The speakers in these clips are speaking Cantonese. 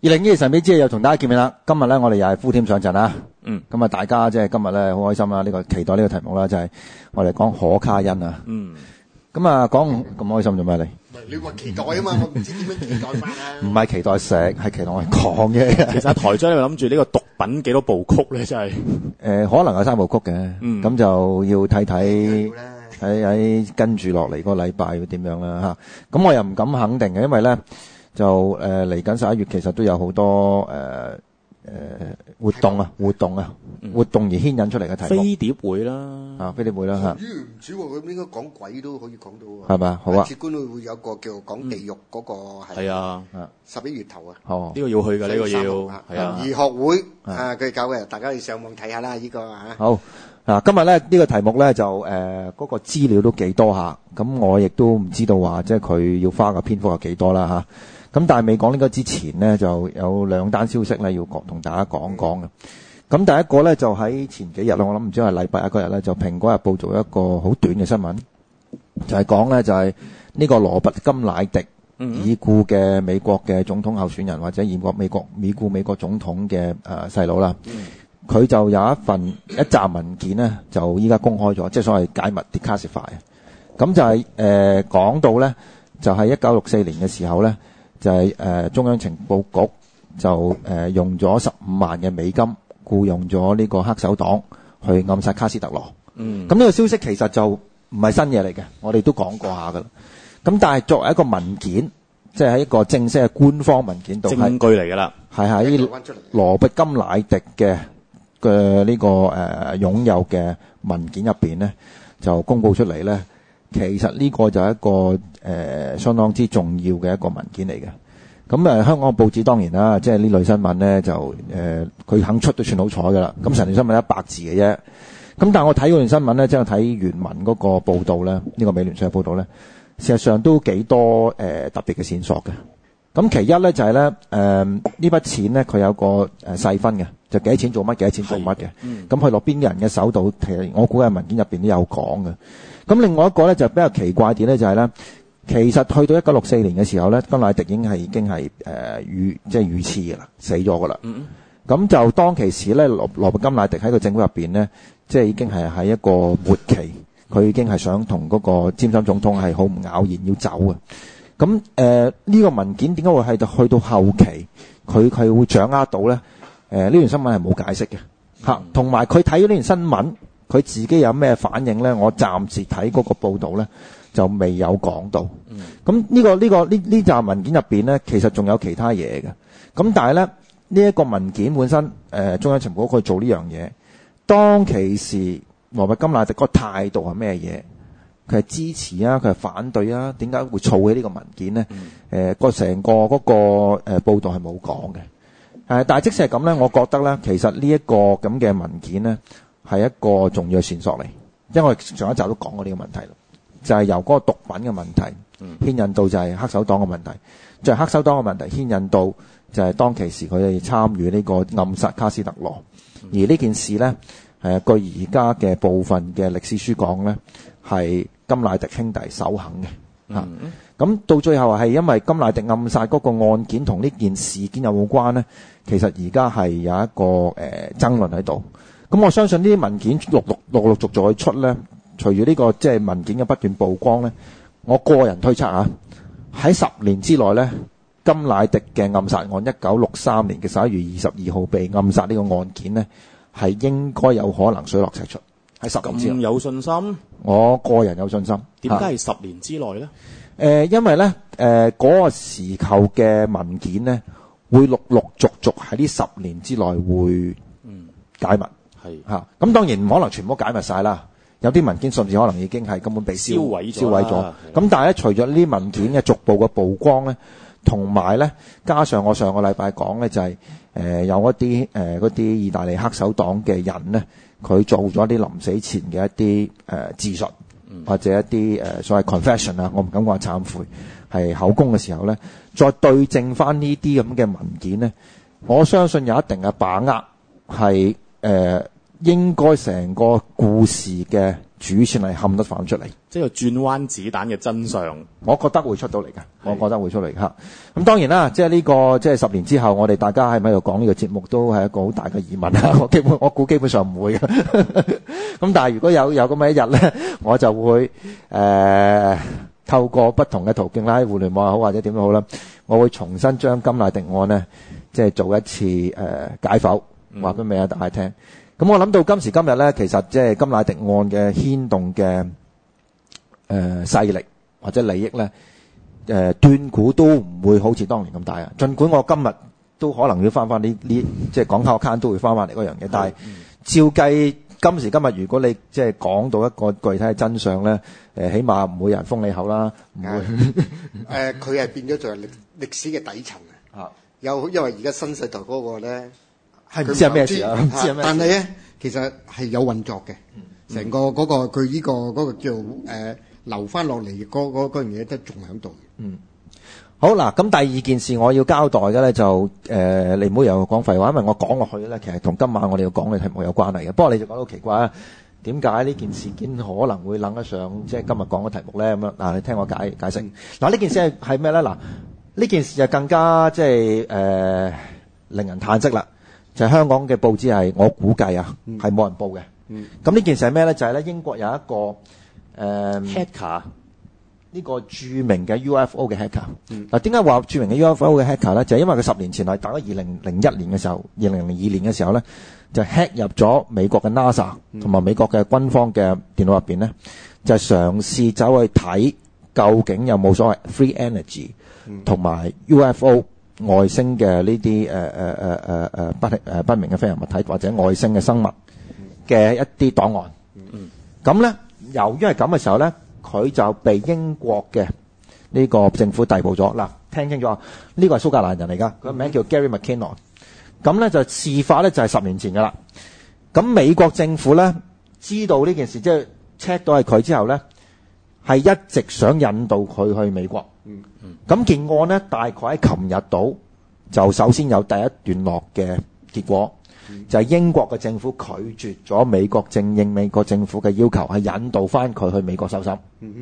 二零一二神秘之夜又同大家見面啦，今日咧我哋又係呼天上陣啊！嗯，咁啊大家即係今日咧好開心啦，呢個期待呢個題目啦，就係我哋講可卡因啊！嗯，咁啊講咁開心做咩咧？唔係你話期待啊嘛，我唔知點樣期待法啊！唔係期待食，係期待我講嘅。其實台長你諗住呢個毒品幾多部曲咧？真係誒，可能係三部曲嘅，咁就要睇睇喺喺跟住落嚟個禮拜會點樣啦吓。咁我又唔敢肯定嘅，因為咧。就誒嚟緊十一月，其實都有好多誒、呃、活動啊，活動、啊、活動而牽引出嚟嘅題目，飛碟會啦，啊、飛碟會啦嚇。咦唔知喎，佢應該講鬼都可以講到係咪？好啊。節官會會有個叫做講地獄嗰、那個係。係、嗯、啊，十一月頭啊。哦，呢、這個要去㗎。呢、這個要。係、這個、啊。儒學會佢搞嘅，大家可以上網睇下啦，呢個、啊、好，啊、今日呢、這個題目呢，就嗰、呃那個資料都幾多下，咁、啊、我亦都唔知道話即係佢要花嘅篇幅有幾多啦咁、嗯、但係未講呢個之前呢就有兩單消息咧，要同大家講講嘅。咁、嗯嗯、第一個呢就喺前幾日啦。我諗唔知係禮拜一嗰日呢，就《蘋果日報》做一個好短嘅新聞，就係、是、講呢就係、是、呢個羅伯甘迺迪已故嘅美國嘅總統候選人，嗯、或者現國美國已故美國總統嘅細佬啦。佢、呃、就有一份一集文件呢，就依家公開咗，即係所謂解密 declassify 咁就係、是呃、講到呢，就係一九六四年嘅時候呢。就係誒中央情報局就誒用咗十五萬嘅美金僱用咗呢個黑手黨去暗殺卡斯特羅。嗯，咁呢個消息其實就唔係新嘢嚟嘅，我哋都講過下噶啦。咁但係作為一個文件，即係喺一個正式嘅官方文件度，證據嚟㗎啦。係喺羅拔甘迺迪嘅嘅呢個誒擁有嘅文件入邊咧，就公佈出嚟咧。其實呢個就係一個。誒、呃、相當之重要嘅一個文件嚟嘅。咁香港嘅報紙當然啦，即係呢類新聞咧就誒佢、呃、肯出都算好彩㗎啦。咁成段新聞一百字嘅啫。咁但我睇嗰段新聞咧，即係睇原文嗰個報道咧，呢個美聯社嘅報道咧，事實上都幾多、呃、特別嘅線索嘅。咁其一咧就係咧誒呢、呃、筆錢咧，佢有個細分嘅，就幾多錢做乜，幾多錢做乜嘅。咁佢落邊人嘅手度？其實我估係文件入邊都有講嘅。咁另外一個咧就比較奇怪啲咧，就係咧。其實去到一九六四年嘅時候咧，甘迺迪已經係、呃 mm-hmm. 已經係誒遇即係遇刺㗎啦，死咗㗎啦。咁就當其時咧，羅羅伯甘迺迪喺個政府入面咧，即係已經係喺一個末期，佢已經係想同嗰個詹森總統係好唔咬弦要走嘅。咁誒呢個文件點解會係去到後期，佢佢會掌握到咧？誒、呃、呢段新聞係冇解釋嘅，同埋佢睇咗呢段新聞，佢自己有咩反應咧？我暫時睇嗰個報導咧。就未有講到咁呢、嗯，這個呢、這個呢呢紮文件入邊咧，其實仲有其他嘢嘅，咁，但係咧呢一、這個文件本身，誒、呃嗯、中央情報局做呢樣嘢，當其時黃百金迺迪個態度係咩嘢？佢係支持啊，佢係反對啊？點解會儲起呢個文件咧？誒、嗯呃、個成、那個嗰個誒報道係冇講嘅誒。但係即使係咁咧，我覺得咧，其實呢一個咁嘅文件咧係一個重要線索嚟，因為我哋上一集都講過呢個問題就係、是、由嗰個毒品嘅問，問，問題牽引到，就係黑手黨嘅問題，就係黑手黨嘅問題牽引到，就係當其時佢哋參與呢個暗殺卡斯特羅。而呢件事呢，誒據而家嘅部分嘅歷史書講呢，係金乃迪兄弟首肯嘅。咁、嗯啊、到最後係因為金乃迪暗殺嗰個案件同呢件事件有冇關呢？其實而家係有一個誒、呃、爭論喺度。咁我相信呢啲文件陸陸陸陸續續去出呢。隨住呢、這個即係、就是、文件嘅不斷曝光呢，我個人推測啊，喺十年之內呢，甘迺迪嘅暗殺案一九六三年嘅十一月二十二號被暗殺呢個案件呢，係應該有可能水落石出喺十年之內。有信心？我個人有信心。點解係十年之內呢？誒、呃，因為呢，誒、呃、嗰、那個時候嘅文件呢，會陸陸續續喺呢十年之內會解密係嚇。咁、嗯、當然唔可能全部解密晒啦。有啲文件甚至可能已經係根本被燒毀、燒毀咗。咁但係咧，除咗呢啲文件嘅逐步嘅曝光咧，同埋咧，加上我上個禮拜講咧，就係誒有一啲誒嗰啲意大利黑手黨嘅人咧，佢做咗啲臨死前嘅一啲誒、呃、自述，或者一啲誒、呃、所謂 confession 啊、嗯，我唔敢話懺悔，係口供嘅時候咧，再對證翻呢啲咁嘅文件咧，我相信有一定嘅把握係誒。呃應該成個故事嘅主線係冚得反出嚟，即係轉彎子彈嘅真相。我覺得會出到嚟嘅，我覺得會出嚟㗎。咁當然啦，即係呢、呢個即係十年之後，我哋大家喺咪喺度講呢個節目都係一個好大嘅疑問啦。我基本我估基本上唔會嘅。咁 但係如果有有咁嘅一日呢，我就會誒、呃、透過不同嘅途徑啦，互聯網又好或者點都好啦，我會重新將甘迺迪案呢，即係做一次誒、呃、解剖，話俾每大家聽。咁、嗯、我諗到今時今日咧，其實即係甘迺迪案嘅牽動嘅誒勢力或者利益咧，誒斷估都唔會好似當年咁大啊。盡管我今日都可能要翻翻呢呢，即係講卡殼都會翻翻嚟嗰樣嘢，但係照計今時今日，如果你即係講到一個具體嘅真相咧，誒、呃、起碼唔會有人封你口啦。唔會誒，佢 係、呃、變咗做歷史嘅底層啊。有因為而家新世代嗰個咧。係唔知係咩事啊？唔知係咩事。但係咧，其實係有運作嘅。成個嗰個佢呢個嗰個叫誒，留翻落嚟嗰嗰嗰樣嘢都仲喺度。嗯，好啦。咁第二件事我要交代嘅咧，就誒，你唔好又講廢話，因為我講落去咧，其實同今晚我哋要講嘅題目有關係嘅。不過你就講到奇怪啊，點解呢件事件可能會諗得上即係今日講嘅題目咧？咁樣，嗱，你聽我解解釋嗱。呢件事係咩咧？嗱，呢件事就更加即係誒令人嘆息啦。就係香港嘅報紙係我估計啊係冇人報嘅。咁呢件事係咩麼呢？就係英國有一個 Hacker，呢個著名嘅 UFO 嘅 hacker。點解話著名嘅 UFO 嘅 hacker 呢？就係因為佢十年前，大概2001年嘅時候 ,2002 年嘅時候呢就 hack 入咗美國嘅 NASA 同埋美國嘅軍方嘅電腦入面呢，就係嘗試走去睇究竟有冇所謂 free energy，同埋 UFO，外星嘅呢啲誒誒誒誒不、呃、不明嘅飛行物體或者外星嘅生物嘅一啲檔案，咁、嗯、咧、嗯、由於係咁嘅時候咧，佢就被英國嘅呢個政府逮捕咗。嗱、啊，聽清楚啊，呢、呢個係蘇格蘭人嚟噶，佢、嗯、個名叫 Gary McKinnon。咁咧就事發咧就係十年前噶啦。咁美國政府咧知道呢件事，即係 check 到係佢之後咧，係一直想引導佢去美國。咁件案呢，大概喺琴日到就首先有第一段落嘅結果，嗯、就係、是、英國嘅政府拒絕咗美國正應美國政府嘅要求，係引渡返佢去美國受審。咁、嗯、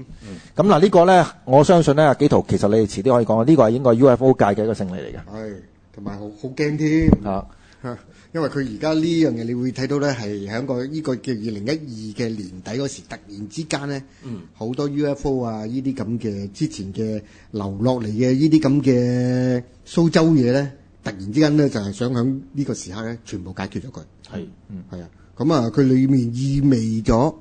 嗱，呢、嗯、個呢，我相信阿紀陶其實你哋遲啲可以講，呢、這個係英國 UFO 界嘅一個勝利嚟嘅。係，同埋好好驚添。 因為佢而家呢樣嘢，你會睇到咧，係喺個依個叫二零一二嘅年底嗰時，突然之間咧，嗯，好多 UFO 啊，依啲咁嘅之前嘅留落嚟嘅依啲咁嘅蘇州嘢咧，突然之間咧就係想喺呢個時刻咧，全部解決咗佢。係，嗯，係啊。咁啊，佢裡面意味咗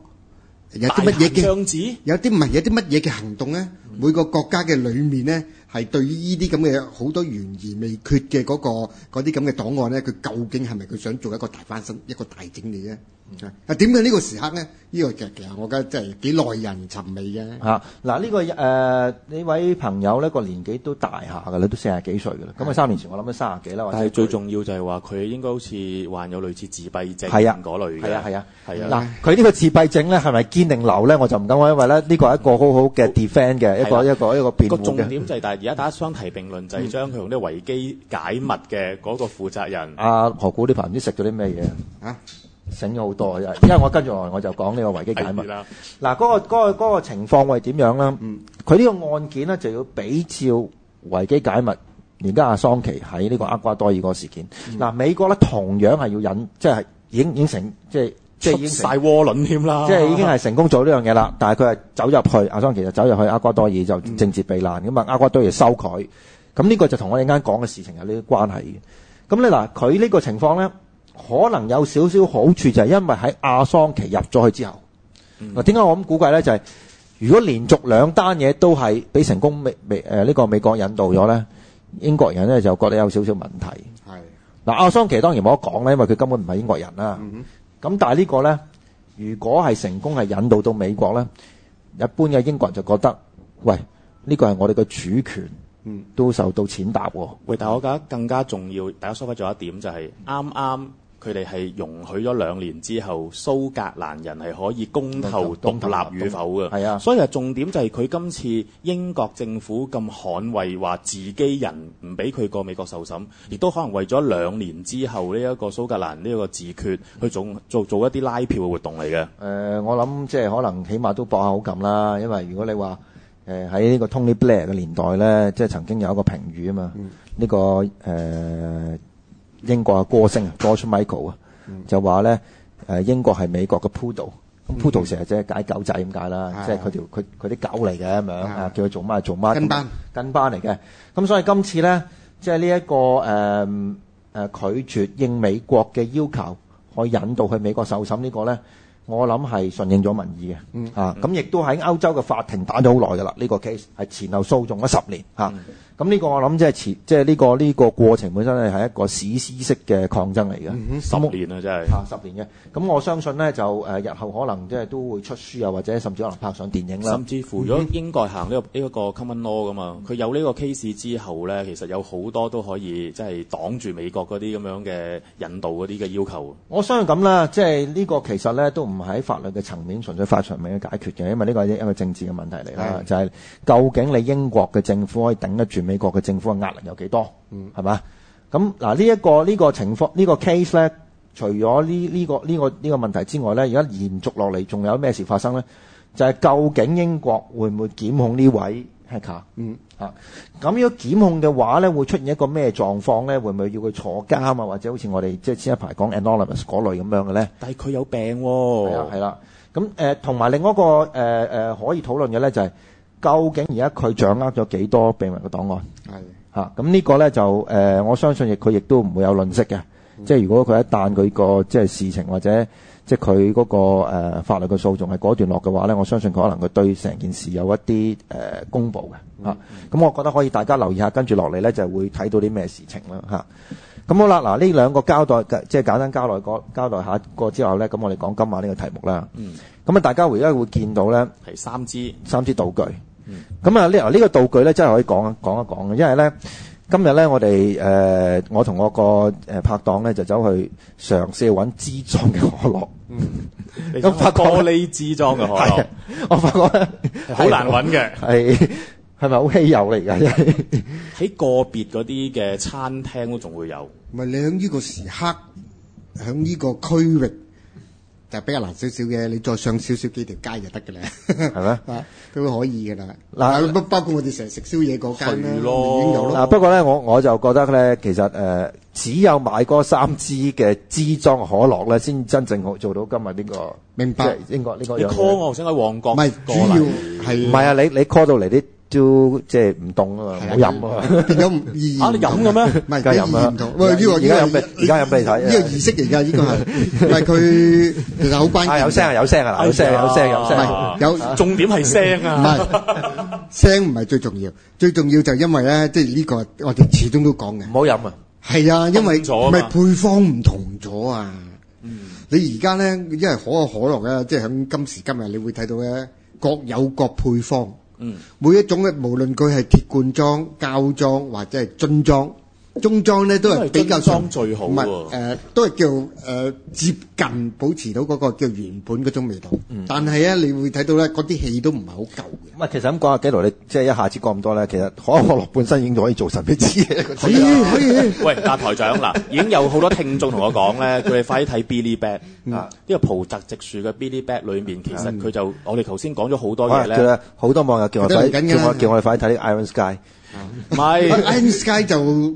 有啲乜嘢嘅？有啲唔係有啲乜嘢嘅行動咧？每個國家嘅裏面咧。係對於呢啲咁嘅好多懸而未決嘅嗰個嗰啲咁嘅檔案咧，佢究竟係咪佢想做一個大翻身一個大整理咧？啊、嗯！點解呢個時刻咧？呢、這個劇嘅，我覺得真係幾耐人尋味嘅嚇。嗱、啊，呢、這個誒呢、呃、位朋友咧，這個年紀都大下嘅啦，都四十幾歲嘅啦。咁啊，三年前我諗都三十幾啦。但係最重要就係話佢應該好似患有類似自閉症係啊，嗰類嘅啊，係啊，係啊。嗱，佢呢個自閉症咧係咪堅定流咧？我就唔敢話，因為咧呢個係一個好好嘅 defend 嘅、嗯、一個一個一個辯護重點就係、是，但係而家大家相提並論，就係將佢用啲維基解密嘅嗰個負責人阿、嗯啊、何故呢？朋友唔知食咗啲咩嘢啊？醒咗好多，因為我跟住落嚟我就講呢個維基解密。嗱、 嗰個，嗰、嗰個嗰個嗰個情況係點樣咧？佢、嗯、呢個案件咧就要比照維基解密，而家阿桑奇喺呢個厄瓜多爾個事件。嗱、嗯，美國咧同樣係要引，即係已經成，即係即係已經晒渦輪添啦。即係已經係成功做呢樣嘢啦。 但係佢係走入去阿桑奇，就走入去厄瓜多爾就政治避難咁啊！厄、嗯、瓜多爾就收佢。咁、嗯、呢個就同我哋啱講嘅事情有呢啲關係嘅。咁咧嗱，佢呢個情況咧。可能有少少好處就係因為喺阿桑奇入咗去之後，嗱，點解我咁估計咧？就係、是、如果連續兩單嘢都係俾成功美美誒呢、呃這個美國引渡咗咧，英國人咧就覺得有少少問題。係嗱，阿桑奇當然冇得講咧，因為佢根本唔係英國人啦、啊。咁、嗯、但係呢個咧，如果係成功係引渡到美國咧，一般嘅英國人就覺得，喂呢、這個係我哋嘅主權，嗯都受到踐踏喎、哦。喂，但係我覺得更加重要，大家收翻咗一點就係啱啱。嗯剛剛佢哋係容許咗兩年之後蘇格蘭人係可以公投東東獨立與否嘅、啊，所以係重點就係佢今次英國政府咁捍衞話自己人唔俾佢過美國受審，亦、嗯、都可能為咗兩年之後呢一、呢個蘇格蘭呢一個自決去做做做一啲拉票嘅活動嚟嘅。誒、呃，我諗即係可能起碼都搏下好感啦，因為如果你話誒喺呢個 Tony Blair 嘅年代咧，即係曾經有一個評語啊嘛，呢、嗯呢個誒。呃英國嘅歌星啊，George Michael 啊，就話咧誒英國係美國嘅 Poodle，咁 Poodle 成日即係解狗仔咁解啦，即係佢條佢佢啲狗嚟嘅咁樣啊，叫佢做乜做乜。跟班，跟班嚟嘅。咁所以今次咧，即係呢一個誒誒拒絕應美國嘅要求，可以引導去美國受審呢個咧，我諗係順應咗民意嘅嚇。咁亦都喺歐洲嘅法庭打咗好耐㗎啦，呢個 case 係前後訴訟咗十年嚇。咁呢個我諗即係即係呢個呢、這個過程本身係一個史詩式嘅抗爭嚟嘅，嗯嗯。十年，嗯、啊，真係十年嘅。咁我相信呢，就、呃、日後可能即係都會出書啊，或者甚至可能拍上電影啦。甚至乎，如果英國行呢、這個呢一、嗯這個這個這個、common law 噶嘛，佢有呢個 case 之後呢，其實有好多都可以即係擋住美國嗰啲咁樣嘅引導嗰啲嘅要求。我相信咁啦，即係呢個其實呢都唔喺法律嘅層面，純粹法上面去解決嘅，因為呢個係一個政治嘅問題嚟啦，就係、是、究竟你英國嘅政府可以頂得住？美國嘅政府嘅壓力有幾多？嗯，係嘛？咁嗱、呢個，呢一個呢個情況呢、呢個 case 咧，除咗呢呢個呢、呢個呢、呢個問題之外咧，而家延續落嚟，仲有咩事發生咧？就係、係、究竟英國會唔會檢控呢位 hacker、嗯？嗯咁如果檢控嘅話咧，會出現一個咩狀況咧？會唔會要佢坐監啊？或者好似我哋即係前一排講 Anonymous 嗰類咁樣嘅咧？但係佢有病喎、哦。係啦，係啦。咁同埋另外一個誒、呃呃、可以討論嘅咧、就係，就係。究竟而家佢掌握咗幾多秘密嘅檔案？咁呢、啊、個呢，就誒、呃，我相信亦佢亦都唔會有論識嘅、嗯。即係如果佢一旦佢、嗰個即係事情或者即係佢嗰個、呃、法律嘅訴訟係果段落嘅話呢，我相信可能佢對成件事有一啲誒、呃、公佈嘅咁、嗯啊、我覺得可以大家留意下，跟住落嚟呢就會睇到啲咩事情啦咁、啊、好啦，嗱呢兩個交代即係簡單交代個交代一下個之後呢，咁我哋講今晚呢個題目啦。嗯。咁啊，大家而家會見到呢係三支三支道具。咁啊呢個呢個道具咧，真係可以講一講一講嘅，因為咧今日咧我哋誒、呃、我同我個誒拍檔咧就走去嘗試去揾支裝嘅可樂，嗯， 我發覺玻璃支裝嘅可樂，啊，我發覺咧好 難揾嘅，係係咪好稀有嚟噶？喺 個別嗰啲嘅餐廳都仲會有，唔係你喺呢個時刻，喺呢個區域。比較難少少嘅，你再上少少幾條街就得嘅啦，係咪？ 都可以嘅啦。嗱，包括我哋成日食宵夜嗰間已經有啦。不過咧，我我就覺得咧，其實誒、呃，只有買嗰三支嘅支裝可樂咧，先真正好做到今日呢、呢個明白，就是、英國呢個。你 call 我先喺旺角，主要係唔係啊？你你 call 到嚟啲。都即係唔凍啊嘛，冇飲啊，變咗唔啊？你飲嘅咩？唔係而家飲啊？喂，呢個而家飲咩？而家入嚟睇呢個儀式嚟噶，呢個係。唔係佢有聲啊，有聲啊，有聲啊，有聲有聲。唔係有重點係聲啊。唔係聲唔係最重要，最重要就係因為咧，即係呢個我哋始終都講嘅，唔好飲啊。係啊，因為唔係配方唔同咗啊。嗯，你而家咧，因為可口可樂咧，即係響今時今日你會睇到嘅，各有各配方。嗯，每一種嘅，無論佢係鐵罐裝、膠裝或者係樽裝。中裝咧都係比較裝最好嘅，誒、呃、都係叫誒、呃、接近保持到嗰、那個叫原本嗰種味道。嗯、但係咧、啊，你會睇到咧，嗰啲氣都唔係好夠嘅。其實咁講下幾耐，你即係一下子講咁多咧。其實可樂本身已經可以做神秘之嘅。可以可以。 喂，大台長嗱， 已經有好多聽眾同我講咧，佢 哋快啲睇 Billy Bat 呢個《浦澤直樹》嘅 Billy Bat 裏裏面，其實佢就、嗯、我哋頭先講咗好多嘢咧。好、啊、多網友叫我快、啊、叫我叫我哋快啲睇 Iron Sky。唔、嗯、 Iron Sky 就。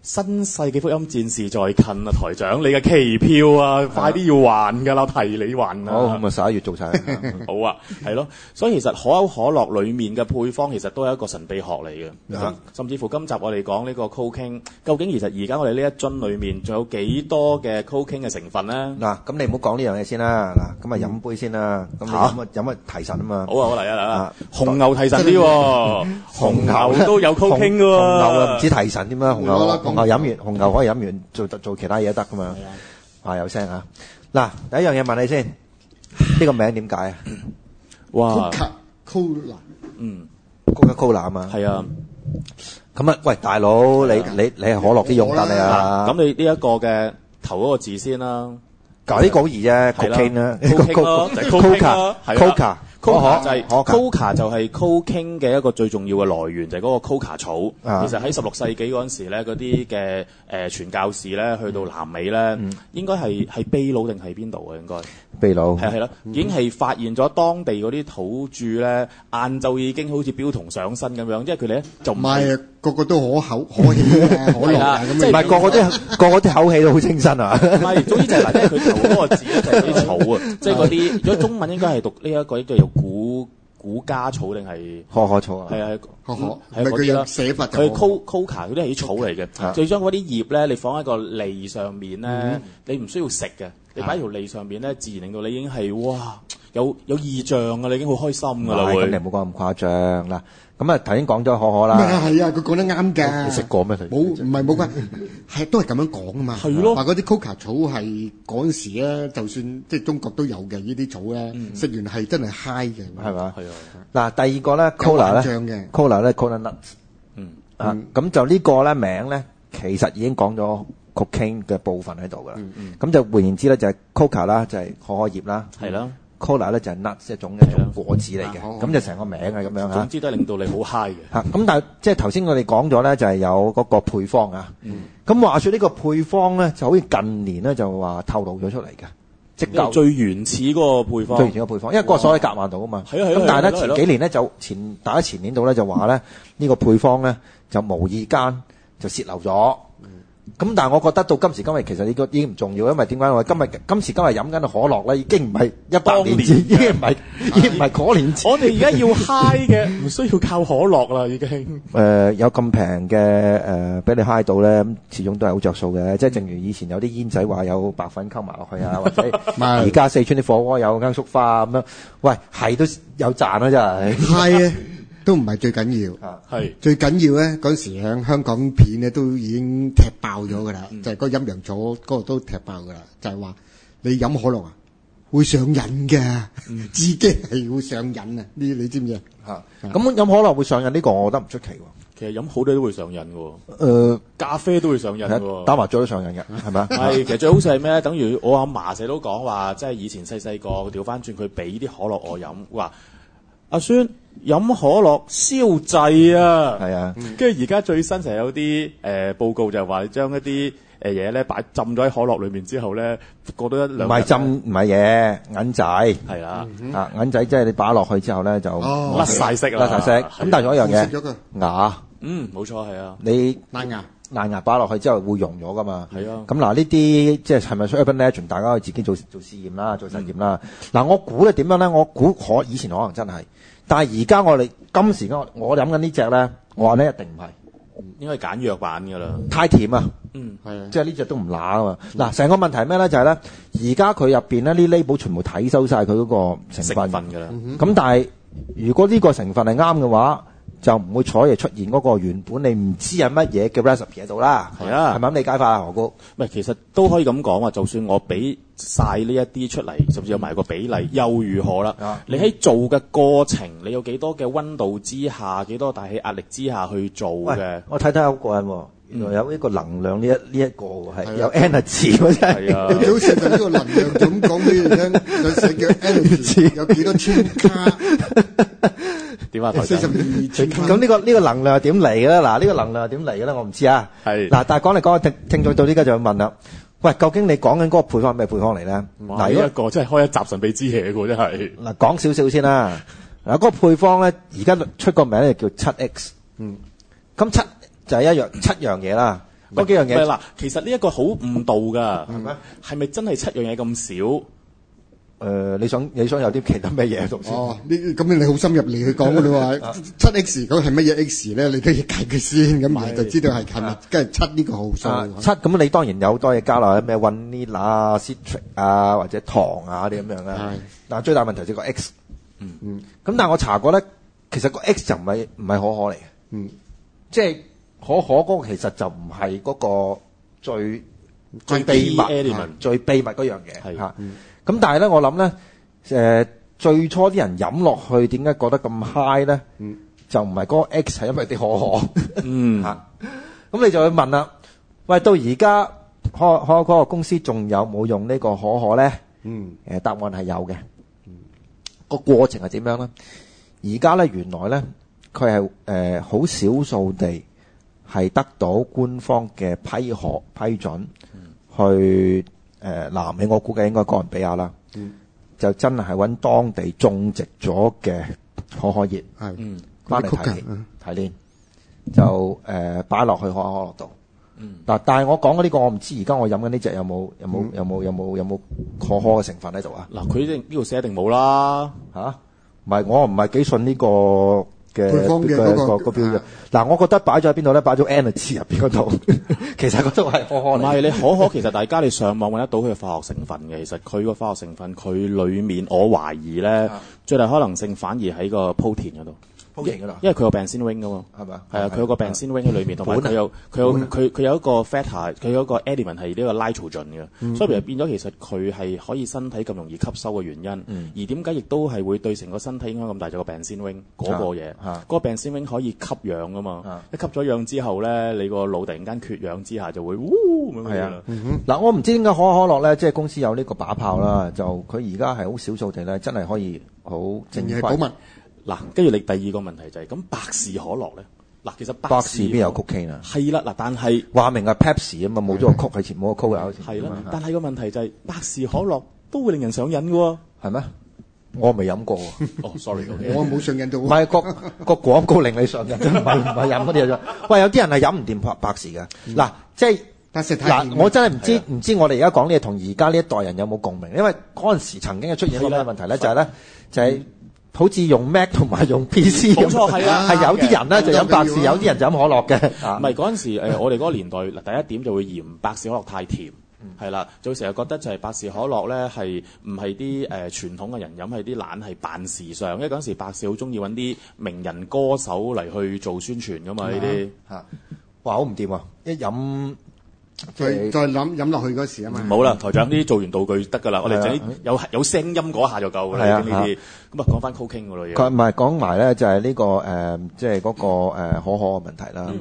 新世紀福音戰士在近啊！台長，你嘅期票啊，快啲要還噶啦，提你還啊！好咁啊，十一月做晒，好啊，係咯。所以其實可口可樂裡面嘅配方其實都係一個神秘學嚟嘅。甚至乎今集我哋講呢個 cocaine，究竟其實而家我哋呢一樽裡面仲有幾多嘅 cocaine 嘅成分咧？嗱，咁你唔好講呢樣嘢先啦。嗱，咁啊飲杯先啦，咁啊飲乜提神啊嘛。好啊，我嚟啦！啊，紅牛提神啲喎，紅牛都有 cocaine 嘅喎，紅牛啊唔止提神添啊，紅牛。紅牛飲完，紅牛可以飲完做做其他嘢得噶嘛？係啊，話有聲啊！嗱，第一樣嘢問你先，呢個名點解啊？哇！Coca，嗯，Coca 啊嘛。係啊，咁啊，喂，大佬，你你你係可樂啲用得你啊？咁你呢一個嘅頭嗰個字先啦，呢個好易啫，cocaine 啦，coca coca。Coca 就係 Coca 就係 Cocaine 嘅一個最重要嘅來源，就係、是、嗰個 Coca 草、啊。其實喺十六世紀嗰陣時咧，嗰啲嘅誒傳教士咧去到南美咧、嗯，應該係係秘魯定係邊度啊？應該秘魯係係咯，已經係發現咗當地嗰啲土著咧，晏晝已經好似飆童上身咁樣，即係佢哋咧就唔係。個個都可口可喜 可樂啊！唔係個，個個都 個個啲口氣都好清新啊！唔係，總之就嗱，係佢頭嗰個字咧就係草啊，即係嗰啲。嗯、如果中文應該係讀呢、這、一個咧，叫古古加草定係可可草啊？係啊， 可可係嗰啲寫法就 Coca 啲係草嚟嘅。最將嗰啲葉咧，你放喺個脷上面咧，你唔需要食嘅，你擺條脷上面咧，自然令到你已經係哇，有有異象啊！你已經好開心噶、啊、啦，咁你唔好講咁誇張啦。咁啊，頭先講咗可可啦。唔係係啊，佢講得啱㗎。你食過咩？佢冇，唔係冇關，係都係咁樣講啊嘛。係咯。嗱，嗰啲 Coca 草係嗰陣時咧，就算即係中國都有嘅呢啲草咧，食完係真係 high 嘅。係嘛？係啊。嗱，第二個咧，Coca 咧，Coca 咧，Coca-Cola。嗯。啊，咁就呢個咧名咧，其實已經講咗 cocaine 嘅部分喺度㗎。嗯嗯。咁就換言之咧，就係 Coca 啦，就係可可葉啦。係啦。cola 咧就係 nut 一種一種果子嚟嘅，咁、啊哦、就成個名啊咁樣嚇。總之都令到你好 high 嘅 嚇。咁但係即係頭先我哋講咗咧，就係、是、有嗰個配方啊。咁話說呢個配方咧，就好似近年咧就話透露咗出嚟嘅，即係最原始嗰個配方。嗯配方嗯、最原始，個配，方最原始個配方，因為個所謂夾萬度啊嘛。咁、啊啊、但係咧、啊啊啊啊啊啊，前幾年咧就前，大家前年度咧就話咧呢個配方咧就無意間就泄漏咗。咁但係我覺得到今時今日，其實呢個已經唔重要，因為點解我今日今時今日飲緊嘅可樂咧，已經唔係一百年，已經唔係已經唔係嗰年，我哋而家要 high 嘅，唔 需要靠可樂啦，已經。誒、呃，有咁平嘅誒，俾、呃、你 high 到咧，始終都係好着數嘅。即、嗯、係、就是、正如以前有啲煙仔話有白粉溝埋落去啊， 或者而家四川啲火鍋有罌粟花咁樣，喂，係都有賺啊，真係。 high 的 都唔係最緊要，係、啊嗯、最緊要咧，嗰陣時喺香港片咧都已經踢爆咗噶啦，就係、是、嗰個陰陽組嗰度都踢爆噶啦，就係、是、話你飲可樂啊，會上癮嘅、嗯，自己係會上癮知知啊！呢你知唔知啊？嚇咁飲可樂會上癮呢、這個，我覺得唔出奇喎。其實飲好多都會上癮嘅喎、呃，咖啡都會上癮、呃、打麻雀都上癮嘅，係咪啊？係 其實最好食係咩，等於我阿嫲成日都講話，即係以前細細個調翻轉佢俾啲可樂我飲，話阿孫。飲可樂消滯啊！係啊，跟住而家最新成日有啲誒、呃、報告就係話，將一啲誒嘢咧擺浸咗喺可樂裏面之後咧，過多一兩。唔係浸，唔係嘢，銀仔係啦、啊嗯，啊銀仔即係、就是、你擺落去之後咧就甩晒、哦、色啦。甩色，咁、啊、但係仲有一樣嘅牙、啊，嗯，冇錯係啊，你爛牙爛牙擺落去之後會溶咗噶嘛？係啊，咁、啊、嗱、就是、呢啲即係係咪 e x 大家可以自己做做試驗啦，做實驗啦。嗱、嗯啊，我估咧點樣咧？我估可以前可能真係。但係而家我哋今時我飲緊呢隻咧，我話咧一、嗯、一定唔係，嗯，應該係簡約版噶啦，太甜啊，嗯即係呢隻都唔乸啊嘛。嗱、嗯，成個問題係咩咧？就係、是、咧，而家佢入面咧啲 label 全部睇收曬佢嗰個成分㗎啦。咁但係如果呢個成分係啱嘅話，就唔會彩嘅出現嗰個原本你唔知有乜嘢嘅 recipe 喺度啦，係啊，係咪咁你解法啊何故？唔，其實都可以咁講喎，就算我俾曬呢一啲出嚟，甚至有埋個比例，又如何啦，啊？你喺做嘅過程，你有幾多嘅溫度之下，幾多大氣壓力之下去做嘅？我睇睇好過癮喎，原來有呢個能量呢一呢、嗯、一,一個係有 energy，啊、真係、啊啊、 你好似呢個能量咁講俾人聽，energy， 有幾多千卡？點啊台長，咁呢個呢個能量點嚟嘅咧？嗱，呢個能量點嚟嘅咧？我唔知啊。係嗱，但係講嚟講去，聽聽眾到呢家就要問啦。喂，究竟你講緊嗰個配方係咩配方嚟咧？第一個真係開一集神秘之嘢嘅，真係。嗱，講少少先啦。嗱，嗰個配方咧，而家出個名咧叫七 X。嗯。咁七就係一樣七樣嘢啦。嗰幾樣嘢。嗱，其實呢一個好誤導噶，係咪？係咪真係七樣嘢咁少？誒、呃，你想你想有啲其他咩嘢喺度先？哦，你咁你好深入嚟去講嘅啦嘛。七、 啊、X，咁係乜嘢 X 咧？你都要解佢先，咁咪就知道係係咪跟住七呢個號數，啊。七咁，你當然有好多嘢加落，咩雲呢拿啊、Citric 啊或者糖啊啲咁樣、啊、但係最大問題就個 X 嗯。嗯嗯。咁但係我查過咧，其實個 X 就唔係唔係可可嚟嘅。嗯。即、就、係、是、可可嗰個其實就唔係嗰個最最秘密、element，最秘密嗰樣嘢吓。咁但係咧，我諗咧，誒最初啲人飲落去點解覺得咁 high 咧？就唔係嗰個 X，係因為啲可可。嗯，嚇。咁你就去問啦。喂，到而家可可嗰個公司仲有冇用呢個可可咧？嗯。誒，答案係有嘅。個過程係點樣咧？而家咧，原來咧，佢係誒好少數地係得到官方嘅批可批准去，誒、呃、南美我估計應該哥倫比亞啦，嗯、就真係揾當地種植咗嘅可可葉，翻嚟提煉，就誒擺落去可可樂度。嗱、嗯，但係我講嘅呢個，我唔知而家我飲緊呢隻有冇有冇有冇有冇、嗯、有冇可可嘅成分喺度啊？嗱，佢呢度寫定冇啦嚇，唔係我唔係幾信呢、呢個。配方嘅嗰個嗱，我覺得擺咗喺邊度咧，擺咗 energy 入邊嗰度。 其實嗰都係可可。唔係你可可，其實大家你上網揾得到佢嘅化學成分嘅。其實佢個化學成分，佢裏面我懷疑咧，最大可能性反而喺個鋪田嗰度。因為佢有病先 wing 噶嘛，係咪啊？係啊，佢、啊、有個病先 wing 喺裏面，同埋佢有佢有佢佢有一個 father，佢有一個 element 係呢個 nitrogen 嘅，所以就變咗其實佢係可以身體咁容易吸收嘅原因。嗯、而點解亦都係會對成個身體影響咁大？就是、個病先 wing 嗰、啊那個嘢，嗰、啊那個病先 wing 可以吸氧噶嘛、啊？一吸咗氧之後咧，你個腦突然間缺氧之下就會，係啊。嗱、啊嗯嗯，我唔知點解可口可樂咧，即、就、係、是、公司有呢個把炮啦，嗯、就佢而家係好少數嘅咧，真係可以好正規。嗱，跟住你第二個問題就係、是、咁，百事可樂咧。嗱，其實百事邊有 cocaine 啊？係啦，嗱，但係話明係 Pepsi 啊嘛，冇咗個曲係前冇個曲嘅。係啦，但係個問題就係百事可樂都會令人上癮㗎喎。係咩？我未飲過。哦、 oh，sorry，我冇上癮到唔係個、那個廣告令你上癮，唔係唔係飲嗰啲嘢。 喂，有啲人係飲唔掂百事㗎。嗱、嗯，即、啊、係、就是、百事太嗱、啊，我真係唔知唔知我哋而家講呢嘢同而家呢一代人有冇共鳴，因為嗰陣時曾經係出現咗咩問題咧？就係、是、咧，就、嗯好似用 Mac 同埋用 PC 咁，冇錯係啊，啊，係有啲人咧就飲百事，有啲人就飲可樂嘅。唔係嗰陣時，我哋嗰個年代第一點就會嫌百事可樂太甜，係、嗯、啦，就會成日覺得就係百事可樂咧，係唔係啲誒傳統嘅人飲，係啲懶係扮時尚。因為嗰陣時百事好中意搵啲名人歌手嚟去做宣傳噶嘛，呢啲嚇，哇好唔掂啊！一飲。再再諗飲落去嗰時啊嘛，唔好啦，台長呢啲、嗯、做完道具得噶啦，我哋整啲有有聲音嗰下就夠啦。咁呢啲咁啊，講翻 cooking 噶咯，嘢。佢唔係講埋咧，就係、是、呢、這個誒，即係嗰個誒、嗯呃、可可嘅問題啦。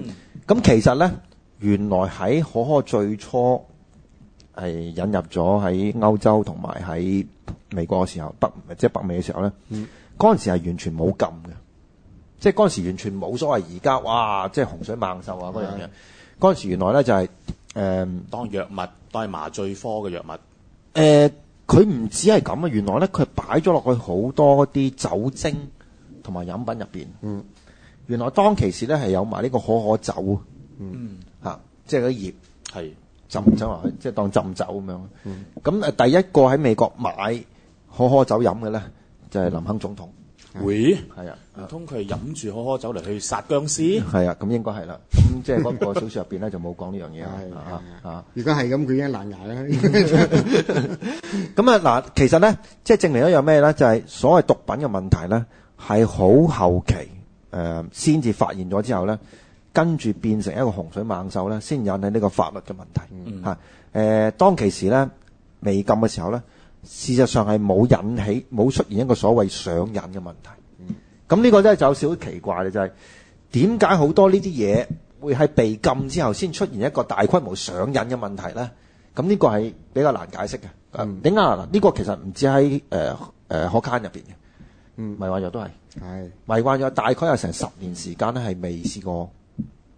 咁、嗯、其實咧，原來喺可可最初係引入咗喺歐洲同埋喺美國嘅時候，北即係、就是、北美嘅時候咧，嗰、嗯、陣時係完全冇禁嘅，即係嗰陣時完全冇所謂。而家哇，即係、就是、洪水猛獸啊嗰樣嘢。嗰陣時原來咧就係、是。誒、嗯，當藥物，當係麻醉科嘅藥物。誒、呃，佢唔止係咁啊，原來咧佢擺咗落去好多啲酒精同埋飲品入邊。嗯，原來當其時咧係有埋呢個可可酒。嗯，吓、嗯，即係啲葉。係浸酒啊，即係當浸酒咁樣。咁、嗯、誒，第一個喺美國買可可酒飲嘅咧，就係、是、林肯總統。嗯喂，係啊，唔通佢飲住可可酒嚟去殺僵屍？係啊，咁應該係啦。咁即係嗰個小說入邊咧就冇講呢樣嘢啊。如果係咁，佢已經爛牙啦。咁啊嗱，其實咧即係證明咗一樣咩咧？就係、是就是、所謂毒品嘅問題咧，係好後期誒先至發現咗之後咧，跟住變成一個洪水猛獸咧，先引起呢個法律嘅問題吓。誒、嗯啊呃，當其時咧未禁嘅時候咧。事實上係冇引起冇出現一個所謂上癮嘅問題，咁、嗯、呢個真係就有少少奇怪嘅，就是，就係點解好多呢啲嘢會喺被禁之後先出現一個大規模上癮嘅問題呢？咁呢個係比較難解釋嘅。點、嗯、解？呢，這個其實唔止喺誒誒可卡因入邊嘅，迷幻藥都係。係迷幻藥大概有成十年時間咧，係未試過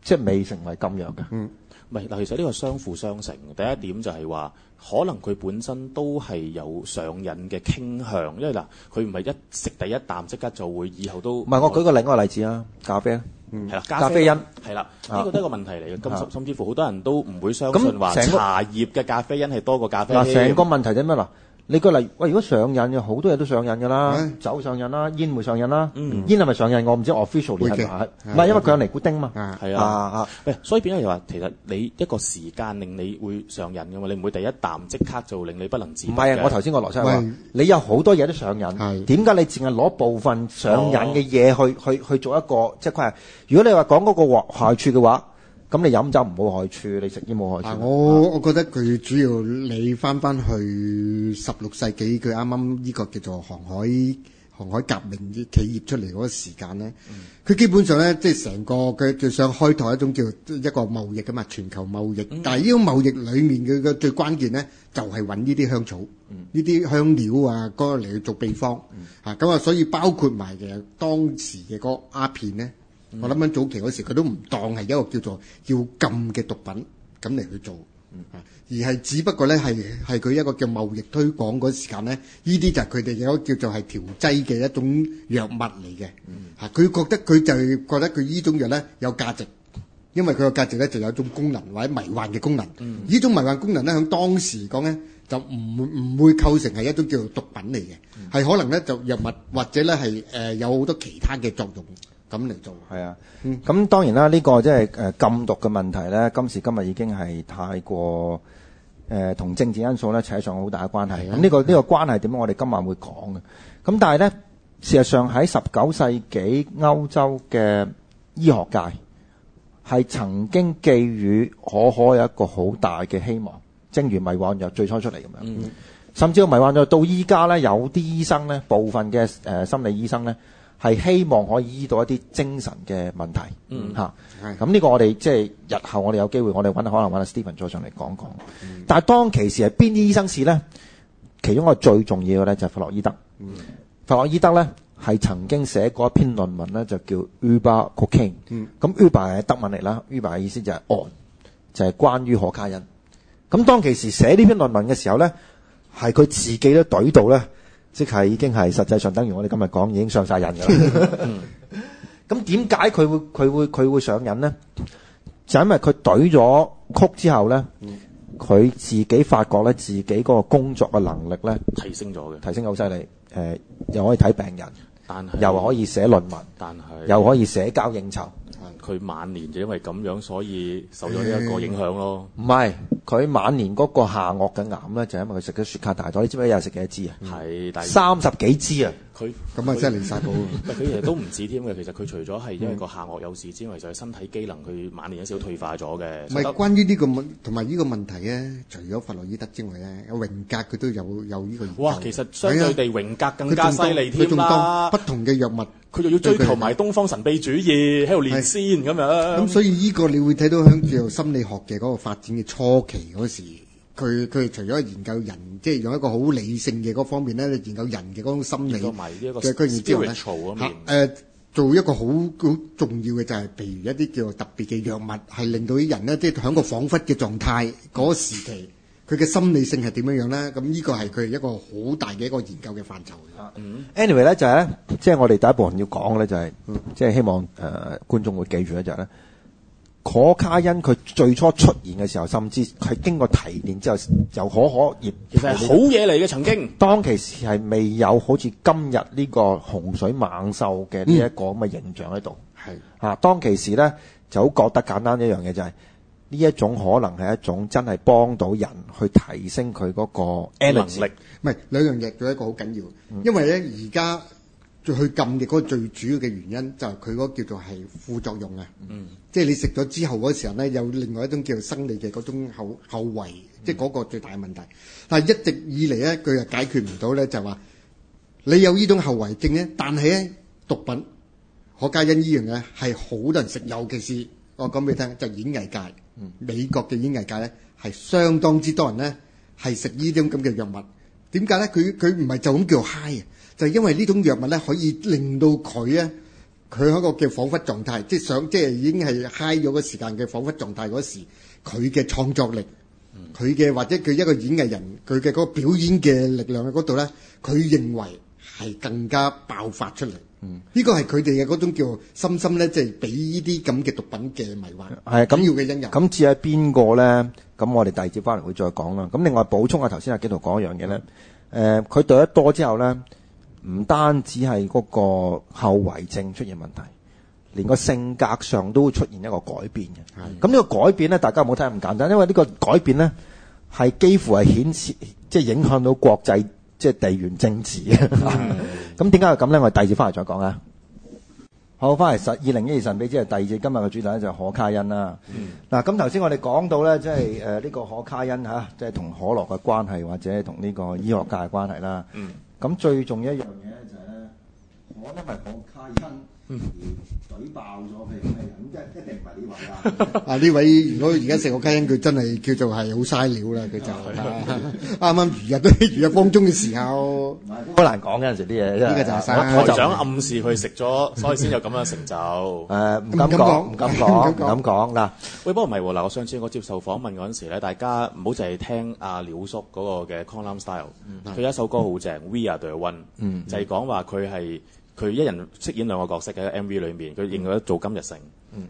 即係未成為禁藥嘅。嗯，係其實呢個相輔相成。第一點就係話。嗯可能佢本身都係有上癮嘅傾向，因為嗱，佢唔係一食第一啖即刻就會以後都。唔係，我舉個另一個例子啊，咖啡咧，係啦，咖啡因係啦，呢個都係個問題嚟嘅。咁甚至乎好多人都唔會相信話，咁成茶葉嘅咖啡因係多過咖啡。嗱，成個問題係咩啦？你個例，喂，如果上癮嘅，好多嘢都上癮㗎啦，酒上癮啦，煙會上癮啦。煙係咪上癮？我唔知 official 係唔係，唔係、okay. 啊 yeah. 因為佢有尼古丁啊嘛，係啊，所以變咗又話其實你一個時間令你會上癮㗎嘛，你唔會第一啖即刻就令你不能自拔，唔係啊，我頭先我邏輯話你有好多嘢都上癮，點、yeah. 解你淨係攞部分上癮嘅嘢去、oh. 去去做一個即係、就是？如果你話講嗰個壞處嘅話。Mm. 咁你飲酒唔，冇害處，你食煙冇害處。啊、我、啊、我覺得佢主要你翻翻去十六世紀，佢啱啱呢個叫做航海航海革命啲企業出嚟嗰個時間咧，佢、嗯、基本上咧即係成個佢最想開拓一種叫一個貿易噶嘛，全球貿易。嗯、但係呢個貿易裏面嘅嘅最關鍵咧，就係搵呢啲香草、呢、嗯、啲香料啊，嗰個嚟做秘方嚇。咁、嗯嗯、啊，所以包括埋嘅當時嘅嗰鴉片咧。我諗緊早期嗰時，佢都唔當係一個叫做要禁嘅毒品咁嚟去做，而係只不過咧係係佢一個叫貿易推廣嗰時間咧，呢啲就係佢哋有叫做係調劑嘅一種藥物嚟嘅。嚇，佢覺得佢就係覺得佢呢種藥咧有價值，因為佢嘅價值咧就有種功能或者迷幻嘅功能。呢種迷幻功能咧，喺當時講咧就唔唔會構成係一種叫做毒品嚟嘅，係可能咧就藥物或者咧係誒有好多其他嘅作用。咁嚟做，係啊，咁、嗯、當然啦，呢、這個即、就、係、是呃、禁毒嘅問題呢，今時今日已經係太過誒同、呃、政治因素呢扯上好大嘅關係。咁呢、啊這個呢、這個關係點？我哋今晚會講嘅。咁但係呢，事實上喺十九世紀歐洲嘅醫學界係曾經寄予可可有一個好大嘅希望，正如迷幻藥最初出嚟咁樣、嗯。甚至迷幻藥到依家呢，有啲醫生呢，部分嘅、呃、心理醫生呢。係希望可以醫到一啲精神嘅問題，嚇、嗯。咁呢個我哋即係日後我哋有機會，我哋可能搵阿、嗯、Stephen 再上嚟講講。但係當其時係邊啲醫生試咧？其中一個最重要嘅咧就係弗洛伊德。弗、嗯、洛伊德咧係曾經寫過一篇論文咧，就叫 Uber Cocaine 咁 Uber 係、嗯、德文嚟啦，Uber 嘅意思就係 on，就係關於可卡因。咁當其時寫呢篇論文嘅時候咧，係佢自己都對到咧。即係已經係實際上，等於我哋今日講已經上晒癮啦。咁點解佢會佢會佢會，會上癮呢？就是、因為佢懟咗曲之後呢，佢、嗯、自己發覺呢，自己嗰個工作嘅能力呢，提升咗嘅，提升好犀利。誒、呃，又可以睇病人但係，又可以寫論文但係，又可以社交應酬。佢晚年就因為咁樣，所以受咗呢一個影響咯。唔、哎、係，佢晚年嗰個下顎嘅癌咧，就係、因為佢食咗雪茄大蝦。你知唔知一日食幾多支、嗯、啊？三十幾支啊！佢咁啊，真係離曬譜啊！佢其實都唔止添嘅，其實佢除咗係因為個下顎有事之外，就係身體機能佢晚年有少少退化咗嘅。唔係關於呢個問題同埋呢個問題啊，除咗弗洛伊德之外咧，榮格佢都有有呢個。哇！其實相對地，榮格更加犀利添啦。不同嘅藥物，佢仲要追求埋東方神秘主義喺度練仙咁樣。咁所以呢個你會睇到響叫做心理學嘅嗰個發展嘅初期嗰時。佢佢除咗研究人，即係用一個好理性嘅嗰方面咧，研究人嘅嗰種心理嘅。佢然之後咧嚇、誒，做一個好好重要嘅就係譬如一啲叫做特別嘅藥物，係令到啲人咧即係喺個恍惚嘅狀態嗰時期，佢嘅心理性係點樣樣咧？咁呢個係佢一個好大嘅一個研究嘅範疇嘅。嗯，anyway 咧就係咧，即係我哋第一步要講嘅咧就係，即係希望誒觀眾會記住一隻咧。可卡因佢最初出現嘅時候，甚至佢經過提煉之後，由可可葉其實好嘢嚟嘅，曾經當其時係未有好似今日呢個洪水猛獸嘅呢一個咁嘅形象喺度。係啊，當其時咧就好覺得簡單一樣嘢，就係呢一種可能係一種真係幫到人去提升佢嗰個能力，唔係兩樣嘢，仲有一個好緊要，因為咧而家。就去禁嘅嗰個最主要嘅原因就係佢嗰個叫做係副作用啊，即係你食咗之後嗰時候咧，有另外一種叫做生理嘅嗰種後後遺，即係嗰個最大問題。但係一直以嚟咧，佢又解決唔到咧，就話你有依種後遺症咧，但係咧毒品可嘉欣可卡因依樣嘢係好多人食，尤其是我講俾你聽，就演藝界，美國嘅演藝界咧係相當之多人咧係食依啲咁嘅藥物。點解咧？佢佢唔係就咁叫 high 啊？就因為呢種藥物咧，可以令到佢呢，佢喺個叫恍惚狀態，即係想，即係已經係嗨咗個時間嘅恍惚狀態嗰時，佢嘅創作力，佢、嗯、嘅或者佢一個演藝人佢嘅嗰個表演嘅力量喺嗰度咧，佢認為係更加爆發出嚟。嗯，呢個係佢哋嘅嗰種叫深深咧，即係俾呢啲咁嘅毒品嘅迷幻係啊。咁、嗯、要嘅一人咁至係邊個咧？咁、嗯嗯嗯嗯、我哋第二節翻嚟會再講啦。咁另外補充下頭先阿紀陶講一樣嘢咧，佢對得多之後咧。唔單止係嗰個後遺症出現問題，連個性格上都會出現一個改變嘅。咁呢個改變咧，大家唔好睇咁簡單，因為呢個改變咧係幾乎係顯示，即係影響到國際，即係地緣政治嘅。咁點解係咁咧？我哋第二節翻嚟再講啊。好，翻嚟實二零一二神秘之夜第二節，今日嘅主題咧就係可卡因啦。嗱，嗯，咁頭先我哋講到咧，即係誒呢個可卡因吓，即係同可樂嘅關係，或者同呢個醫學界嘅關係啦。嗯。咁最重要一樣嘢就係、是、咧，我咧係可卡因。舉爆咗佢咩人？即係一定唔係呢位啊！啊，呢位，如果而家食個雞因，佢真係叫做係好嘥料啦！佢就啱啱如日如日方中嘅時候，好難講嗰陣時啲嘢。呢個就我就想暗示佢食咗，所以先有咁樣成就。誒，唔敢講，唔敢講，唔敢講。嗱，喂，不過唔係喎。嗱，我上次我接受訪問嗰陣時咧，大家唔好淨係聽阿鳥叔嗰個嘅 Gangnam Style，佢有一首歌好正，We Are the One，就係講話佢係。佢一人飾演兩個角色喺 MV 裏面，佢認為做金日成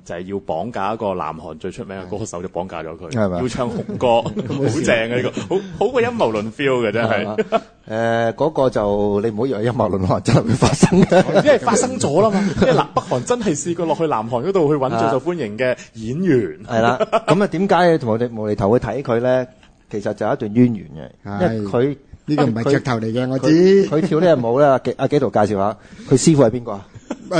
就係要綁架一個南韓最出名嘅歌手，就綁架咗佢，要唱紅歌，好正啊！呢個好好過陰謀論 feel 嘅真係。誒，嗰個就你唔好以為陰謀論可能真係會發生，因為發生咗啦嘛。因為南北韓真係試過落去南韓嗰度去揾最受歡迎嘅演員。係啦，咁啊點解同我哋無厘頭去睇佢咧？其實就有一段淵源嘅，因為佢。呢、這個唔係噱頭嚟嘅，我知佢跳呢個舞咧。阿、 啊、紀陶介紹下佢師傅係邊個啊？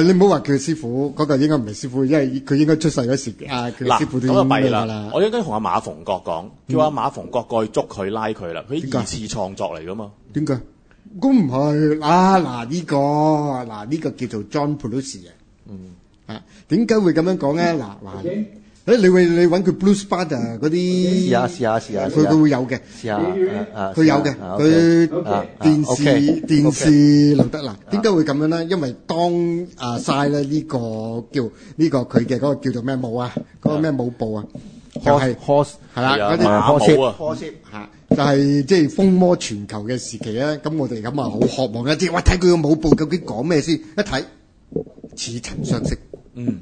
你唔好話叫師傅嗰、那個應該唔係師傅，因為佢應該出世嗰時嘅、嗯。啊，佢師傅點樣嘅啦？我應該同阿馬逢國講，叫阿馬逢國過去捉佢拉佢啦。佢二次創作嚟㗎嘛？點解？咁唔係啊？嗱呢個嗱呢個叫做 John Plus 嘅。嗯啊，點解會咁樣講咧？嗱嗱。誒，你會你揾佢 Blue Spider 啊，嗰啲試下試下試下，佢佢會有嘅，試下啊，佢有嘅，佢啊電視電視劉德嗱，點解會咁樣咧？因為當啊晒咧呢個叫呢個佢嘅嗰個叫做咩舞啊，嗰個咩舞步啊，就係 horse 係啦，嗰啲馬舞啊，horse 嚇，就係即係風靡全球嘅時期咧。咁我哋咁啊好渴望一啲，哇！睇佢個舞步究竟講咩先？一睇似曾相識，嗯。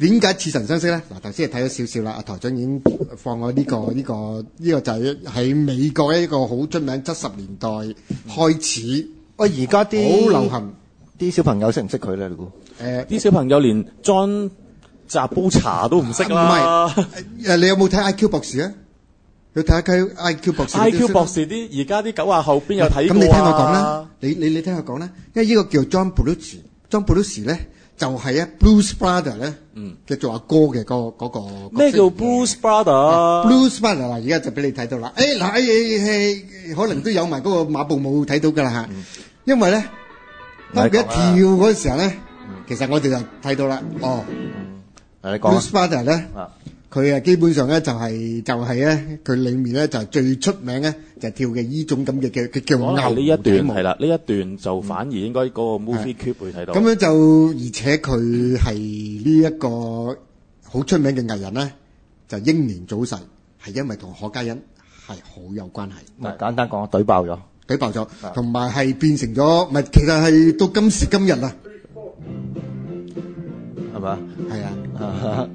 點解似神相識咧？嗱，頭先係睇咗少少啦。阿台長已經放我呢、這個呢、這個呢、這個就係喺美國一個好出名，七十年代開始。喂、嗯，而家啲好流行，啲、哦、小朋友識唔識佢咧？誒、呃，啲小朋友連 John p、呃、茶 John...、啊、都唔識唔係你有冇睇 IQ 博士啊？要睇下佢 IQ 博士。IQ 博士啲而家啲九啊後邊有睇你過啊？你、啊、你你聽我講啦，因為呢個叫 John Pauls，John Pauls 咧。就係啊，Blues Brother 咧，叫做阿哥嘅嗰嗰個。咩叫 Blues Brother？Blues Brother，嗱，而家就俾你睇到啦。誒嗱，誒誒，可能都有埋嗰個馬步舞睇到噶啦嚇。因為咧，當佢一跳嗰時候咧，其實我哋就睇到啦。哦，嗱你講啊。Blues Brother 咧。佢啊，基本上咧就係就係咧，佢裏面咧就係最出名咧就係跳嘅呢種咁嘅叫叫牛皮毛。呢一段係啦，呢一段就反而應該嗰個 movie clip 會睇到。咁樣就而且佢係呢一個好出名嘅藝人咧，就英年早逝，係因為同何家欣係好有關係。唔簡單講，懟爆咗，懟爆咗，同埋係變成咗，唔係，其實係到今時今日啦，係嘛？係啊。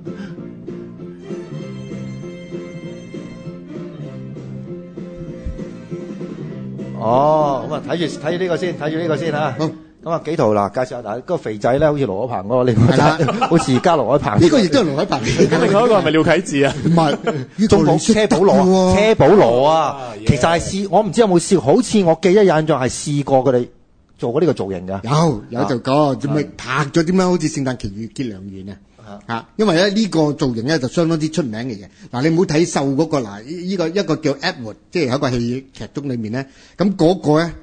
哦，咁啊，睇住睇住呢個先，睇住呢個先、嗯、啊！咁、嗯、啊、嗯，幾圖啦？介紹下嗱，嗰個肥仔咧，好似羅海鵬嗰個嚟嘅，好似加羅海鵬。呢、這個亦都係羅海鵬，咁另外一個係咪廖啟智啊？唔 係，仲冇車保羅啊，車保羅啊，其實係試，我唔知有冇試，好似我記得有印象係試過佢哋做過呢個造型㗎。有有就過，仲咪拍咗點咩？好似《聖誕奇遇結良緣》啊！啊、因為咧呢個造型咧就相當之出名嘅嘢。嗱、啊，你唔好睇瘦嗰、那個嗱，呢、啊、個一個叫 Edward，即係喺個戲劇中裏面咧，咁、那、嗰個咧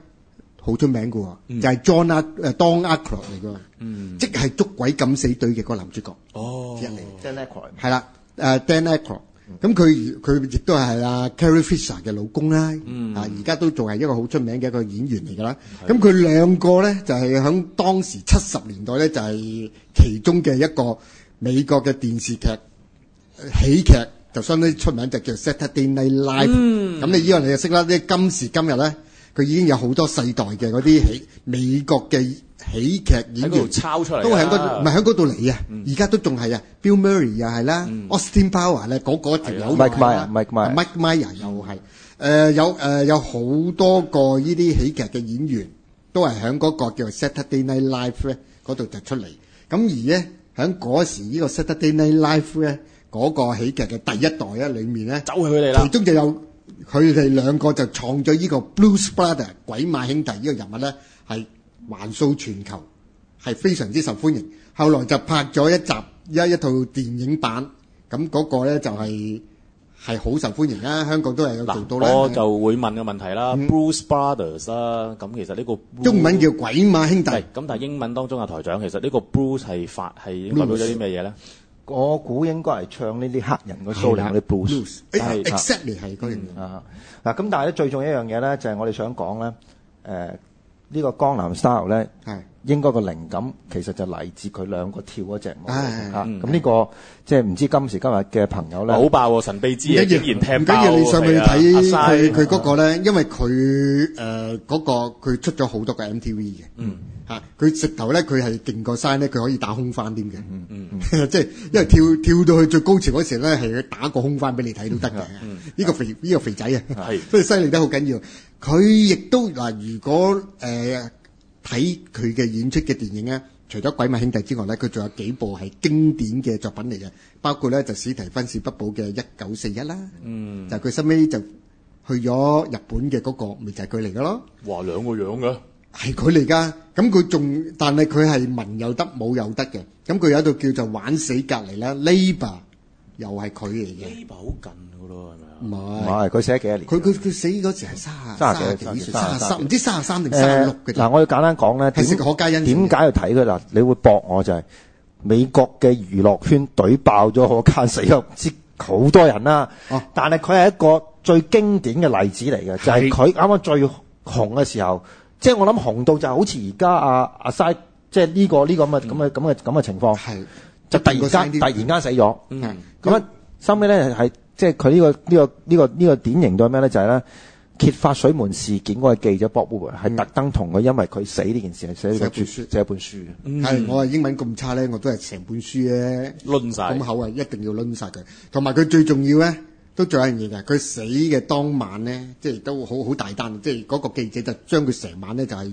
好出名嘅喎、嗯，就係、是、John 阿 Don Ackroyd 嚟嘅，即係捉鬼敢死隊嘅個男主角。哦，John Ackroyd 係啦，誒、uh, Dan Ackroyd，咁佢佢亦都係阿 Carrie Fisher 嘅老公啦。嗯，啊而家都仲係一個好出名嘅一個演員嚟㗎啦。咁佢兩個咧就係、是、喺當時七十年代咧就係、是、其中嘅一個。美國嘅電視劇，喜劇，就相當出名就叫 Saturday Night Live。嗯，嗯，嗯，嗯，嗯，嗯，嗯，嗯，嗯，嗯，嗯，嗯，喺嗰時呢個 Saturday Night Live 咧，嗰、那個喜劇嘅第一代咧，裡面咧，走佢哋啦，其中就有佢哋兩個就創咗呢個 Blues Brothers 鬼馬兄弟呢個人物咧，係橫掃全球，係非常之受歡迎。後來就拍咗一集一一套電影版，咁、那、嗰個咧就係、是。係好受歡迎啦，香港都係有做到啦。我就會問個問題啦，Blues Brothers 啦，咁其實呢個中文叫鬼馬兄弟，咁但係英文當中啊，台長其實呢個 Blues 係發係發表咗啲咩嘢咧？我估應該係唱呢啲黑人嗰啲數量嘅 Blues，係 exactly 係嗰樣嘢啊。嗱，咁但係咧最重要一樣嘢咧，就係我哋想講咧，誒。呢、這個江南 style 咧，應該個靈感其實就嚟自佢兩個跳嗰隻舞。咁呢、哎啊嗯嗯這個、嗯、即係唔知今時今日嘅朋友咧，好爆喎、啊！神秘之夜依然聽要、啊，你上去睇佢佢嗰個咧、嗯，因為佢誒嗰個佢出咗好多嘅 MTV 嘅嚇。佢、嗯、直、啊、頭咧，佢係勁過山咧，佢可以打空翻啲嘅。嗯嗯，即 係因為跳跳到去最高潮嗰時咧，係佢打個空翻俾你睇都得嘅。呢、嗯嗯這個肥呢、嗯這個這個肥仔啊，所以犀利得好緊要。佢亦都嗱，如果誒睇佢嘅演出嘅電影咧，除咗《鬼馬兄弟》之外咧，佢仲有幾部係經典嘅作品嚟嘅，包括咧就史提芬史匹堡嘅《一九四一》啦，就佢收尾就去咗日本嘅嗰個，咪就係佢嚟噶咯。哇，兩個樣噶，係佢嚟噶，咁佢仲但係佢係文有得武有得嘅，咁佢有一套叫做《玩死隔離》啦，Labor。又係佢嚟嘅。基伯好近嘅咯，係咪唔係，唔係佢寫幾多年、年？佢佢佢死嗰時係卅卅幾歲，卅三唔知卅三定卅六嘅、呃。嗱、呃，我要簡單講咧，其實點點解要睇佢嗱？你會駁我就係、是、美國嘅娛樂圈隊爆咗可卡，死咗好多人啦、啊。啊、但係佢係一個最經典嘅例子嚟嘅，就係佢啱啱最紅嘅時候，即係是我諗紅到就好似而家阿阿曬，即係呢個呢、呢個咁嘅咁嘅咁嘅咁嘅情況。就突然間突然間死咗，咁、嗯、啊，收尾咧係即係佢呢個呢、呢個呢、呢個呢、呢個典型係咩咧？就係、是、咧揭發水門事件，嗰個記者 Bob Woodward 係特登同佢，因為佢死呢件事係寫咗本書，寫一本書。嗯，我係英文咁差咧，我都係成本書咧，咁口啊，一定要唸曬佢。同埋佢最重要咧。都做一樣嘢嘅，佢死嘅當晚咧，即係都好好大單，即係嗰個記者就將佢成晚咧就係、是、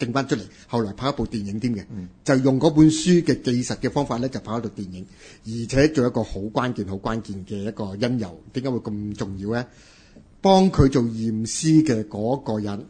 再掟返出嚟，後來拍一部電影添嘅、嗯，就用嗰本書嘅紀實嘅方法咧就拍嗰套電影，而且做一個好關鍵、好關鍵嘅一個因由，點解會咁重要咧？幫佢做驗屍嘅嗰個人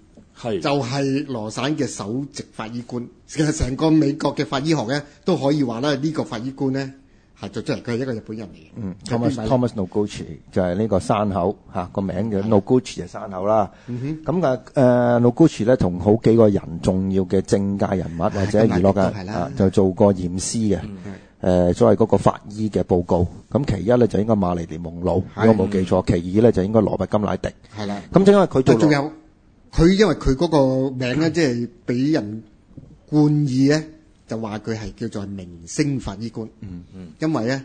就係、是、羅省嘅首席法醫官，其實成個美國嘅法醫學咧都可以話咧呢個法醫官咧。係，就真係佢係一個日本人嚟嘅。嗯，Thomas Noguchi 就係呢個山口嚇個、嗯啊、名叫 Noguchi 就是是山口啦。咁、嗯、嘅誒、呃、Noguchi 咧同好幾個人重要嘅政界人物、嗯、或者娛樂界啊是是，就做過驗屍嘅。誒、嗯呃，所謂嗰個法醫嘅報告。咁其一咧就應該馬利尼蒙魯，如果冇記錯；其二咧就應該羅伯金乃迪。係啦。咁正因為佢仲仲有佢因為佢嗰個名咧，即係俾人冠意咧。就話佢係叫做明星法醫官，因為咧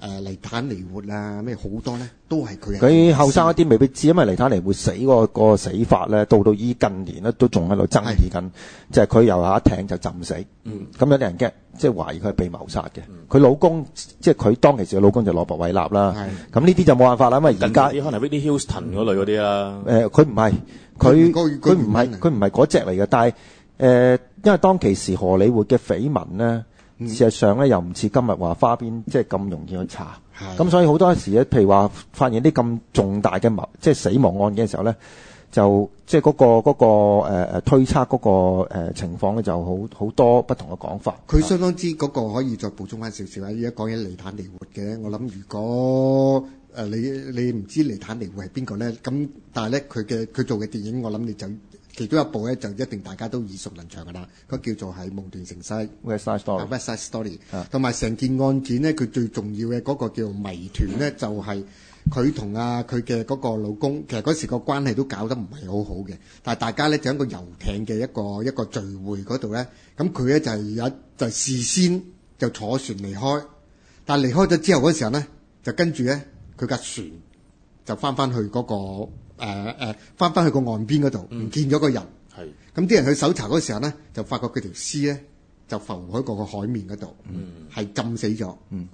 誒黎坦尼活啊咩好多咧都係佢。佢後生一啲未必知，因為黎坦尼活死嗰個個死法咧，到到依近年咧都仲喺度爭議緊，即係佢遊下艇就浸死，咁有啲人驚，即係懷疑佢係被謀殺嘅。佢老公即係佢當其時嘅老公就羅伯偉立啦，咁呢啲就冇辦法啦，因為而家可能惠妮休斯頓嗰類嗰啲啦。誒，佢唔係佢佢唔係佢唔係嗰隻嚟嘅，但係。誒、呃，因為當其時荷里活嘅緋聞呢，事實上咧又唔似今日話花邊，嗯、即係咁容易去查。咁所以好多時咧，譬如話發現啲咁重大嘅即係死亡案件嘅時候咧，就即係、嗰、嗰個嗰、嗰個、呃、推測嗰、嗰個、呃、情況咧，就好好多不同嘅講法。佢相當之嗰個可以再補充翻少少。而家講緊尼坦尼活嘅，我諗如果誒、呃、你你唔知尼坦尼活係邊個咧，咁但係咧佢嘅佢做嘅電影，我諗你就。其中一部咧就一定大家都耳熟能詳㗎啦，佢叫做係《夢斷城西》（West Side Story），同埋成件案件咧，佢最重要嘅嗰個叫做謎團咧，就係佢同啊佢嘅嗰個老公，其實嗰時個關係都搞得唔係好好嘅。但係大家咧就喺個遊艇嘅一個一個聚會嗰度咧，咁佢咧就係有就係事先就坐船離開，但係離開咗之後嗰時候咧，就跟住咧佢架船就翻翻去嗰個。誒、呃、誒，翻翻去個岸邊嗰度，唔、嗯、見咗個人。係，咁啲人去搜查嗰時候咧，就發覺佢條屍咧就浮喺個海面嗰度，係、嗯、浸死咗。咁、嗯、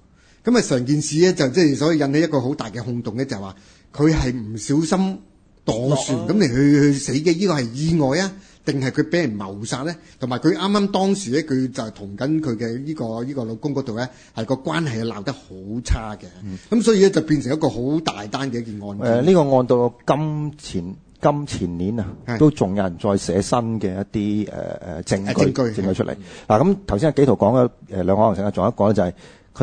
啊，成件事咧就即、是、係所以引起一個好大嘅轟動咧，就係話佢係唔小心墮船咁你去去死嘅，呢個係意外啊！定係佢俾人謀殺咧，同埋佢啱啱當時咧，佢就係同緊佢嘅呢個呢個老公嗰度咧，係個關係鬧得好差嘅。咁所以咧，就變成一個好大單嘅一件案件。誒呢個案到今前今前年啊，都仲有人再寫新嘅一啲誒誒證據證據出嚟嗱。咁頭先阿幾圖講嘅誒兩個可能性啊，仲有一個咧就係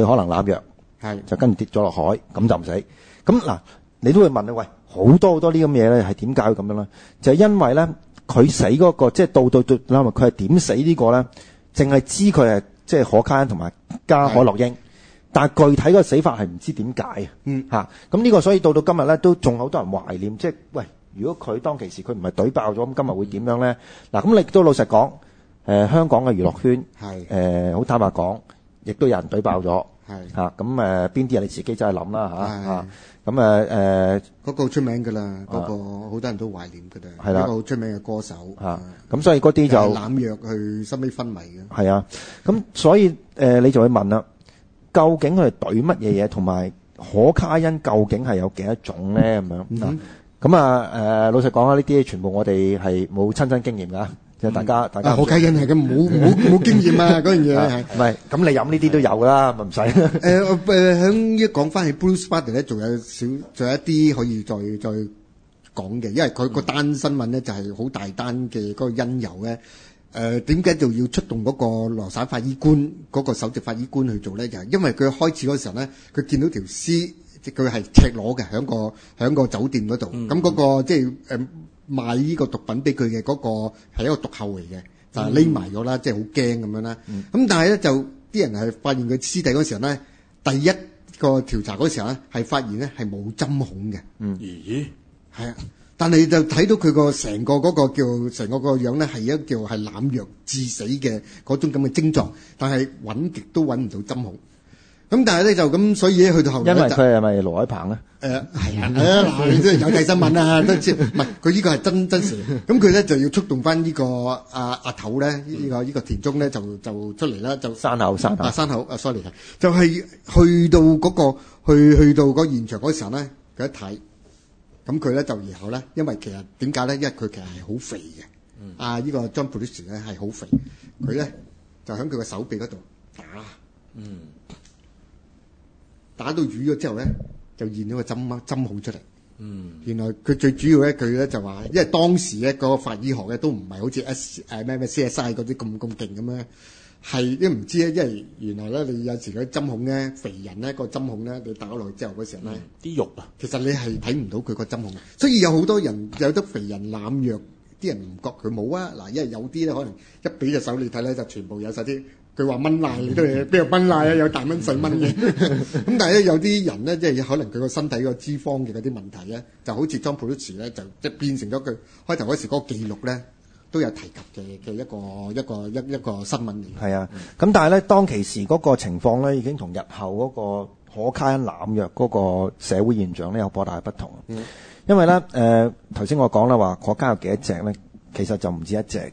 佢可能攬藥係就跟住跌咗落海，咁就唔死咁嗱。你都會問啊，喂好多好多呢咁嘢咧，係點解會咁樣咧？就係因為咧。佢死嗰、那個即係到到到，嗱，佢係點死呢個咧？淨係知佢係即係可卡因同埋加海洛英，但係具體個死法係唔知點解、嗯、啊？吓，咁呢個所以到到今日咧，都仲有好多人懷念。即係喂，如果佢當其時佢唔係懟爆咗，咁今日會點樣咧？嗱、啊，咁你都老實講，誒、呃、香港嘅娛樂圈，好、呃、坦白講，亦都有人懟爆咗。係咁，誒，邊啲啊？呃、你自己真係諗啦，咁，誒嗰個出名噶啦，嗰、啊，那個好多人都懷念㗎啦，比較、啊、出名嘅歌手。咁、啊、所以嗰啲就、就是、濫藥去收尾昏迷嘅。係啊，咁所以誒、呃，你就會問啦，究竟佢哋懟乜嘢嘢？同埋可卡因究竟係有幾多種咧？咁、嗯、樣咁、嗯、啊、呃、老實講下呢啲全部我哋係冇親身經驗噶。即係大家，大家好吸引係咁冇冇冇經驗啊！嗰樣嘢係唔係咁？你飲呢啲都有啦，咪唔使。誒誒，喺一講翻去 Bruce Butler 咧，仲有少，仲有一啲可以再再講嘅，因為佢個單新聞咧就係好大單嘅嗰個因由咧。誒點解就要出動嗰個羅省法醫官嗰個首席法醫官去做咧？就係因為佢開始嗰時候咧，佢見到條屍即係佢係赤裸嘅，喺個喺個酒店嗰度。咁嗰個即係誒。賣呢個毒品俾佢嘅嗰個係一個毒後嚟嘅，就匿埋咗啦，即係好驚咁樣啦。咁、嗯、但係咧就啲人係發現佢屍體嗰時候咧，第一個調查嗰時候咧係發現咧係冇針孔嘅。嗯，咦、嗯？係啊，但係就睇到佢個成個嗰個叫成個個樣咧係一叫係濫藥致死嘅嗰種咁嘅症狀，但係揾極都揾唔到針孔。咁但係咧就咁，所以咧去到後面就因為佢係咪盧海鵬咧？誒係啊，嗱你都係有睇新聞啊，都知唔係佢依個係真真實。咁佢咧就要觸動翻依個阿阿頭咧，依個依個田中咧就就出嚟啦，就山口山口啊山口啊，sorry 就係去到嗰個去去到嗰現場嗰時候咧，佢一睇，咁佢咧就然後咧，因為其實點解咧？因為佢其實係好肥嘅，啊依個 John Belushi 咧係好肥，佢咧就喺佢個手臂嗰度打，嗯。打到瘀咗之後咧，就驗咗個針針孔出嚟。嗯，原來佢最主要一句咧就話，因為當時咧嗰個法醫學咧都唔係好似 S 誒咩咩 CSI 嗰啲咁咁勁咁咧，係因唔知咧，因為原來咧你有時嗰啲針孔咧，肥人咧個針孔咧，你打落去之後嗰時候咧，啲、嗯、肉啊，其實你係睇唔到佢個針孔，所以有好多人有得肥人濫藥，啲人唔覺佢冇啊。嗱，因為有啲咧可能一畀隻手你睇咧就全部有晒啲。佢話蚊奶都係邊度蚊奶啊？有大蚊細蚊嘅，咁 但係咧有啲人咧，即係可能佢個身體個脂肪嘅啲問題咧，就好似莊普斯咧，就即係變成咗佢開頭嗰時嗰個記錄咧，都有提及嘅嘅一個一個一個一個新聞嚟。係啊，咁但係咧，當其時嗰個情況咧，已經同日後嗰個可卡因濫藥嗰個社會現象咧，有頗大嘅不同。嗯、因為咧，誒頭先我講啦話，可卡有幾多隻咧？其實就唔止一隻嘅。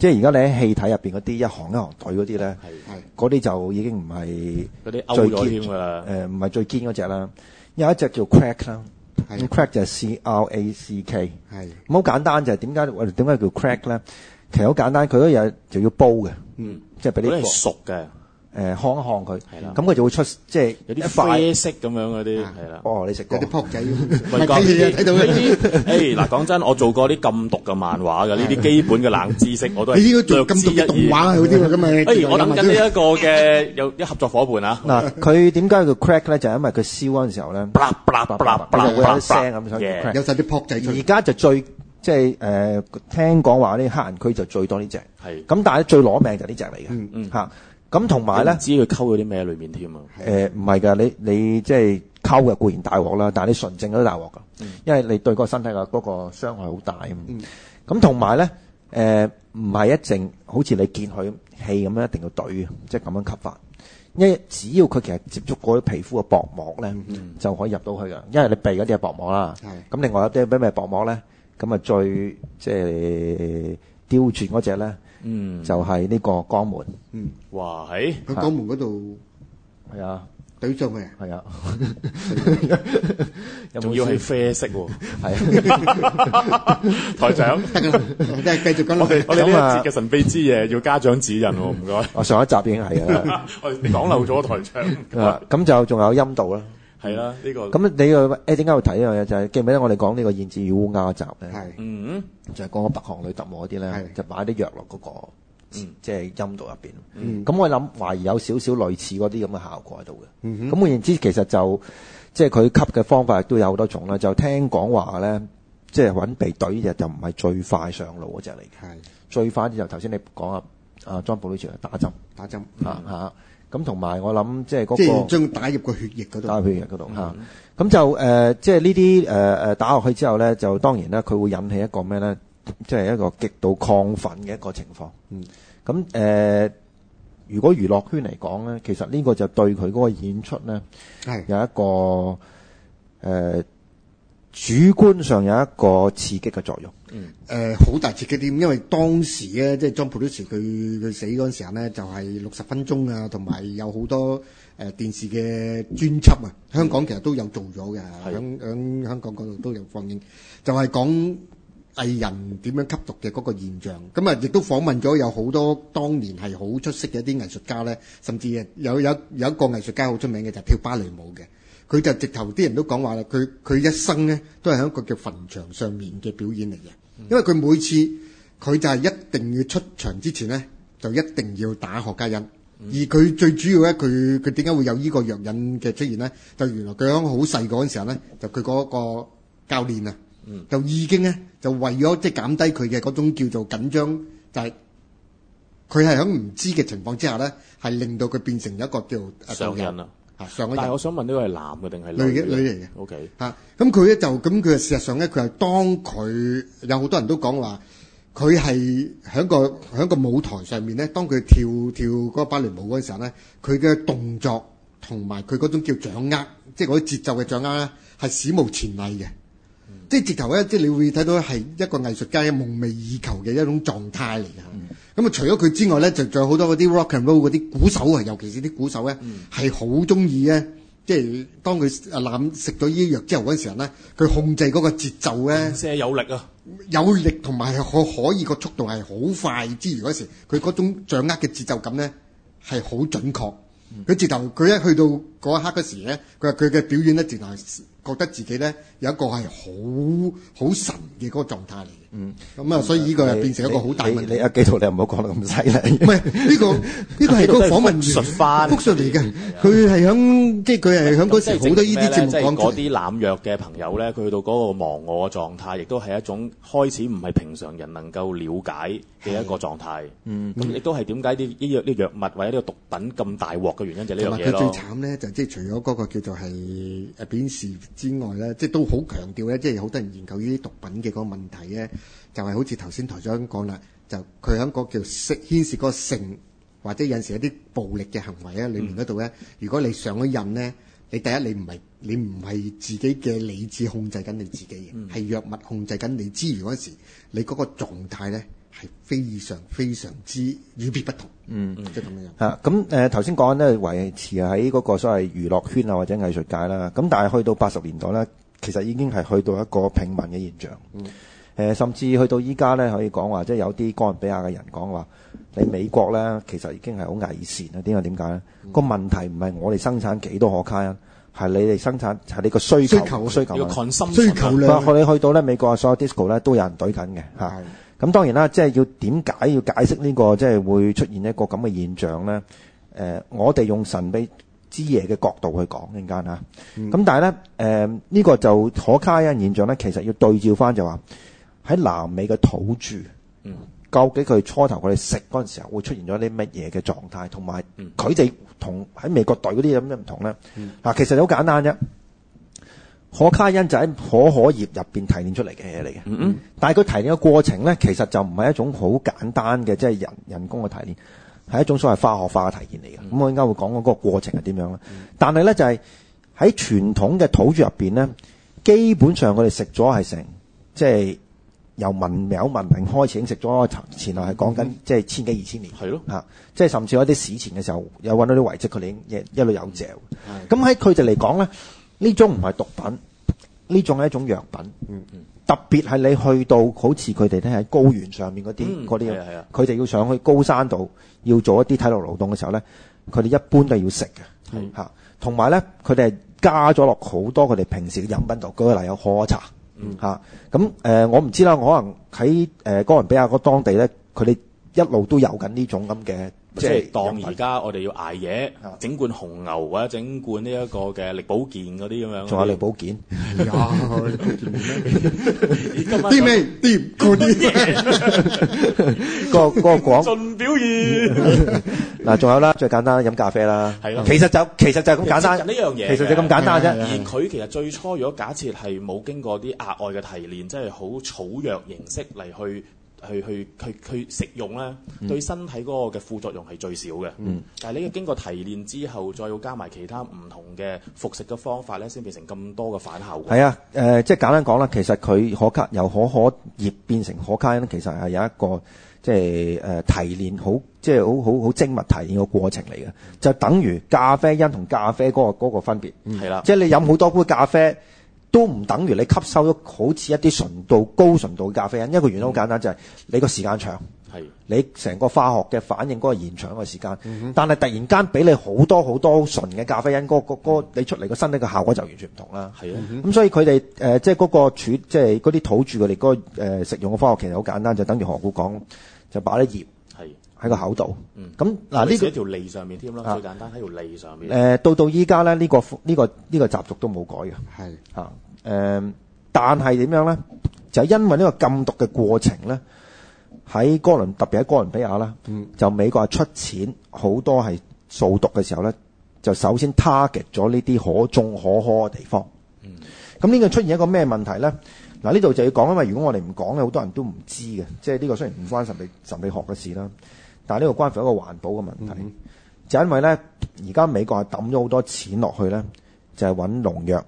即係而家你喺氣體入邊嗰啲一行一行隊嗰啲咧，係係嗰啲就已經唔係嗰啲鈎咗添㗎啦。誒唔係最堅嗰隻啦，有一隻叫 crack 啦。咁 crack 就 C R A C K，係唔好簡單就係點解我哋點解叫 crack 咧、嗯？其實好簡單，佢都有，就要煲嘅，嗯，即係俾啲熟嘅。誒、呃，看一看佢，係啦，咁佢就會出，即係有啲啡色咁樣嗰啲，係啦，哦，你食過啲撲仔，講， 睇到嗱，講、 哎、真，我做過啲禁毒嘅漫畫嘅，呢 啲基本嘅冷知識，我都，你呢個做禁毒動畫 好啲咁咪，不 如、哎、我諗緊呢一個嘅有啲合作夥伴啊，嗱 ，佢點解佢 crack 咧？就係、是、因為佢燒嘅時候咧，卜卜卜卜卜卜卜卜卜卜卜卜卜卜卜卜卜卜卜卜卜卜卜卜卜卜卜卜卜卜卜卜卜卜卜卜卜卜咁同埋咧，只要佢溝咗啲咩裏面添啊？誒，唔係㗎，你你即係溝嘅固然大鑊啦，但係你純正嗰啲大鑊㗎，嗯、因為你對個身體嘅嗰個傷害好大。咁同埋咧，誒，唔係一定好似你見佢戲咁樣一定要對，即係咁樣吸法。因為只要佢其實接觸過啲皮膚嘅薄膜咧，嗯、就可以入到去㗎。因為你鼻嗰啲係薄膜啦，咁另外有啲咩咩薄膜咧，咁啊最即係刁轉嗰隻咧。就是嗯，就係、是、呢個江門。嗯，哇係，喺江門嗰度，係啊，對上嘅，係啊，仲、啊、 要係啡色喎。係、啊、 台長， 我啦，即係繼續跟落嚟。咁嘅神秘之夜要家長指引喎，唔該。我上一集已經係啊 講漏咗台長。咁 就仲有陰道啦。係啦、啊，呢、嗯呢個咁你個點解會睇呢樣嘢？就係、是、記唔記得我哋講呢個燕子與烏鴉集咧？嗯嗯，就係、是、講個北韓女特務嗰啲咧，就擺啲藥落、那個、嗯、即係陰道入邊。咁、嗯、我諗懷疑有少少類似嗰啲咁嘅效果喺度嘅。咁、嗯、換言之，其實就即係佢吸嘅方法亦都有好多種啦。就聽講話咧，即係揾鼻隊嘅就唔係最快上路嗰隻嚟。嘅，最快啲就頭、是、先你講啊啊，莊保羅打針。打針嚇、嗯啊咁同埋，我諗即係嗰個將打入個血液嗰度，打入血液嗰度吓。咁就誒，即係呢啲誒打落去之後咧，就當然呢，佢會引起一個咩咧？即係一個極度亢奮嘅一個情況。嗯，咁誒，如果娛樂圈嚟講咧，其實呢個就對佢嗰個演出咧係有一個誒主觀上有一個刺激嘅作用。嗯，誒、呃、好大刺激點，因為當時咧，即係 John Pauls 佢佢死嗰陣時候咧，就係六十分鐘啊，同埋有好多誒、呃、電視嘅專輯啊。香港其實都有做咗嘅，響、嗯、響香港嗰度都有放映。就係講藝人點樣吸毒嘅嗰個現象。咁、嗯、啊，亦都訪問咗有好多當年係好出色嘅一啲藝術家咧，甚至有有有一個藝術家好出名嘅就係，跳芭蕾舞嘅，佢就直頭啲人都講話啦，佢佢一生咧都係喺一個叫墳場上面嘅表演嚟嘅。因為佢每次佢就係一定要出場之前咧，就一定要打何家人，嗯、而佢最主要咧，佢佢點解會有呢個藥癮嘅出現咧？就原來佢響好細嗰陣時候咧，就佢個教練啊，就已經咧就為咗即係減低佢嘅種叫做緊張，就係佢係響唔知嘅情況之下咧，係令到佢變成一個叫上癮啊。上個，但係我想問呢個係男嘅定係女嘅？女嚟嘅，O K。吓，咁佢咧就咁佢事實上咧，佢係當佢有好多人都講話佢係喺個喺個舞台上面咧，當佢跳跳嗰個芭蕾舞嗰陣時候咧，佢嘅動作同埋佢嗰種叫掌握，即係啲節奏嘅掌握咧，係史無前例嘅。即係直頭咧，即係你會睇到係一個藝術家嘅夢寐以求嘅一種狀態嚟嘅。咁、嗯、啊，除咗佢之外咧，就仲有好多嗰啲 rock and roll 嗰啲鼓手啊，尤其是啲鼓手咧，係好中意咧。即係當佢諗食咗呢啲藥之後嗰陣時咧，佢控制嗰個節奏咧，即係有力啊！有力同埋可可以個速度係好快之餘嗰時，佢嗰種掌握嘅節奏感咧係好準確。佢、嗯、直頭佢一去到嗰一刻嗰時咧，佢話佢嘅表演直頭係。覺得自己咧有一個係好好神嘅個狀態。嗯，咁、嗯、啊，所以呢個又變成一個好大問題。你阿紀陶，你又唔好講得咁犀利。唔係呢個呢、呢個係個訪問術法、啊，複述嚟嘅，佢係響即係佢係響嗰時好多呢啲節目講。即係嗰啲濫藥嘅朋友咧，佢去到嗰個忘我嘅狀態，亦都係一種開始唔係平常人能夠了解嘅一個狀態。嗯，咁亦都係點解啲依藥啲藥物或者呢個毒品咁大鑊嘅原因就係呢樣嘢咯。藥最慘咧，就即、是、係除咗嗰個叫做係誒騙事之外咧，即、就、係、是、都好強調咧，即係好多人研究呢啲毒品嘅嗰個問題咧。就係、是、好似頭先台長咁講啦，就佢喺個叫涉牽涉嗰個性或者有陣時一啲暴力嘅行為啊，裏面嗰度咧，如果你上咗癮咧，你第一你唔係你唔係自己嘅理智控制緊你自己嘅，係、嗯、藥物控制緊你之餘嗰時，你嗰個狀態咧係非常非常之與別不同，嗯，即係咁樣吓咁誒，頭先講咧維持喺嗰個所謂娛樂圈啊或者藝術界啦，咁但係去到八十年代咧，其實已經係去到一個平民嘅現象。嗯誒、呃，甚至去到依家咧，可以講話，即係有啲哥倫比亞嘅人講話，你美國咧，其實已經係好危殆啦。點解點解咧？個、嗯、問題唔係我哋生產幾多可卡因，係、嗯、你哋生產係你個需求需求心，需求量。你、啊、去到咧美國所有 disco 咧都有人隊緊嘅。咁當然啦，即係要點解要解釋呢、這個即係會出現一個咁嘅現象咧？誒、呃，我哋用神秘之夜嘅角度去講，陣間嚇。咁、嗯、但係咧，呢、呃這個就可卡因現象咧，其實要對照翻就話、是。喺南美嘅土著，嗯，究竟佢初頭佢哋食嗰陣時候會出現咗啲乜嘢嘅狀態，同埋佢哋同喺美國隊嗰啲有咩唔同咧？嗱、嗯，其實好簡單啫。可卡因就喺可可葉入邊提煉出嚟嘅嘢嚟嘅，嗯嗯。但係佢提煉嘅過程咧，其實就唔係一種好簡單嘅，即係人人工嘅提煉，係一種所謂化學化嘅提煉嚟嘅。咁、嗯、我應該會講講嗰個過程係點樣咧？但係咧就係喺傳統嘅土著入邊咧，基本上佢哋食咗係成即係。就是由文廟文明開始，已經食咗前來係講緊，即係千幾二千年，係咯嚇，即係甚至喺啲史前嘅時候，有揾到啲遺跡，佢哋亦一路有嚼。咁喺佢哋嚟講咧，呢、嗯、種唔係毒品，呢種係一種藥品。嗯嗯，特別係你去到好似佢哋咧喺高原上面嗰啲啲，係係啊，佢哋要上去高山度要做一啲體力勞動嘅時候咧，佢哋一般都係要食嘅嚇，同埋咧佢哋係加咗落好多佢哋平時嘅飲品度。舉個例，有可茶。嗯嚇，咁誒我唔知啦，我可能喺誒哥倫比亞嗰當地咧，佢哋一路都有緊呢種咁嘅，即係當而家我哋要捱夜，整罐紅牛或者整罐呢一個嘅力保健嗰啲咁樣。仲有力保健。有。啲咩？點講？盡表現。嗱，仲有啦，最簡單飲咖啡啦，係咯，其實就其實就係咁簡單，呢樣嘢，其實就咁簡單啫。而佢其實最初如果假設係冇經過啲額外嘅提煉，即係好草藥形式嚟去。去去去去食用咧、嗯，對身體嗰個嘅副作用係最少嘅、嗯。但你呢經過提煉之後，再要加埋其他唔同嘅服食嘅方法咧，先變成咁多嘅反效果。係、嗯、啊、呃，即係簡單講啦，其實佢可卡由可可葉變成可卡因，其實係有一個即係、呃、提煉好，即係好好好精密提煉嘅過程嚟嘅。就等於咖啡因同咖啡嗰、嗰個嗰個分別。係、嗯、啦、嗯，即係你飲好多杯咖啡，都唔等於你吸收咗好似一啲純度高純度嘅咖啡因，一個原因好簡單，嗯、就係你個時間長，你成個化學嘅反應嗰個延長嘅時間，嗯、但係突然間俾你好多好多純嘅咖啡因，嗰、嗰個、嗰個、你出嚟個身體嘅效果就完全唔同啦。啊，咁所以佢哋即係嗰個即係嗰啲土著佢哋嗰個食用嘅化學其實好簡單，就等於何故講，就擺啲葉。喺、嗯啊啊個口度，咁嗱呢個喺條脷上面添咯，最簡單喺條脷上面。誒、啊呃、到到依家咧，呢、呢個呢、呢個呢、呢個習俗都冇改嘅、嗯。但係點樣咧？就因為呢個禁毒嘅過程咧，喺哥倫特別喺哥倫比亞啦、嗯，就美國係出錢好多係掃毒嘅時候咧，就首先 target 咗呢啲可中可可嘅地方。咁、嗯、呢個出現一個咩問題咧？嗱呢度就要講，因為如果我哋唔講咧，好多人都唔知嘅。即係呢個雖然唔關神秘神秘學嘅事啦。但係呢個關乎一個環保嘅問題、嗯，就因為咧，而家美國係抌咗好多錢落去咧，就係、是、揾農藥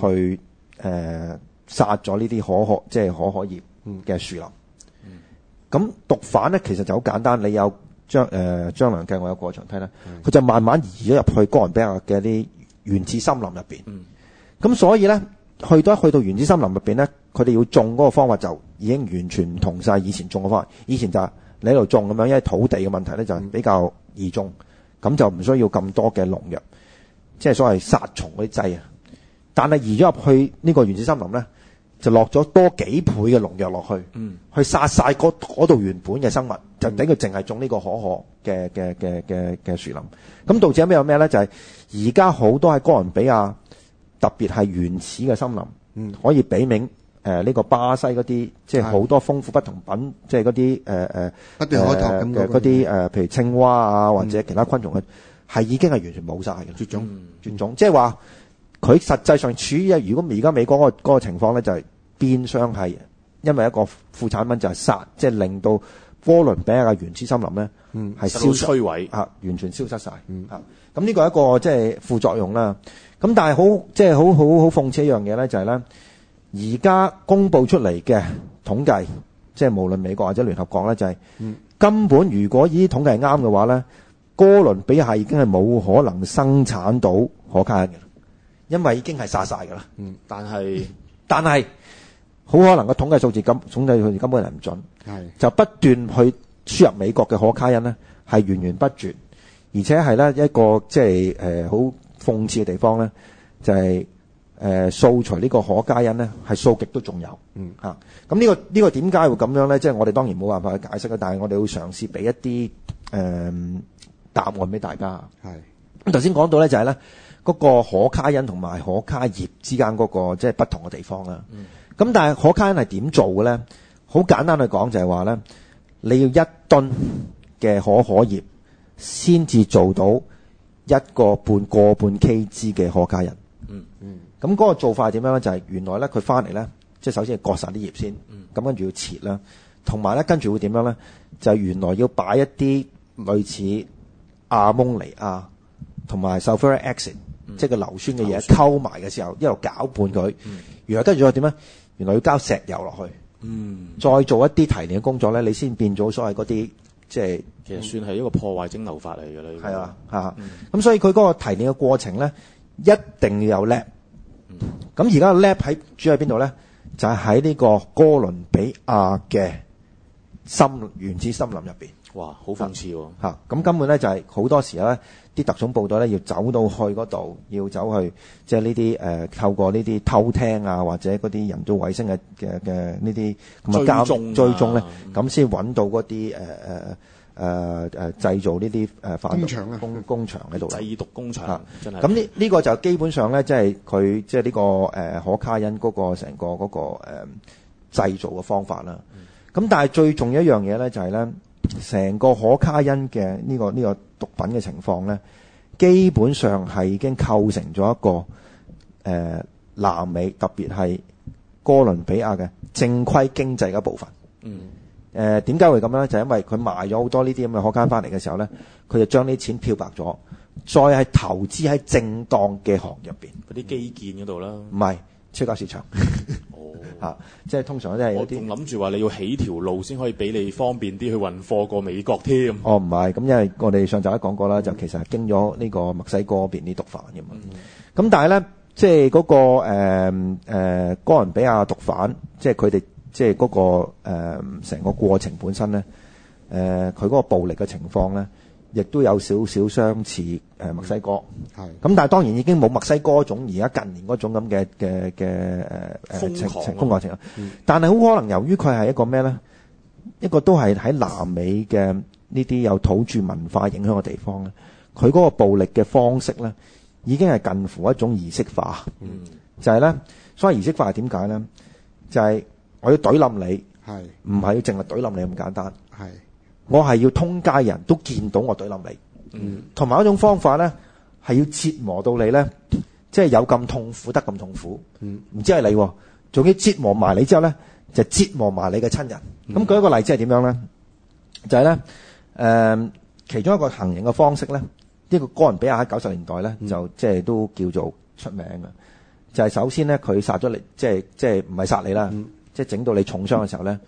去、嗯呃、殺咗呢啲可可，即、就、係、是、可可葉嘅樹林。咁、嗯、毒販咧其實就好簡單，你有張誒張良計我有過牆梯啦，佢、嗯、就慢慢移咗入去哥倫比亞嘅啲原始森林入面。咁、嗯、所以咧，去到去到原始森林入面咧，佢哋要種嗰個方法就已經完全唔同曬以前種嘅方法。以前就係、是。你喺度種咁樣，因為土地嘅問題咧，就比較易種，咁就唔需要咁多嘅農藥，即係所謂殺蟲嗰啲劑啊。但係移咗入去呢個原始森林咧，就落咗多幾倍嘅農藥落去，去殺晒嗰度原本嘅生物，就等佢淨係種呢個可可嘅嘅嘅嘅嘅樹林。咁導致有咩有咩咧？就係而家好多喺哥倫比亞，特別係原始嘅森林，嗯，可以俾名。誒、呃、呢、這個巴西嗰啲，即係好多豐富不同品，即係嗰啲誒誒，不、呃、斷開拓咁嘅嗰啲誒，譬如青蛙啊或者其他昆蟲嘅，係、嗯、已經係完全冇晒。嘅、嗯、絕種、絕、嗯、種。即係話佢實際上處於，如果而家美國嗰、那個那個情況咧，就係變相係因為一個副產品就係殺，即、就、係、是、令到哥倫比亞原始森林咧係消失啊，完全消失晒。嚇、嗯！咁、嗯、呢、嗯這個一個即係副作用啦。咁但係好即係好好好諷刺一樣嘢咧，就係咧。而家公布出嚟嘅統計，即係無論美國或者聯合國咧，就係根本如果依統計係啱嘅話咧，哥倫比亞已經係冇可能生產到可卡因嘅，因為已經係殺曬㗎啦。嗯，但係但係好可能個統計數字咁統計數字根本係唔準，係就不斷去輸入美國嘅可卡因咧，係源源不絕，而且係咧一個即係誒好諷刺嘅地方咧，就係。誒、呃，掃除呢個可卡因呢，係掃極都仲有，嗯嚇、啊。咁、這、呢個呢、這個點解會咁樣呢？即、就、係、是、我哋當然冇辦法去解釋嘅，但係我哋會嘗試俾一啲誒、呃、答案俾大家。咁頭先講到、就是那個那個就是嗯、呢，就係呢嗰個可卡因同埋可卡葉之間嗰個即係不同嘅地方啦。咁但係可卡因係點做嘅呢？好簡單去講，就係話呢：你要一噸嘅可可葉先至做到一個半個半 Kg 嘅可卡因。嗯嗯。咁、那、嗰個做法係點樣咧？就係、是、原來咧佢翻嚟咧，即係首先係割晒啲葉先，咁、嗯、跟住要切啦，同埋咧跟住會點樣咧？就係、是、原來要擺一啲類似亞蒙尼亞、嗯，同埋 sulfuric acid，即係個硫酸嘅嘢溝埋嘅時候一路攪拌佢。原、嗯、來跟住再點咧？原來要加石油落去、嗯，再做一啲提煉嘅工作咧，你先變咗所謂嗰啲即係其實算係一個破壞蒸餾法嚟㗎啦。係、嗯、啊，啊。咁、嗯、所以佢嗰個提煉嘅過程咧，一定要有叻。咁而家個 lab 喺主要喺邊度咧？就喺、是、呢個哥倫比亞嘅深原始森林入面，哇，好諷刺喎、啊！咁、嗯、根本咧就係好多時咧，啲特種部隊咧要走到去嗰度，要走去即係呢啲誒，透過呢啲偷聽啊，或者嗰啲人造衛星嘅嘅嘅呢啲咁嘅追蹤咧、啊，咁先揾到嗰啲誒誒誒製造呢啲誒化工廠喺度製毒工廠吓真係。咁呢呢個就基本上咧，即係佢即係呢個誒、呃、可卡因嗰、嗰個成個嗰、嗰個誒、呃、製造嘅方法啦。咁、嗯、但係最重要一樣嘢咧，就係咧，成個可卡因嘅呢個呢、呢個毒品嘅情況咧，基本上係已經構成咗一個誒、呃、南美特別係哥倫比亞嘅正規經濟嘅一部分。嗯。誒點解會咁咧？就係、因為佢賣咗好多呢啲咁嘅可卡因翻嚟嘅時候咧，佢就將啲錢漂白咗，再係投資喺正當嘅行入面，嗰啲基建嗰度啦。唔係，超級市場。哦， 啊、即係通常即係啲。我仲諗住話你要起條路先可以俾你方便啲去運貨過美國添。哦，唔係，咁因為我哋上集都講過啦、嗯，就其實係經咗呢個墨西哥邊啲毒販嘅嘛。咁、嗯、但係咧，即係嗰、嗰個誒、呃呃、哥倫比亞毒販，即係佢哋。即係嗰、那個誒成、呃、個過程本身咧，誒佢嗰個暴力嘅情況咧，亦都有少少相似誒、呃、墨西哥係咁、嗯，但係當然已經冇墨西哥種而家近年嗰種咁嘅嘅嘅誒誒瘋狂瘋狂情況。但係好可能由於佢係一個咩咧，一個都係喺南美嘅呢啲有土著文化影響嘅地方咧，佢嗰個暴力嘅方式咧已經係近乎一種儀式化，就係、是、咧所謂儀式化係點解咧？就係、是我要懟冧你，係唔係要淨係懟冧你咁簡單？係我係要通街人都見到我懟冧你，嗯，同埋一種方法咧，係要折磨到你咧，即、就、係、是、有咁痛苦得咁痛苦，嗯，唔止係你，仲要折磨埋你之後咧，就是、折磨埋你嘅親人。咁、嗯、舉一個例子係點樣咧？就係、是、咧、呃，其中一個行刑嘅方式咧，呢、這個哥倫比亞喺九十年代咧就即係都叫做出名嘅、嗯，就係、是、首先咧佢殺咗你，即係即係唔係殺你啦。嗯。即係整到你重傷嘅時候咧，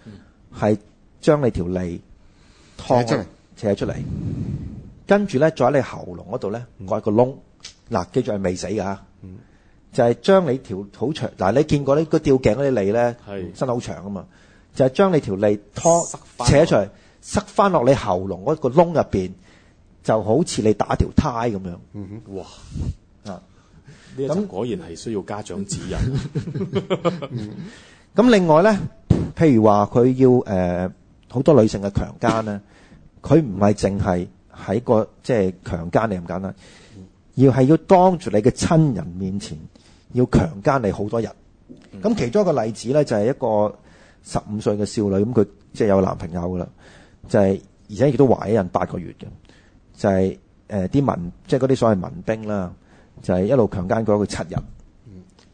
係、嗯、將你條脷拖扯出嚟，跟住咧再喺你喉嚨嗰度咧割個窿。嗱、嗯啊，記住係未死㗎、嗯！就係、是、將你條好長嗱、啊，你見過呢個吊頸嗰啲脷咧，伸、嗯、好長啊嘛，就係、是、將你條脷拖扯出嚟，塞翻落你喉嚨嗰個窿入面，就好似你打條胎咁樣、嗯。哇！咁、啊、果然係需要家長指引。嗯 咁另外咧，譬如話佢要誒好、呃、多女性嘅強姦咧，佢唔係淨係喺個即係強姦你咁簡單，而係要當住你嘅親人面前要強姦你好多人。咁其中一個例子咧，就係、是、一個十五歲嘅少女，咁佢即係有男朋友噶啦，就係、是、而且亦都懷孕八個月嘅，就係誒啲民即係嗰啲所謂民兵啦，就係、是、一路強姦過佢七日。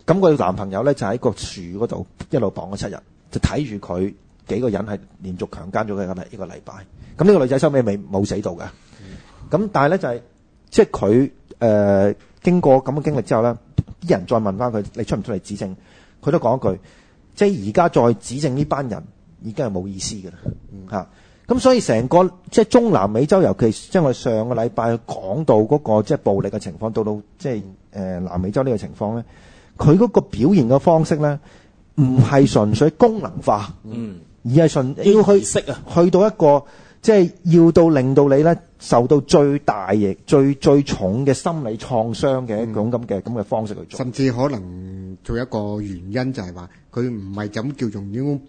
咁、佢男朋友咧就喺個樹嗰度一路綁咗七日，就睇住佢幾個人係連續強姦咗佢咁啊，一個禮拜，咁呢個女仔收尾未冇死到㗎。咁但係咧就係、是、即係佢誒經過咁嘅經歷之後咧，啲人再問翻佢，你出唔出嚟指證，佢都講一句，即係而家再指證呢班人已經係冇意思㗎啦嚇。咁、嗯啊、所以成個即係中南美洲，尤其將我上個禮拜講到嗰個即係暴力嘅情況，到到即係南美洲呢個情況咧。佢嗰個表現嘅方式咧，唔係純粹功能化，嗯，而係純要去識啊，去到一個即係要到令到你咧受到最大亦最最重嘅心理創傷嘅一種咁嘅咁嘅方式去做，甚至可能做一個原因就係話佢唔係咁叫用呢種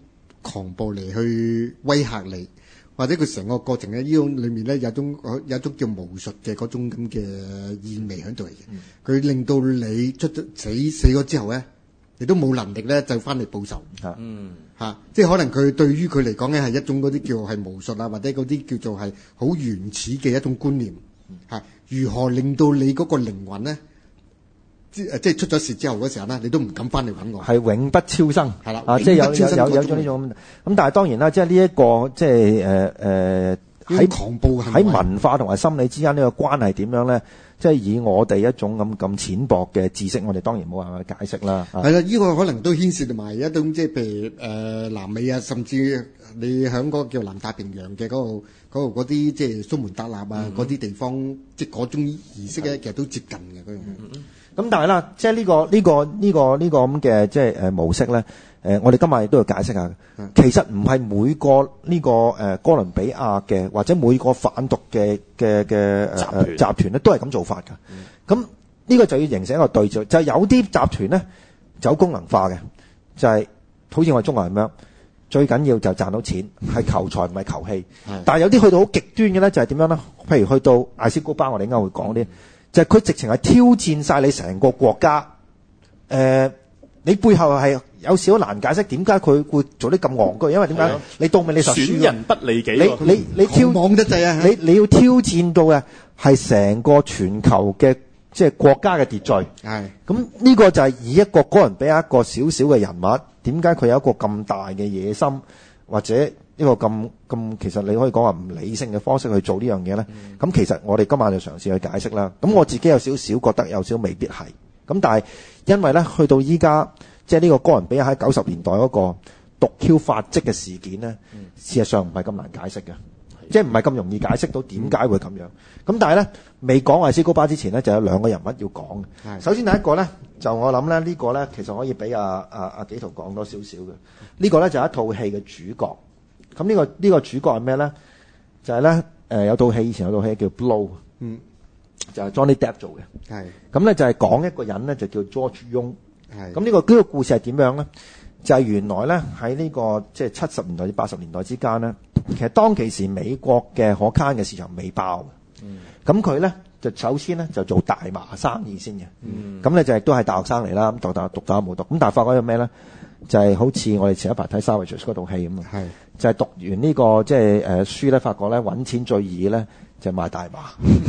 狂暴嚟去威嚇你。或者佢成個過程喺呢種裏面咧，有一種，有一種叫巫術嘅嗰種咁嘅意味喺度嚟嘅，佢令到你出咗死，死咗之後咧，你都冇能力咧就翻嚟報仇。嗯，嚇，即係可能佢對於佢嚟講咧係一種嗰啲叫係巫術啊，或者嗰啲叫做係好原始嘅一種觀念嚇，如何令到你嗰個靈魂咧？即係即出咗事之後嗰時候呢，你都唔敢翻嚟揾我。係永不超生，係啦，啊，即係有有有咗呢種咁。但係當然啦，即係呢一個即係誒誒，喺、呃、狂暴，喺文化同埋心理之間呢個關係點樣咧？即係以我哋一種咁咁淺薄嘅知識，我哋當然冇辦法解釋啦。係、啊、啦，呢、這個可能都牽涉埋一種即係譬如誒、呃、南美啊，甚至你喺個個叫南太平洋嘅嗰度嗰度啲即係蘇門答臘啊嗰啲、嗯、地方，即係嗰種儀式呢，其實都接近嘅咁但係啦，即係呢個呢個呢個呢個咁嘅即係誒模式咧，誒我哋今日亦都要解釋下。其實唔係每個呢個誒哥倫比亞嘅或者每個販毒嘅嘅嘅集團集團咧都係咁做法㗎。咁呢個就要形成一個對照，就係有啲集團咧就功能化嘅，就係好似我哋中國人咁樣，最緊要就賺到錢，係求財唔係求氣。但係有啲去到好極端嘅咧，就係點樣咧？譬如去到艾斯高巴，我哋應該會講嗰啲。就係、是、佢直情係挑戰晒你成個國家，誒、呃，你背後係有少少難解釋點解佢會做啲咁戇居，因為點解你當咪你損人不利己，啊，你你你，你挑莽得滯啊你你！你要挑戰到嘅係成個全球嘅即係國家嘅秩序，係咁呢個就係以一個個人俾一個少少嘅人物點解佢有一個咁大嘅野心或者。呢個咁咁，其實你可以講話唔理性嘅方式去做呢樣嘢呢？咁、嗯、其實我哋今晚就嘗試去解釋啦。咁、嗯、我自己有少少覺得有少未必係咁，嗯、但係因為呢，去到依家即係呢個哥倫比亞喺九十年代嗰個毒 Q 發跡嘅事件呢，嗯、事實上唔係咁難解釋嘅，即係唔係咁容易解釋到點解會咁樣。咁、嗯、但係呢，未講亞斯高巴之前呢，就有兩個人物要講。首先第一個呢，就我諗呢，呢、呢個呢，其實可以俾阿啊阿、啊啊、紀陶講多少少嘅呢個呢，就係、一套戲嘅主角。咁呢、這個呢、這個主角係咩咧？就係、是、咧，誒、呃、有套戲，以前有套戲叫《Blow》，嗯，就係、是、Johnny Depp 做嘅。係咁咧，就係、是、講一個人咧，就叫 George Young。咁，呢、這個呢、這個故事係點樣咧？就係、是、原來咧，喺呢、這個即係七十年代至八十年代之間咧，其實當其時美國嘅可卡因嘅市場未爆。咁佢咧就首先咧就做大麻生意先嘅。咁、嗯、咧就係都係大學生嚟啦。咁讀大學讀大學冇讀咁，但係發覺咗咩咧？就係、是、好似我哋前一排睇《Savage》嗰套戲咁啊。就係、是、讀完、這個就是呃、書法呢個即係誒書咧，發覺咧揾錢最易咧就是、賣大麻，係、嗯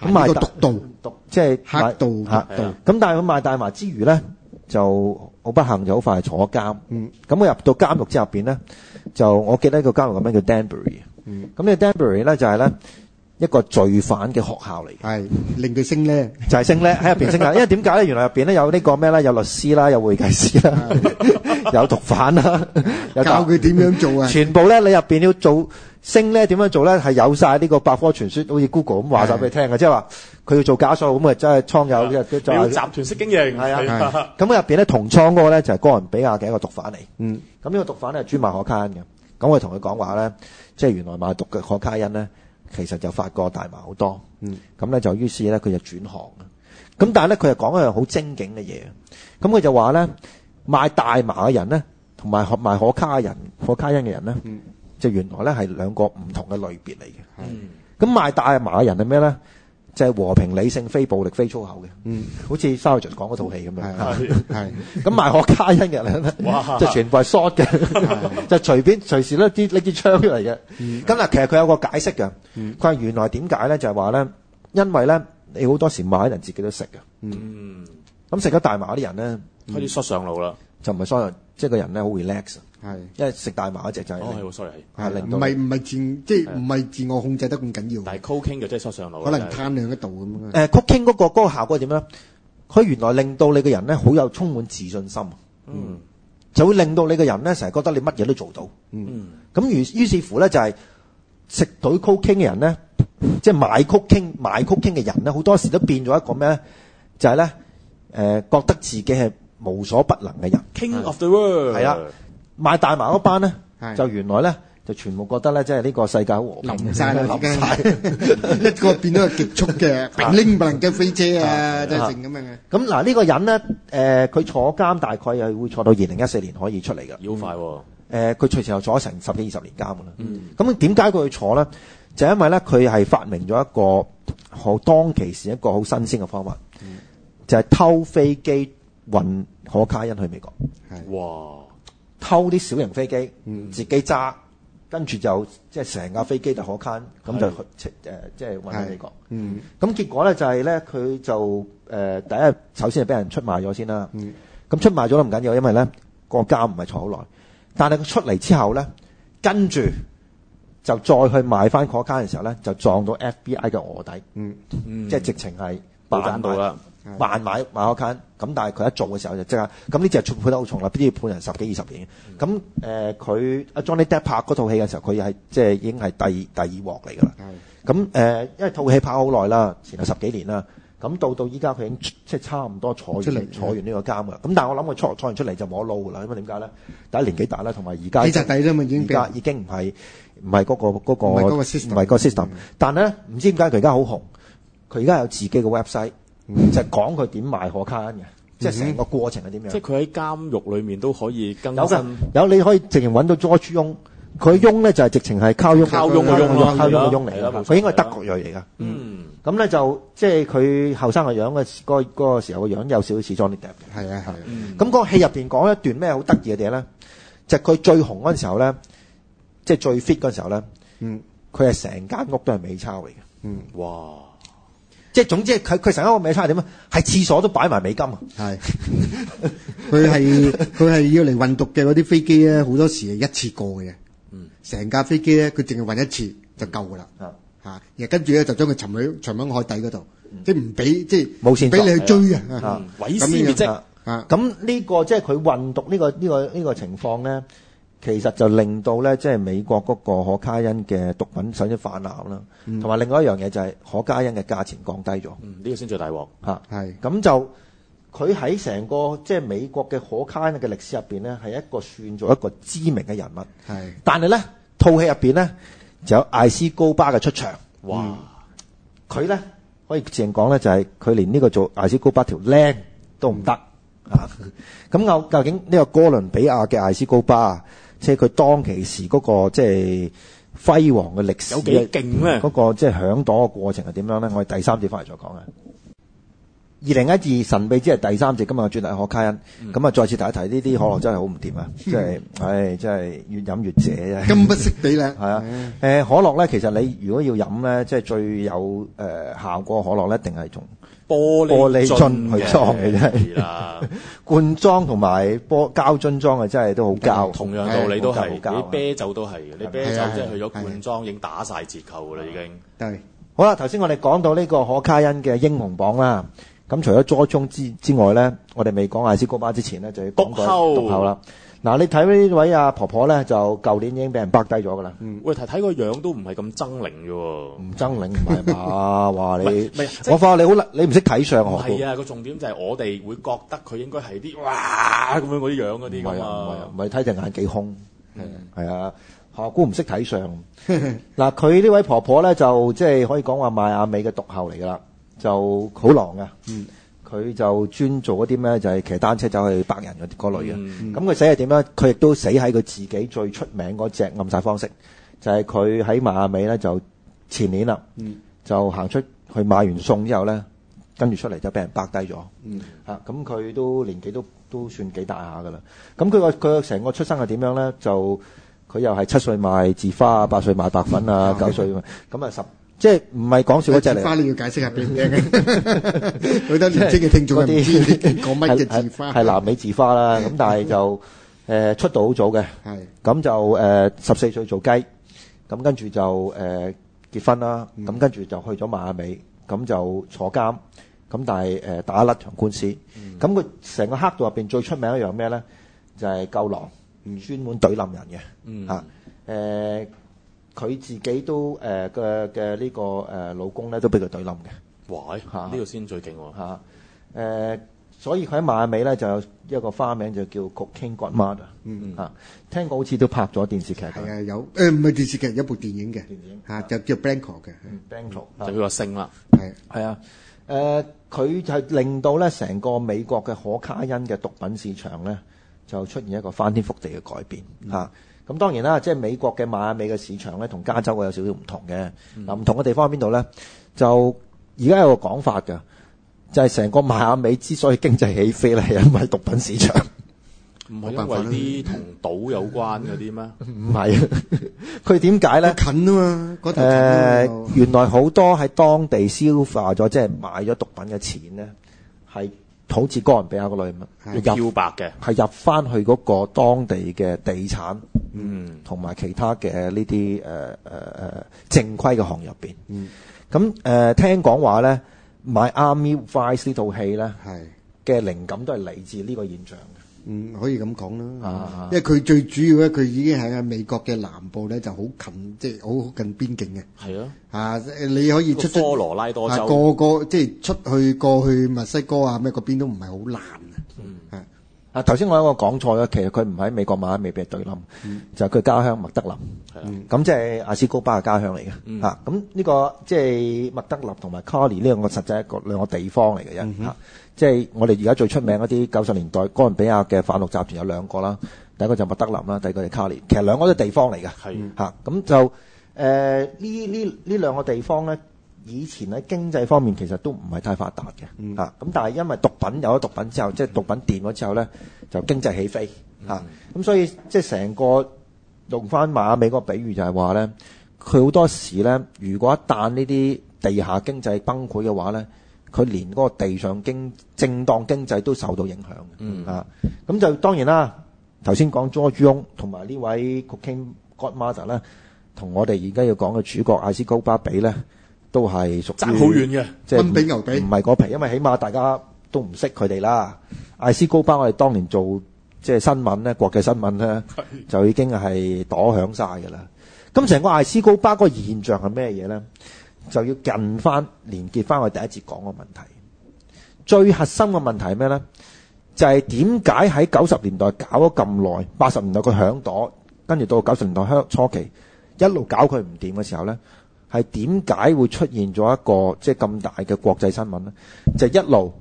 嗯這個毒，道，毒即係黑道嚇。咁但係佢賣大麻之餘咧，就好不幸就好快就坐監。咁、嗯、我入到監獄之後邊咧，就我記得一個監獄噉樣叫 Danbury 啊、嗯。咁呢個 Danbury 咧就係、是、咧。一個罪犯嘅學校嚟，係令佢升咧，就係、是、升咧喺入邊升啊。 因為點解咧？原來入邊咧有個呢個咩咧？有律師啦，有會計師啦， 有毒販啦，又教佢點樣做啊？全部咧，你入邊要做升咧，點樣做咧？係有晒呢個百科全書，好似 Google 咁話晒俾你聽嘅，即係話佢要做假數咁啊！即係倉友，要集團式經營係啊。咁入邊咧，同倉嗰個咧就係、是、哥倫比亞嘅一個毒販嚟。嗯，咁呢個毒販咧係專賣可卡因嘅。咁我同佢講話咧，即係原來賣毒嘅可卡因咧。其實就發覺大麻好多，咁咧就於是咧佢就轉行，咁、嗯、但係咧佢就講一樣好精警嘅嘢，咁佢就話咧賣大麻嘅人咧，同埋賣可卡因可卡因嘅人咧，就原來咧係兩個唔同嘅類別嚟嘅。咁、嗯嗯、賣大麻嘅人係咩咧？就係和平理性，非暴力，非粗口嘅。嗯，好似《Soldier》講嗰套戲咁樣。係係咁賣可卡因嘅，就全部係 shot 嘅，就隨便隨時拎啲拎支槍出嚟嘅。咁啊，其實佢有個解釋嘅。佢話原來點解咧，就係話咧，因為咧，你好多時賣啲人自己都食嘅。嗯，咁食咗大麻嗰啲人咧，開始 shot 上腦啦，就唔係 shot，即係個人咧好 relax。係，因為食大麻嗰隻就係、是，哦、oh,，所以係，係令到唔係唔係自是即係唔係自我控制得咁緊要，但係 cooking 嘅即係上腦、就是，可能碳量一度咁啊。誒、呃、，cooking 嗰、那個嗰、那個效果係點咧？佢原來令到你嘅人呢好有充滿自信心，嗯，就會令到你嘅人呢成日覺得你乜嘢都做到，嗯，咁於於是乎呢，就係食到 cooking 嘅人呢，即係買 cooking 買 cooking 嘅人呢，好多時都變咗一個咩咧？就係呢，誒，覺得自己係無所不能嘅人，king of the world，係啦。買大麻嗰班咧，就原來咧就全部覺得咧，即係呢個世界好曬啦，融 一個變咗極速嘅零斤飛車啊，成咁、啊就是、樣嘅、啊。咁嗱呢個人咧，誒、呃、佢坐監大概係會坐到二零一四年可以出嚟㗎。好快喎！佢佢隨時又坐成十幾二十年監嘅啦。咁點解佢去坐咧？就是、因為咧佢係發明咗一個好當其時一個好新鮮嘅方法，嗯、就係、是、偷飛機運可卡因去美國。哇！偷啲小型飛機，嗯、自己揸，跟住就即係成架飛機、嗯、就可卡，咁、呃、就誒即係運喺美國。咁、嗯、結果咧就係、是、咧，佢就誒第一日首先就俾人出賣咗先啦。咁、嗯、出賣咗都唔緊要，因為咧個家唔係坐好耐。但係出嚟之後咧，跟住就再去賣翻可卡嘅時候咧，就撞到 FBI 嘅臥底，嗯嗯、即係直情係爆炸到啦。慢買買個 c n 咁，但係佢一做嘅時候就即刻咁呢隻判判得好重啦，必要判人十幾二十年咁？誒、嗯，佢、呃、阿 Johnny Depp 拍嗰套戲嘅時候，佢係即係已經係第第二鑊嚟㗎啦。咁誒、嗯呃，因為套戲拍好耐啦，前後十幾年啦，咁到到依家佢已經即係差唔多坐出嚟坐完呢個監㗎。咁、嗯、但係我諗佢坐坐完出嚟就冇得撈啦，因為點解咧？第一年紀大啦，同埋而家底薪底啦，已經唔係嗰個嗰、嗰個唔係嗰個 system，但係咧唔知點解佢而家好紅，佢而家有自己嘅 website。嗯、就係講佢點賣可卡因嘅、嗯，即係成個過程係點樣？即係佢喺監獄裏面都可以更。有有，你可以直情揾到 George 翁，佢翁咧就係、是、直情係靠翁，靠翁個翁靠翁個翁嚟。佢應該德國裔嚟噶。嗯，咁咧就即係佢後生個樣嘅嗰個個時候個樣有少少 Johnny Depp 嘅。係啊係。咁、那個個戲入面講一段咩好得意嘅嘢咧？就佢、是、最紅嗰時候咧，即、就、係、是、最 fit 嗰時候咧，嗯，佢係成間屋都係美鈔嚟嘅。嗯，哇！即係總之佢，佢佢成間屋咪差點啊？係廁所都擺埋美金啊！係，佢係佢要嚟運毒嘅嗰啲飛機咧，好多時係一次過嘅，嗯，成架飛機咧，佢淨係運一次就夠噶啦、嗯，啊，然跟住咧就將佢沉喺沉喺海底嗰度、嗯，即係唔俾即係冇線俾你去追嘅、嗯，啊，毀屍滅跡！啊，咁呢個即係佢運毒呢、呢個呢、呢個呢、呢個、情況咧。其實就令到咧，即係美國嗰個可卡因嘅毒品首先氾濫啦，同、嗯、埋另外一樣嘢就係可卡因嘅價錢降低咗。嗯，呢、這個先做大鑊吓。係咁就佢喺成個即係美國嘅可卡因嘅歷史入邊咧，係一個算作一個知名嘅人物。但係咧套戲入邊咧就有艾斯高巴嘅出場。嗯、哇！佢咧可以直程講咧，就係、是、佢連呢個做艾斯高巴條靚都唔得 啊！咁究究竟呢個哥倫比亞嘅艾斯高巴？即係佢當其時嗰，那個即係輝煌嘅歷史，有幾勁咧？嗰，嗯那個即係響朵嘅過程係點樣咧？我哋第三節翻嚟再講嘅。二零一二神秘之夜第三節，今日轉嚟講可卡因。咁、嗯、啊，再次提一提呢啲可樂真係好唔掂啊！即係，唉、哎，真係越飲越邪啊！金不識地呢，係 啊、呃，可樂咧，其實你如果要飲咧，即係最有、呃、效果可樂咧，一定係從玻璃樽去裝嘅真係，罐裝同埋玻膠樽裝啊，真係都好膠。同樣道理都係好膠，你，你啤酒都係嘅，你啤酒即係去咗罐裝已經打晒折扣噶啦，已經。係好啦，頭先我哋講到呢個可卡因嘅英雄榜啦。咁除咗佐裝之之外咧，我哋未講艾斯高巴之前咧，就要講個毒口啦。嗱，你睇呢位阿婆婆咧，就舊年已經俾人擸低咗噶啦。嗯，喂，睇睇個樣都唔係咁猙獰啫喎。唔猙獰唔係嘛？話你，我話，你好難，你唔識睇相喎。唔係啊，個重點就係我哋會覺得佢應該係啲哇咁樣嗰啲樣嗰啲㗎嘛。唔係唔係，唔係睇隻眼幾凶。係係啊，何故唔識睇相。嗱，佢呢位婆婆咧，就即係可以講話賣阿美嘅毒后嚟㗎啦，就好狼㗎。嗯。佢就專做嗰啲咩？就係、是、騎單車走去白人嗰嗰類嘅。咁、嗯、佢、嗯、死係點咧？佢亦都死喺佢自己最出名嗰隻暗殺方式，就係佢喺馬尾咧就前年啦、嗯，就行出去買完餸之後咧，跟住出嚟就俾人揼低咗。嚇、嗯！咁佢都年紀都都算幾大下噶啦。咁佢個佢成個出生係點樣咧？就佢又係七歲賣字花，八歲賣白粉啊、嗯，九歲咁啊、嗯、十。即係唔係講笑嗰隻嚟？字花你要解釋下俾唔俾？好多年輕嘅聽眾唔知啲講乜嘅字花。係南美字花啦，咁但係就誒出道好早嘅，係咁就誒十四歲做雞，咁跟住就誒結婚啦，咁跟住就去咗馬尾，咁就坐監，咁但係誒打甩場官司，咁佢成個黑道入邊最出名一樣咩咧？就係夠狼，專門懟冧人嘅嚇誒。佢自己都誒嘅嘅呢個誒、呃、老公咧都俾佢對冧嘅，喂，呢個先最勁喎嚇所以佢喺馬尾咧就有一個花名就叫 Cocaine Godmother，嗯嗯嚇、啊，聽過好似都拍咗電視劇嘅，係啊有誒唔係電視劇有一部電影嘅，電影、啊、就叫 Blanco 嘅，Blanco 就叫個姓啦，係係啊佢、啊啊呃、就令到咧成個美國嘅可卡因嘅毒品市場咧就出現一個翻天覆地嘅改變、嗯咁當然啦，即係美國嘅馬亞美嘅市場咧，同加州會有少少唔同嘅嗱。唔、嗯、同嘅地方喺邊度咧？就而家有個講法㗎，就係、是、成個馬亞美之所以經濟起飛咧，係因為毒品市場唔係、啊、因為啲同島有關嗰啲咩？唔 係是啊，佢點解咧？近啊嘛，嗰、呃、頭近啊嘛。誒，原來好多喺當地消化咗，即係買咗毒品嘅錢咧，係好似哥倫比亞個類物，係漂白嘅，係入翻去嗰個當地嘅地產。嗯，同埋其他嘅呢啲誒誒正規嘅行業入面，咁、嗯、誒、嗯呃、聽講話咧，Miami Vice 呢套戲咧，嘅靈感都係嚟自呢個現象嘅。嗯，可以咁講啦，因為佢最主要咧，佢已經喺美國嘅南部咧就好近，即係好近邊境嘅。係咯、啊啊，你可以出出、那個、科羅拉多州，啊、個個即係出去過去墨西哥啊咩，嗰邊都唔係好難啊。嗯。啊！頭先我有一個講錯咗，其實佢唔喺美國買，美被對林、嗯、就係、是、佢家鄉麥德林。咁即係阿斯高巴嘅家鄉嚟嘅嚇。咁、嗯、呢、啊這個即係麥德林同埋卡利呢兩個實際兩個地方嚟嘅啫嚇。即、嗯、係、啊就是、我哋而家最出名一啲九十年代哥倫比亞嘅販毒集團有兩個啦，第一個就麥德林啦，第二個係卡利。其實兩個都是地方嚟嘅嚇。咁、嗯啊、就誒呢？呢、呃、呢兩個地方咧。以前喺經濟方面其實都唔係太發達嘅。咁但係因為毒品，有咗毒品之後，嗯、即係毒品掂咗之後咧，就經濟起飛咁、啊嗯嗯嗯、所以即係成個用翻馬尾嗰個比喻就，就係話咧，佢好多時咧，如果一旦呢啲地下經濟崩潰嘅話咧，佢連嗰個地上經正當經濟都受到影響咁、嗯啊嗯嗯、就當然啦。頭先講 John 同埋呢位 Cocaine Godmother 咧，同我哋而家要講嘅主角艾斯高巴比咧，都係，真好遠嘅，即係分比牛比，唔係果皮，因為起碼大家都唔識佢哋啦。艾斯高巴，我哋當年做即係新聞呢，國際新聞呢，就已經係躲響曬㗎啦。咁成個艾斯高巴嗰個現象係咩嘢呢？就要近翻連結翻我哋第一次講嘅問題。最核心嘅問題係咩呢？就係點解喺九十年代搞咗咁耐，八十年代佢響躲，跟住到九十年代初期一路搞佢唔掂嘅時候呢。係點解會出現咗一個即係咁大嘅國際新聞咧？就是呢就是、一路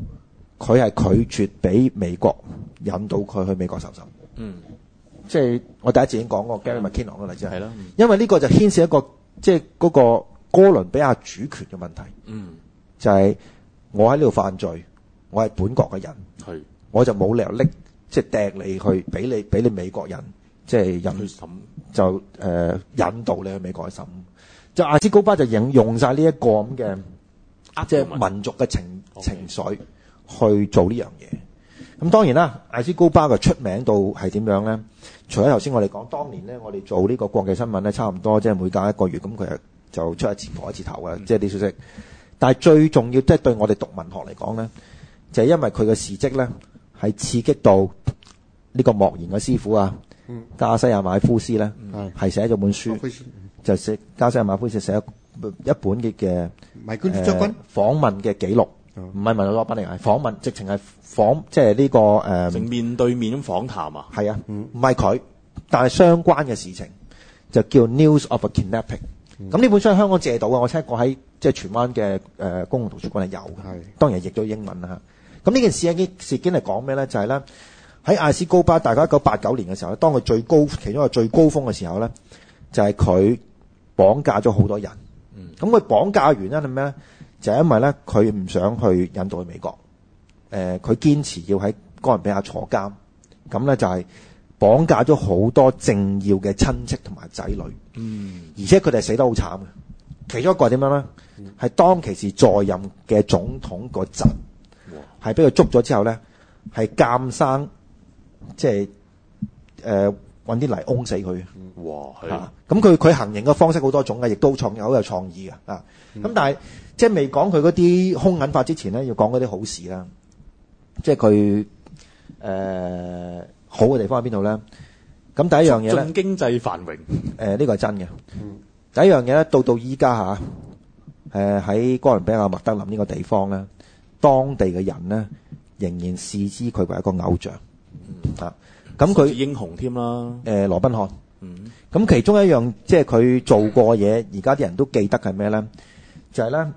佢係拒絕俾美國引渡佢去美國受審。嗯，即、就、係、是、我第一次已經講過 Gary McKinnon 個例子。係、嗯、咯。因為呢個就牽涉一個即係嗰個哥倫比亞主權嘅問題。嗯。就係、是、我喺呢度犯罪，我係本國嘅人，係我就冇理由拎，即係掟你去俾你俾你美國人即係、就是、引去就誒、呃、引渡你去美國去審。就艾斯高巴就引用晒呢一個咁嘅即係民族嘅情情緒去做呢樣嘢。咁當然啦，艾斯高巴嘅出名度係點樣咧？除咗頭先我哋講，當年咧我哋做呢個國際新聞咧，差唔多即係每隔一個月咁，佢就出一次，攞一次頭嘅，即係啲消息。嗯、但係最重要即係、就是、對我哋讀文學嚟講咧，就係、是、因為佢嘅事蹟咧，係刺激到呢個莫言嘅師傅啊、嗯，加西亞馬爾夫斯咧，係、嗯、寫咗本書。嗯嗯就寫加西亞馬奎斯寫一本嘅嘅、呃、訪問嘅記錄，唔係問羅賓尼，係訪問直情係訪，即係呢個誒。直、呃、面對面咁訪談啊？係啊，唔係佢，但係相關嘅事情就叫 News of a Kidnapping、嗯。咁、嗯、呢、嗯、本書喺香港借到嘅，我 check 過喺即係荃灣嘅誒、呃、公共圖書館係有嘅。當然係譯咗英文啦嚇。咁、啊、呢件事嘅事件係講咩呢？就係呢，喺艾斯高巴，大概一九八九年嘅時候咧，當佢最高其中一個最高峰嘅時候呢，就係、是、佢。嗯綁架咗好多人，咁佢綁架嘅原因係咩咧？就係因為咧佢唔想去引渡去美國，誒佢堅持要喺哥倫比亞坐監，咁咧就係綁架咗好多政要嘅親戚同埋仔女，嗯，而且佢哋係死得好慘嘅。其中一個係點樣咧？係、嗯、當其時在任嘅總統個侄，係俾佢捉咗之後咧，係監生，即係誒。呃揾啲泥翁死佢。哇！咁佢佢行刑嘅方式好多種嘅，亦都創有好有創意嘅啊！咁、嗯、但係即係未講佢嗰啲兇狠法之前咧，要講嗰啲好事啦。即係佢誒好嘅地方喺邊度咧？咁第一樣嘢，經濟繁榮，誒、呃、呢、這個係真嘅、嗯。第一樣嘢咧，到到依家嚇喺哥倫比亞麥德林呢個地方咧，當地嘅人咧仍然視之佢為一個偶像、啊咁佢英雄添啦，誒羅賓漢。咁其中一樣即係佢做過嘢，而家啲人都記得係咩咧？就係咧，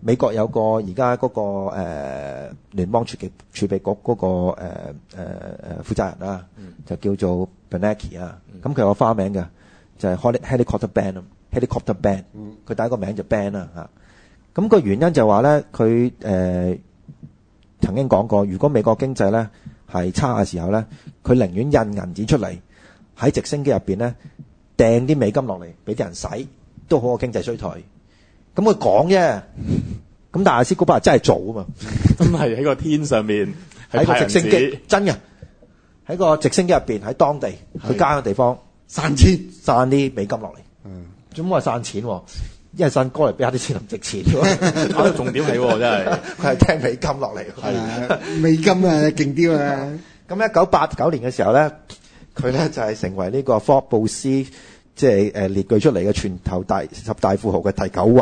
美國有個而家嗰個誒聯邦儲備儲備局嗰個誒誒誒負責人啦，就叫做 Bernanke 啊。咁佢有個花名嘅，就係 Helicopter Ben 啦，Helicopter Ben。佢第一個名就 Ben 啦嚇。咁個原因就話咧，佢誒曾經講過，如果美國經濟咧。係差嘅時候咧，佢寧願印銀紙出嚟，喺直升機入邊咧，掟啲美金落嚟俾啲人使，都好過經濟衰退。咁佢講啫，咁 但係斯高巴真係做啊嘛，真係喺個天上面，喺 個直升機， 真嘅，喺個直升機入邊喺當地去加個地方散錢，散啲美金落嚟，嗯，做乜話散錢？因係賺歌嚟俾下啲錢唔值錢，睇到重點嚟喎真係，佢 係聽美金落嚟， 美金啊勁啲啊！咁一九八九年嘅時候咧，佢咧就係成為呢個福布斯。即係誒，列舉出嚟嘅全球大十大富豪嘅第九位，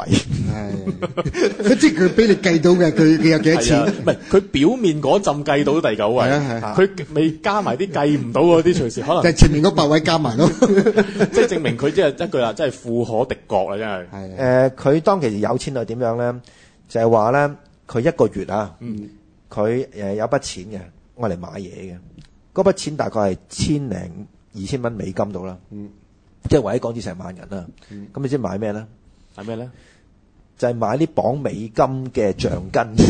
咁 即係佢俾你計到嘅，佢佢有幾多錢？唔係佢表面嗰陣計到第九位，佢 未、啊啊、加埋啲計唔到嗰啲隨時可能。就係前面嗰八位加埋咯， 即係證明佢即係一句話，真係富可敵國啦，真 係、啊。誒，佢當其時有錢係點樣咧？就係話咧，佢一個月啊，佢、嗯、誒有筆錢嘅，我嚟買嘢嘅，嗰筆錢大概係千零二千蚊美金到啦。嗯即係為咗港紙成萬人啦，咁你知買咩咧？買咩咧？就係買啲綁美金嘅橡筋。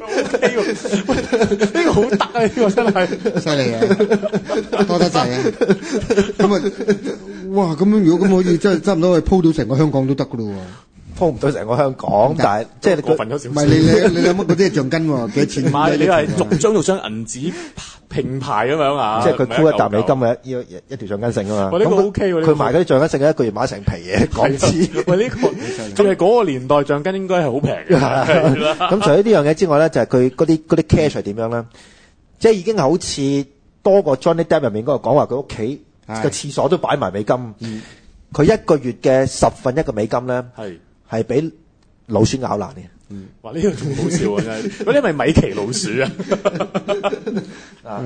呢個呢個好得啊！呢個真係犀利啊！多得滯啊！咁啊，哇！咁樣如果咁可以，真係差唔多係鋪到成個香港都得㗎咯喎！鋪唔到成個香港，但係即係你過分咗少少。唔係你你你有乜嗰啲係橡筋喎？幾錢？買你係六張六張銀紙。平排咁樣啊！即係佢箍一沓美金嘅，一一一條橡筋繩啊嘛！哇，呢個 OK 喎，佢買嗰啲橡筋繩一個月買成皮嘢，講唔知。喂，呢、呢個仲係嗰個年代橡筋應該係好平嘅。咁除咗呢樣嘢之外咧，就係佢嗰啲嗰啲 cash 係點樣咧、嗯？即係已經係好似多個 Johnny Depp 入面嗰個講話，佢屋企個廁所都擺埋美金。佢一個月嘅十分一個美金咧，係係俾老鼠咬爛嘅。嗯，哇！呢、這個仲好笑啊，嗰啲咪米奇老鼠啊， 啊，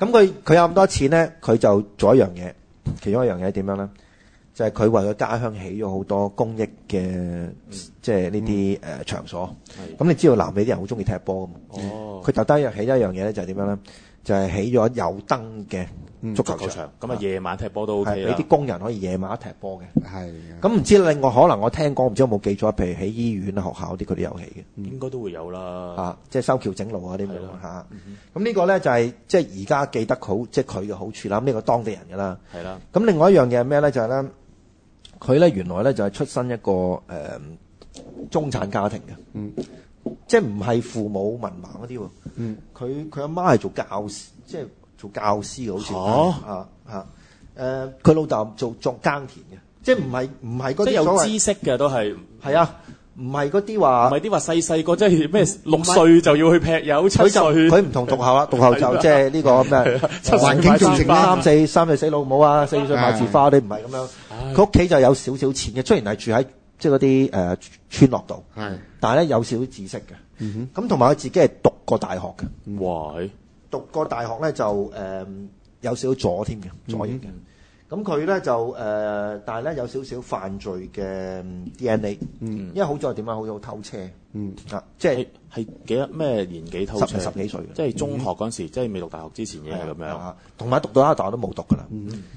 咁佢佢有咁多錢咧，佢就做一樣嘢，其中一樣嘢點樣咧？就係、是、佢為咗家鄉起咗好多公益嘅，、嗯，即係呢啲誒，場所。咁、嗯、你知道南美啲人好中意踢波噶嘛？哦，佢特登又起咗一樣嘢咧，就係點樣咧？就係起咗有燈嘅。足球場咁、嗯、啊，夜晚踢波都好，俾啲工人可以夜晚一踢波嘅。係，咁唔知另外可能我聽講，唔知有我冇記錯，譬如喺醫院啊、學校啲佢啲遊戲嘅，應該都會有啦。吓、啊，即係修橋整路啊啲咁樣吓。咁、嗯、呢個咧就係、是、即係而家記得好，即係佢嘅好處啦。咁、這、呢個當地人嘅啦。係啦。咁另外一樣嘢係咩咧？就係、是、咧，佢咧原來咧就係出身一個誒、呃、中產家庭嘅、嗯。即係唔係父母文盲嗰啲。喎、嗯。佢佢阿媽係做教師，即係。做教師嘅好似啊啊誒，佢老豆做做耕田嘅，即係唔係唔係嗰啲有知識嘅都係係啊，唔係嗰啲話唔係啲話細細個即係咩六歲就要去劈友，七歲佢就佢唔同讀校啦， 讀校就即係呢個咩 環境造就三四三歲死老母啊，四歲買字花啲唔係咁樣，佢屋企就有少少錢嘅，雖然係住喺即係嗰啲誒村落度，但係咧有少少知識嘅，咁同埋佢自己係讀過大學嘅。讀過大學咧就誒有少少左添嘅左翼嘅，咁佢咧就誒，但係咧有少少犯罪嘅 DNA，嗯，因為好在點啊，好在偷車，嗯啊，即係係幾多咩年紀偷車，十幾歲，即係中學嗰陣時，即係未讀大學之前嘅咁樣嚇，同埋讀到阿達我都冇讀噶啦，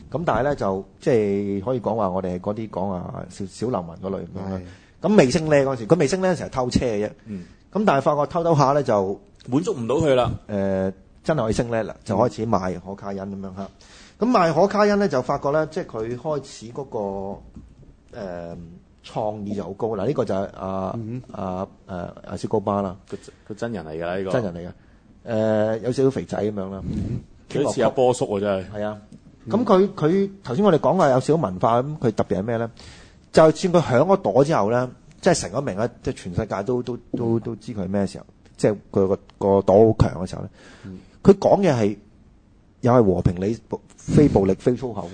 咁但係咧就即係可以講話我哋係嗰啲講啊小小流民嗰類咁樣，咁未升呢嗰陣時，佢未升呢成日偷車嘅啫，咁但係發覺偷偷下咧就滿足唔到佢啦，誒。真係可以升咧嗱，就開始賣可卡因咁樣嚇。咁賣可卡因咧，就發覺咧，即係佢開始嗰、那個誒、呃、創意就好高嗱。呢、這個就係阿阿誒阿斯高巴啦，佢佢真人嚟㗎，呢個真人嚟㗎。誒、呃、有少少肥仔咁樣啦，好似阿波叔啊。真係。係啊，咁佢佢頭先我哋講話有少少文化咁，佢特別係咩咧？就算佢響咗朵之後咧，即係成咗名咧，即係全世界都都都都知佢係咩時候，嗯、即係佢個個朵好強嘅時候咧。嗯佢講嘅係又係和平理暴，非暴力，非粗口，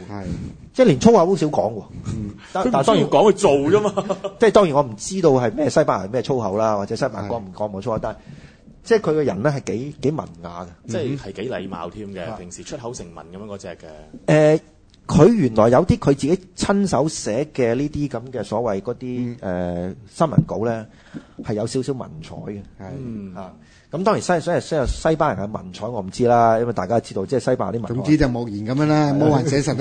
即係連粗口都少講。嗯，但係當然講佢做啫嘛。即係當然我唔知道係咩西班牙咩粗口啦，或者西班牙講唔講冇錯。但係即係佢個人咧係幾幾文雅嘅，即係係幾禮貌添嘅。平時出口成文咁樣嗰隻嘅。誒，佢原來有啲佢自己親手寫嘅呢啲咁嘅所謂嗰啲誒新聞稿咧，係有少少文采嘅。嗯啊。咁當然西西西西班人嘅文采我唔知啦，因為大家知道即係西班牙啲文。總之就莫言咁樣啦，啊，魔幻寫實。唔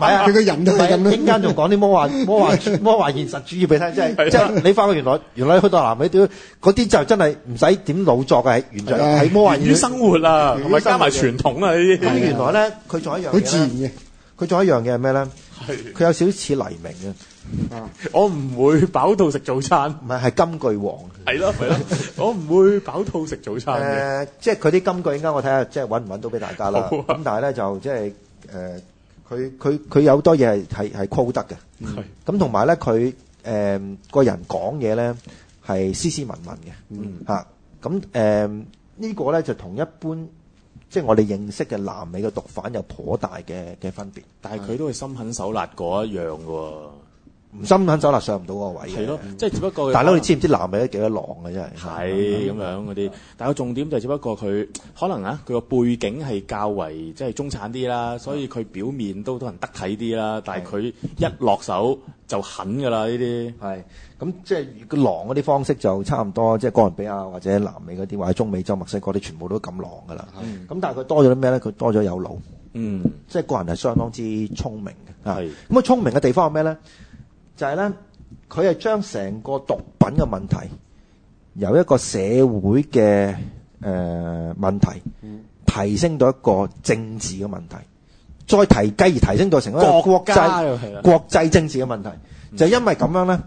係 啊，佢個人都係咁。陣間仲講啲魔幻 魔幻魔，就是啊，就是啊，魔幻現實主義俾你聽，即係即係你翻去原來原來去到南美度嗰啲就真係唔使點老作嘅喺原在喺魔幻與生活啦，啊，同埋加埋傳統啊！呢啲，啊，原來咧佢仲一樣好自然嘅，佢仲一樣嘅係咩咧？佢，啊，有少少似黎明嘅。啊！我唔會飽肚食早餐，唔係係金句王。係咯係咯，我唔會飽肚食早餐嘅。誒，即係佢啲金句，應該我睇下，即係搵唔搵到俾大家啦。咁但係咧，就即係誒，佢佢佢有好多嘢係係係 quote 得嘅。係。咁同埋咧，佢誒個人講嘢咧係斯斯文文嘅。嗯。吓咁誒呢個咧就同一般即係我哋認識嘅南美嘅毒販有頗大嘅嘅分別。但係佢都會心狠手辣嗰一樣嘅。唔心狠手辣，上唔到嗰個位嘅。係咯，即係只不過。大佬，你知唔知南美都幾多狼啊？真係係咁樣嗰啲。但係個重點就係只不過佢可能啊，佢個背景係較為即係中產啲啦，所以佢表面都可能得體啲啦。但係佢一落手就狠㗎啦！呢啲係咁即係個狼嗰啲方式就差唔多，即係哥倫比亞或者南美嗰啲，或者中美洲、墨西哥啲，全部都咁狼㗎啦。咁但係佢多咗啲咩咧？佢多咗有腦。嗯，即係個人係相當之聰明嘅。係咁啊！聰明嘅地方係咩咧？就係、是、咧，佢係將成個毒品嘅問題，由一個社會嘅誒、呃、問題提升到一個政治嘅問題，再提繼而提升到成為一個國,國家國際政治嘅問題。嗯、就是、因為咁樣咧，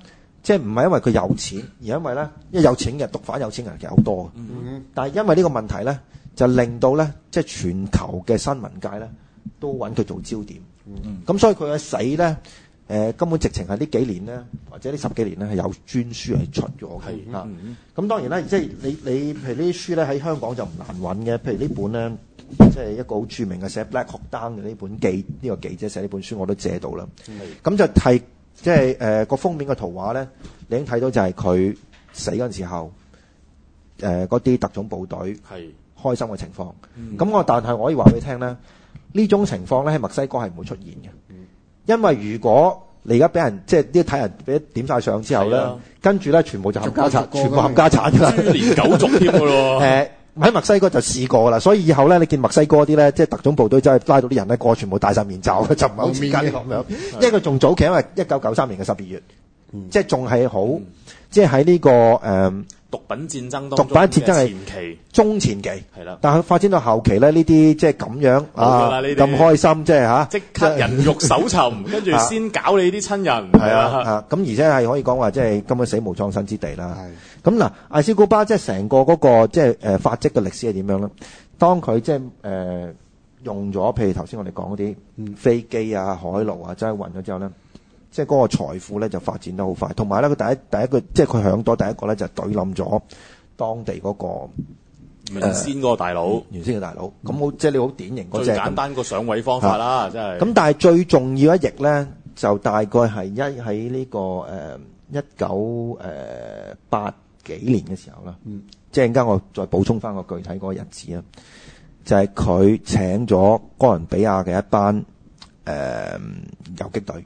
即係唔係因為佢有錢，而因為咧，一有錢嘅毒販有錢人其實好多嘅、嗯。但係因為呢個問題咧，就令到咧，即、就、係、是、全球嘅新聞界咧都揾佢做焦點。咁、嗯、所以佢嘅死咧。誒、呃、根本直情係呢幾年呢，或者呢十幾年呢，係有專書係出咗嘅。咁、啊嗯、當然啦，即、就、係、是、你你譬如呢啲書咧喺香港就唔難揾嘅。譬如本呢本咧，即、就、係、是、一個好著名嘅寫《Black Hawk Down》嘅呢本記呢、這個記者寫呢本書，我都借到啦。咁就係即係誒個封面嘅圖畫咧，你已經睇到就係佢死嗰陣時候誒嗰啲特種部隊係開心嘅情況。咁、嗯、我但係我可以話俾你聽咧，呢種情況咧喺墨西哥係唔會出現嘅。因為如果你而家俾人即係呢啲睇人俾點晒相之後咧、啊，跟住咧全部就冚家產，全部冚家產啦，連九族添嘅喎。誒、 呃，喺墨西哥就試過啦，所以以後咧你見墨西哥啲咧，即係特種部隊真係拉到啲人咧過，全部戴晒面罩、嗯、就唔好似依家咁樣。因為佢仲早期，因為一九九三年嘅十二月，嗯、即係仲係好，嗯、即係喺呢個誒。呃毒品戰爭當中嘅前期、中前期係啦，但係發展到後期咧，呢啲即係咁樣啊，咁開心即係嚇，即刻人肉搜尋， 跟住先搞你啲親人係啊，咁而且係可以講話即係根本死無葬身之地啦。咁嗱，艾斯古巴即係成個嗰、嗰個即係誒發跡嘅歷史係點樣咧？當佢即係誒、呃、用咗，譬如頭先我哋講嗰啲飛機啊、海路啊，即係揾咗之後咧。即係嗰個財富咧就發展得好快，同埋咧佢第一第一個即係佢響度，第一個咧就懟冧咗當地嗰、那個原先嗰個大佬，呃、原先嘅大佬。咁、嗯、好，即、就、係、是、你好典型嗰隻。最簡單個上位方法啦、啊，即係。咁但係最重要一役咧，就大概係一喺呢、這個誒、呃、一九、呃、八幾年嘅時候啦。即係陣間我再補充翻個具體嗰個日子啊，就係、是、佢請咗哥倫比亞嘅一班誒、呃、遊擊隊。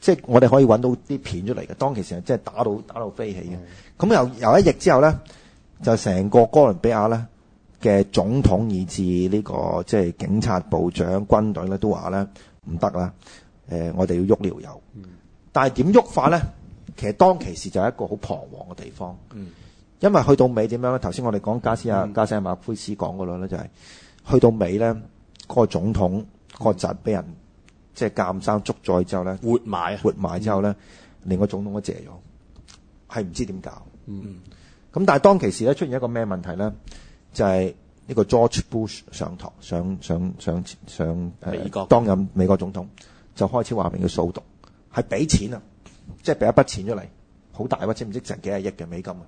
即係我哋可以揾到啲片出嚟嘅，當其時係即係打到打到飛起嘅。咁、嗯、由由一役之後咧，就成個哥倫比亞咧嘅總統以至呢、這個即係、就是、警察部長、軍隊咧都話咧唔得啦。誒、呃，我哋要喐療油，但係點喐法咧？其實當其時就係一個好彷徨嘅地方，嗯，因為去到尾點樣咧？頭先我哋講加斯亞、嗯、加西亞馬奎斯講過咯咧，就係去到尾咧，個、那個總統、那個侄俾人。即、就、係、是、監生捉咗之後咧，活埋活埋之後咧，連個總統都借咗，係唔知點搞。嗯，咁但係當其時咧出現一個咩問題咧？就係、是、呢個 George Bush 上台，上上上上，上、呃、美國當任美國總統，就開始話明要掃毒，係俾錢啊，即係俾一筆錢出嚟，好大或者唔知成幾廿億嘅美金啊，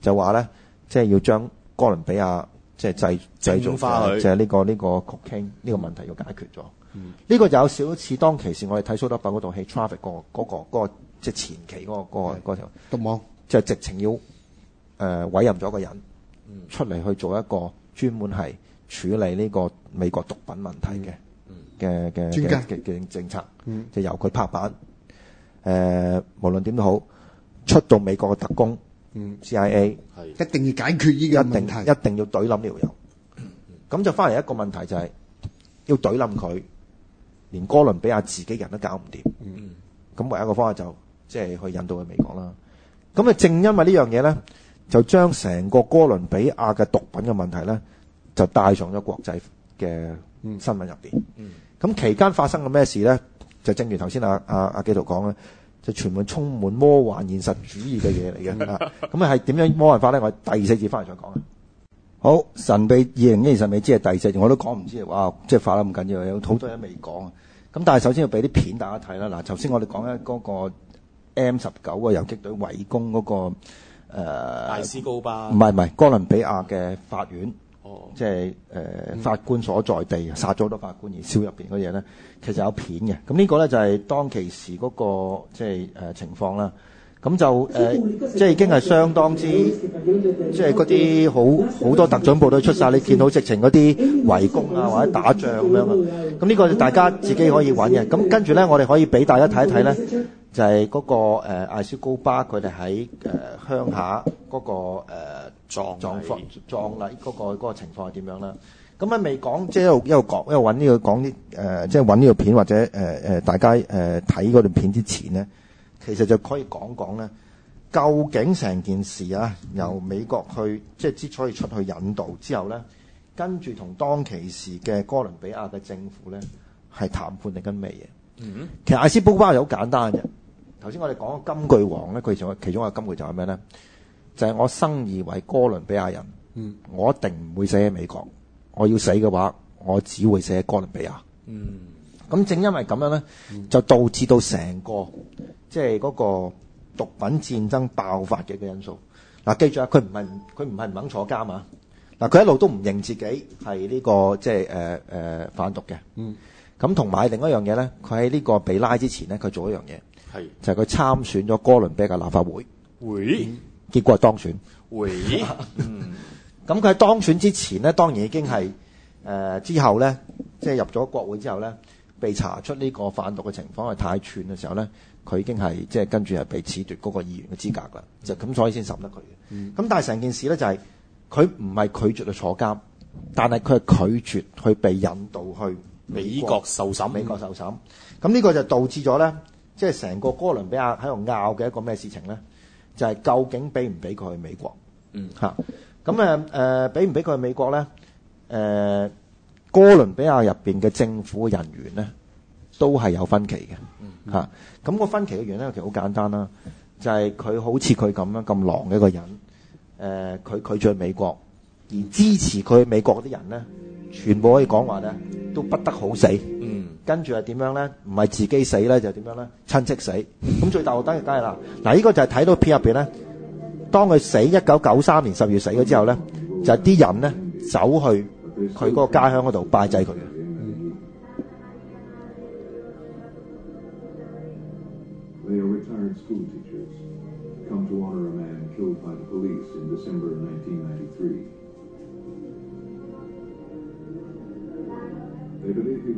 就話咧，即、就、係、是、要將哥倫比亞即係、就是、製製造就係、是、呢、這個呢、這個 cocaine 呢個問題要解決咗。呢、嗯這個有少少似當其時我哋睇蘇德伯嗰套戲 Traffic 嗰個嗰、那個嗰、那個即係、就是、前期嗰、那個嗰、那個嗰條、那個那個、毒網，就係、是、直情要誒、呃、委任咗個人、嗯、出嚟去做一個專門係處理呢個美國毒品問題嘅嘅嘅專家嘅政策，嗯、就由佢拍板。誒、呃，無論點都好，出到美國嘅特工、嗯、，CIA 係一定要解決呢個問題，一定，一定要懟冧呢條友。咁、嗯、就翻嚟一個問題就係、是、要懟冧佢。連哥倫比亞自己人都搞唔掂，咁唯一一個方法就即係、就是、去引渡去美國啦。咁啊，正因為呢樣嘢咧，就將成個哥倫比亞嘅毒品嘅問題咧，就帶上咗國際嘅新聞入面。咁期間發生咗咩事咧，就正如頭先啊基啊紀陶講啦，就全部充滿魔幻現實主義嘅嘢嚟嘅。咁啊，係點樣魔幻法咧？我第二四節翻嚟再講啊。好神秘，二零一二神秘之夜係第隻，我都講唔知啊！哇，即係發得咁緊要，有好多嘢未講。咁但係首先要俾啲片大家睇啦。嗱，頭先我哋講緊嗰個 M 十九嘅游擊隊圍攻嗰、那個誒，呃、艾斯高巴唔係唔係哥倫比亞嘅法院，哦、即係誒、呃、法官所在地，殺咗好多法官而燒入面嗰嘢咧，其實有片嘅。咁呢、就是那個咧就係當其時嗰個即係、呃、情況啦。咁就、呃、即係已經係相當之，即係嗰啲好好多特種部隊都出曬，你見到直情嗰啲圍攻啊，或者打仗咁樣啊。咁呢個就大家自己可以揾嘅。咁跟住咧，我哋可以俾大家睇一睇咧，就係、是、嗰、那個、啊、艾斯高巴佢哋喺誒鄉下嗰、那個誒狀狀葬禮嗰個情況係點樣啦。咁啊，未講，講，講，講，講、呃、即係一路一路講一路揾呢個講啲即係揾呢個片或者誒、呃、大家睇嗰段片之前咧。其實就可以講講咧，究竟成件事啊，由美國去即係之所以出去引渡之後咧，跟住同當其時嘅哥倫比亞嘅政府咧係談判定緊未？其實艾斯布巴又好簡單嘅。頭先我哋講金句王咧，佢仲其中一個金句就係咩咧？就係、是、我生而為哥倫比亞人，嗯、我一定唔會死喺美國。我要死嘅話，我只會死喺哥倫比亞。咁、嗯、正因為咁樣咧，就導致到成個。即係嗰個毒品戰爭爆發嘅一個因素嗱、啊。記住啊，佢唔係佢唔係唔肯坐監啊。嗱，佢一路都唔認自己係呢、呢個即係誒誒販毒嘅。嗯。咁同埋另一樣嘢咧，佢喺呢個被拉之前咧，佢做一樣嘢係就係、是、佢參選咗哥倫比亞立法會會，結果當選會 嗯。咁佢喺當選之前咧，當然已經係誒、呃、之後咧，即係入咗國會之後咧，被查出呢個販毒嘅情況係太串嘅時候咧。佢已經係即係跟住係被褫奪嗰個議員嘅資格啦，就咁所以先審得佢嘅。咁、嗯、但係成件事咧就係佢唔係拒絕去坐監，但係佢係拒絕去被引渡去美國受審。美國受審，咁呢個就導致咗咧，即係成個哥倫比亞喺度拗嘅一個咩事情咧？就係、是、究竟俾唔俾佢去美國？嗯，吓咁誒誒，俾唔俾佢去美國咧？誒、呃，哥倫比亞入邊嘅政府人員咧，都係有分歧嘅。嚇、嗯！咁、那個分歧嘅原因其實好簡單啦，就係、是、佢好似佢咁樣咁狼嘅一個人，誒、呃，佢拒絕美國，而支持佢美國嗰啲人咧，全部可以講話咧，都不得好死。嗯。跟住係點樣咧？唔係自己死咧，就點、是、樣咧？親戚死。咁最大我當然梗係啦。嗱、啊，呢、這個就係睇到片入邊咧，當佢死一九九三年十月死咗之後咧，就係、是、啲人咧走去佢嗰個家鄉嗰度拜祭佢嘅。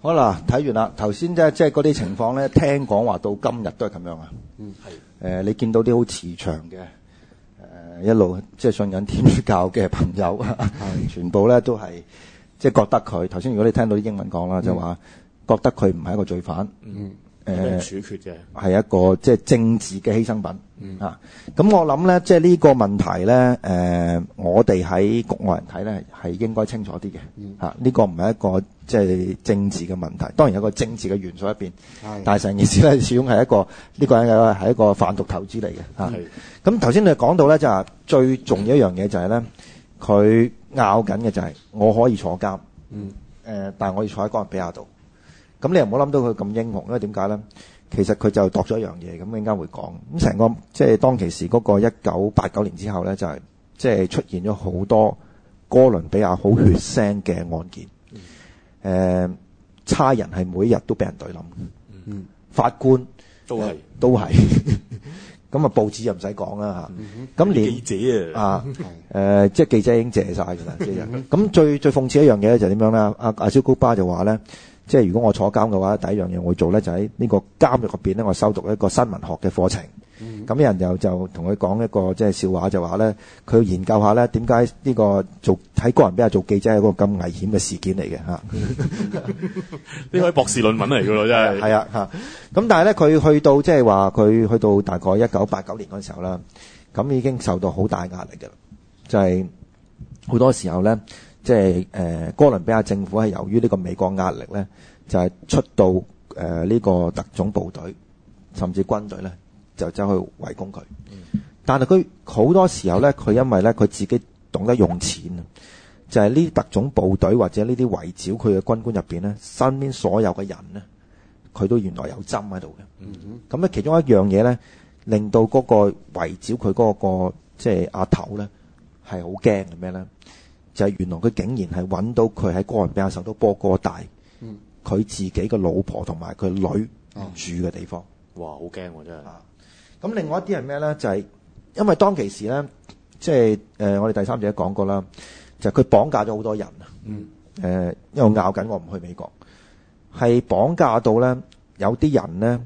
好啦睇完啦。頭先即係即係嗰啲情況咧，聽講話到今日都係咁樣啊。嗯、呃，你見到啲好慈祥嘅、呃、一路即係信仰天主教嘅朋友，全部咧都係即係覺得佢。頭先如果你聽到啲英文講啦、嗯，就話覺得佢唔係一個罪犯。嗯。誒、呃、處決嘅係一個即係、就是、政治嘅犧牲品嚇。咁、嗯啊、我諗咧，即係呢個問題咧，誒、呃、我哋喺局外人睇咧，係應該清楚啲嘅嚇。呢、嗯啊，這個唔係一個即係、就是、政治嘅問題，當然有個政治嘅元素喺邊，係，但係成件事咧，始終係一個呢、這個人係一個販毒投資嚟嘅嚇。咁頭先你講到咧，就係、是、最重要一樣嘢就係咧，佢拗緊嘅就係、是、我可以坐監，誒、嗯呃，但係我要坐喺哥倫比亞度。咁你又唔好諗到佢咁英雄，因為點解咧？其實佢就度咗一樣嘢，咁陣間會講。咁成個即係當其時嗰個一九八九年之後咧，就係即係出現咗好多哥倫比亞好血腥嘅案件。誒，差人係每一日都俾人對冧。法官都係，都係。咁啊，報紙又唔使講啦嚇。咁連記者啊、誒，即係記者已經謝曬㗎啦。咁最最諷刺一樣嘢咧，就係點樣咧？阿、阿肖高巴就話咧。即係如果我坐監嘅話，第一樣嘢我會做咧就喺、是、呢個監獄嗰面，咧，我修讀一個新聞學嘅課程。咁、嗯、有、嗯、人就就同佢講一個即係、就是、笑話就呢，就話咧，佢要研究下咧點解呢個做喺國人比較做記者係一個咁危險嘅事件嚟嘅嚇。呢 位 博士論文嚟㗎咯，真係。係啊，嚇、啊！咁、啊、但係咧，佢去到即係話佢去到大概一九八九年嗰陣時候啦，咁已經受到好大壓力㗎啦。就係、是、好多時候咧。即係誒，哥倫比亞政府係由於呢個美國壓力咧，就係、是、出到誒呢個特種部隊，甚至軍隊咧，就走去圍攻佢、嗯。但係佢好多時候咧，佢因為咧，佢自己懂得用錢，就係呢啲特種部隊或者呢啲圍剿佢嘅軍官入邊咧，身邊所有嘅人咧，佢都原來有針喺度嘅。咁、嗯、咧，其中一樣嘢咧，令到嗰個圍剿佢嗰、那個即係阿頭咧，係好驚嘅咩咧？就係、是、原來佢竟然係揾到佢喺哥倫比亞首都波哥大，佢、嗯、自己嘅老婆同埋佢女住嘅地方，哦、哇！好驚喎，真係。咁、啊、另外一啲係咩咧？就係、是、因為當其時咧，即係誒，我哋第三者講過啦，就係、是、佢綁架咗好多人啊。誒、嗯呃，因為我拗緊我唔去美國，係、嗯、綁架到咧有啲人咧，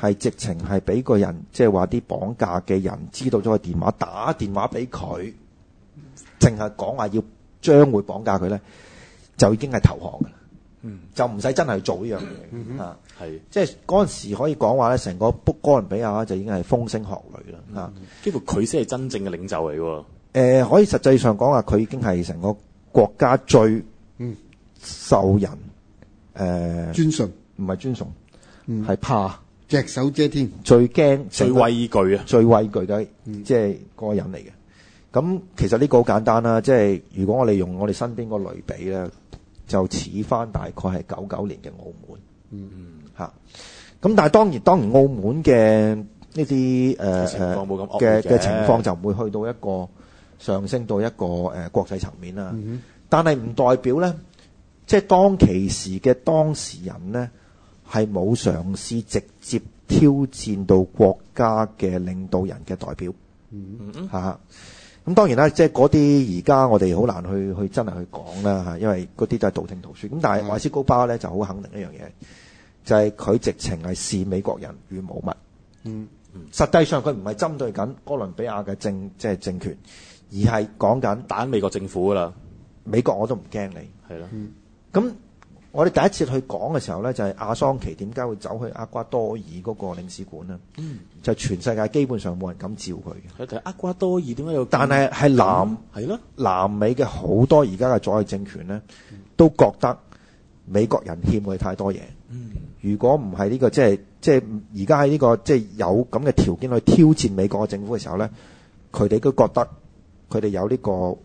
係直情係俾個人，即係話啲綁架嘅人知道咗個電話，打電話俾佢，淨係講話要。將會綁架佢咧，就已經係投降噶啦、嗯，就唔使真係做呢樣嘢啊！係，即係嗰陣時可以講話咧，成個布哥倫比亞就已經係風聲鶴唳啦、嗯！啊，幾乎佢先係真正嘅領袖嚟喎。誒、嗯呃，可以實際上講話，佢已經係成個國家最受人誒、嗯呃、尊，尊崇，唔係尊崇，係怕隻手遮天，最驚最畏懼啊，最畏懼嘅即係嗰個人嚟嘅。咁其實呢個好簡單啦，即係如果我哋用我哋身邊個類比呢，就似翻大概係九九年嘅澳門吓、嗯、咁但係當然當然澳門嘅呢啲誒嘅嘅情況就唔會去到一個上升到一個誒國際層面啦、嗯。但係唔代表呢，即係當其時嘅當事人呢，係冇嘗試直接挑戰到國家嘅領導人嘅代表、嗯咁當然啦，即係嗰啲而家我哋好難去去真係去講啦嚇，因為嗰啲都係道聽途說。咁但係馬斯高巴咧就好肯定一樣嘢，就係、是、佢直情係視美國人如無物。嗯。嗯，實際上佢唔係針對緊哥倫比亞嘅政即係、就是、政權，而係講緊打美國政府㗎啦。美國我都唔驚你。係啦。嗯。咁。我哋第一次去講嘅時候呢，就係、是、阿桑奇點解會走去厄瓜多爾嗰個領事館呢？嗯、就是、全世界基本上冇人敢召佢嘅。厄瓜多爾點解要召召？但係係南係咯、嗯，南美嘅好多而家嘅左翼政權呢、嗯，都覺得美國人欠佢太多嘢、嗯。如果唔係呢個即係即係而家喺呢個即係、就是、有咁嘅條件去挑戰美國嘅政府嘅時候呢，佢哋都覺得佢哋有呢、呢個。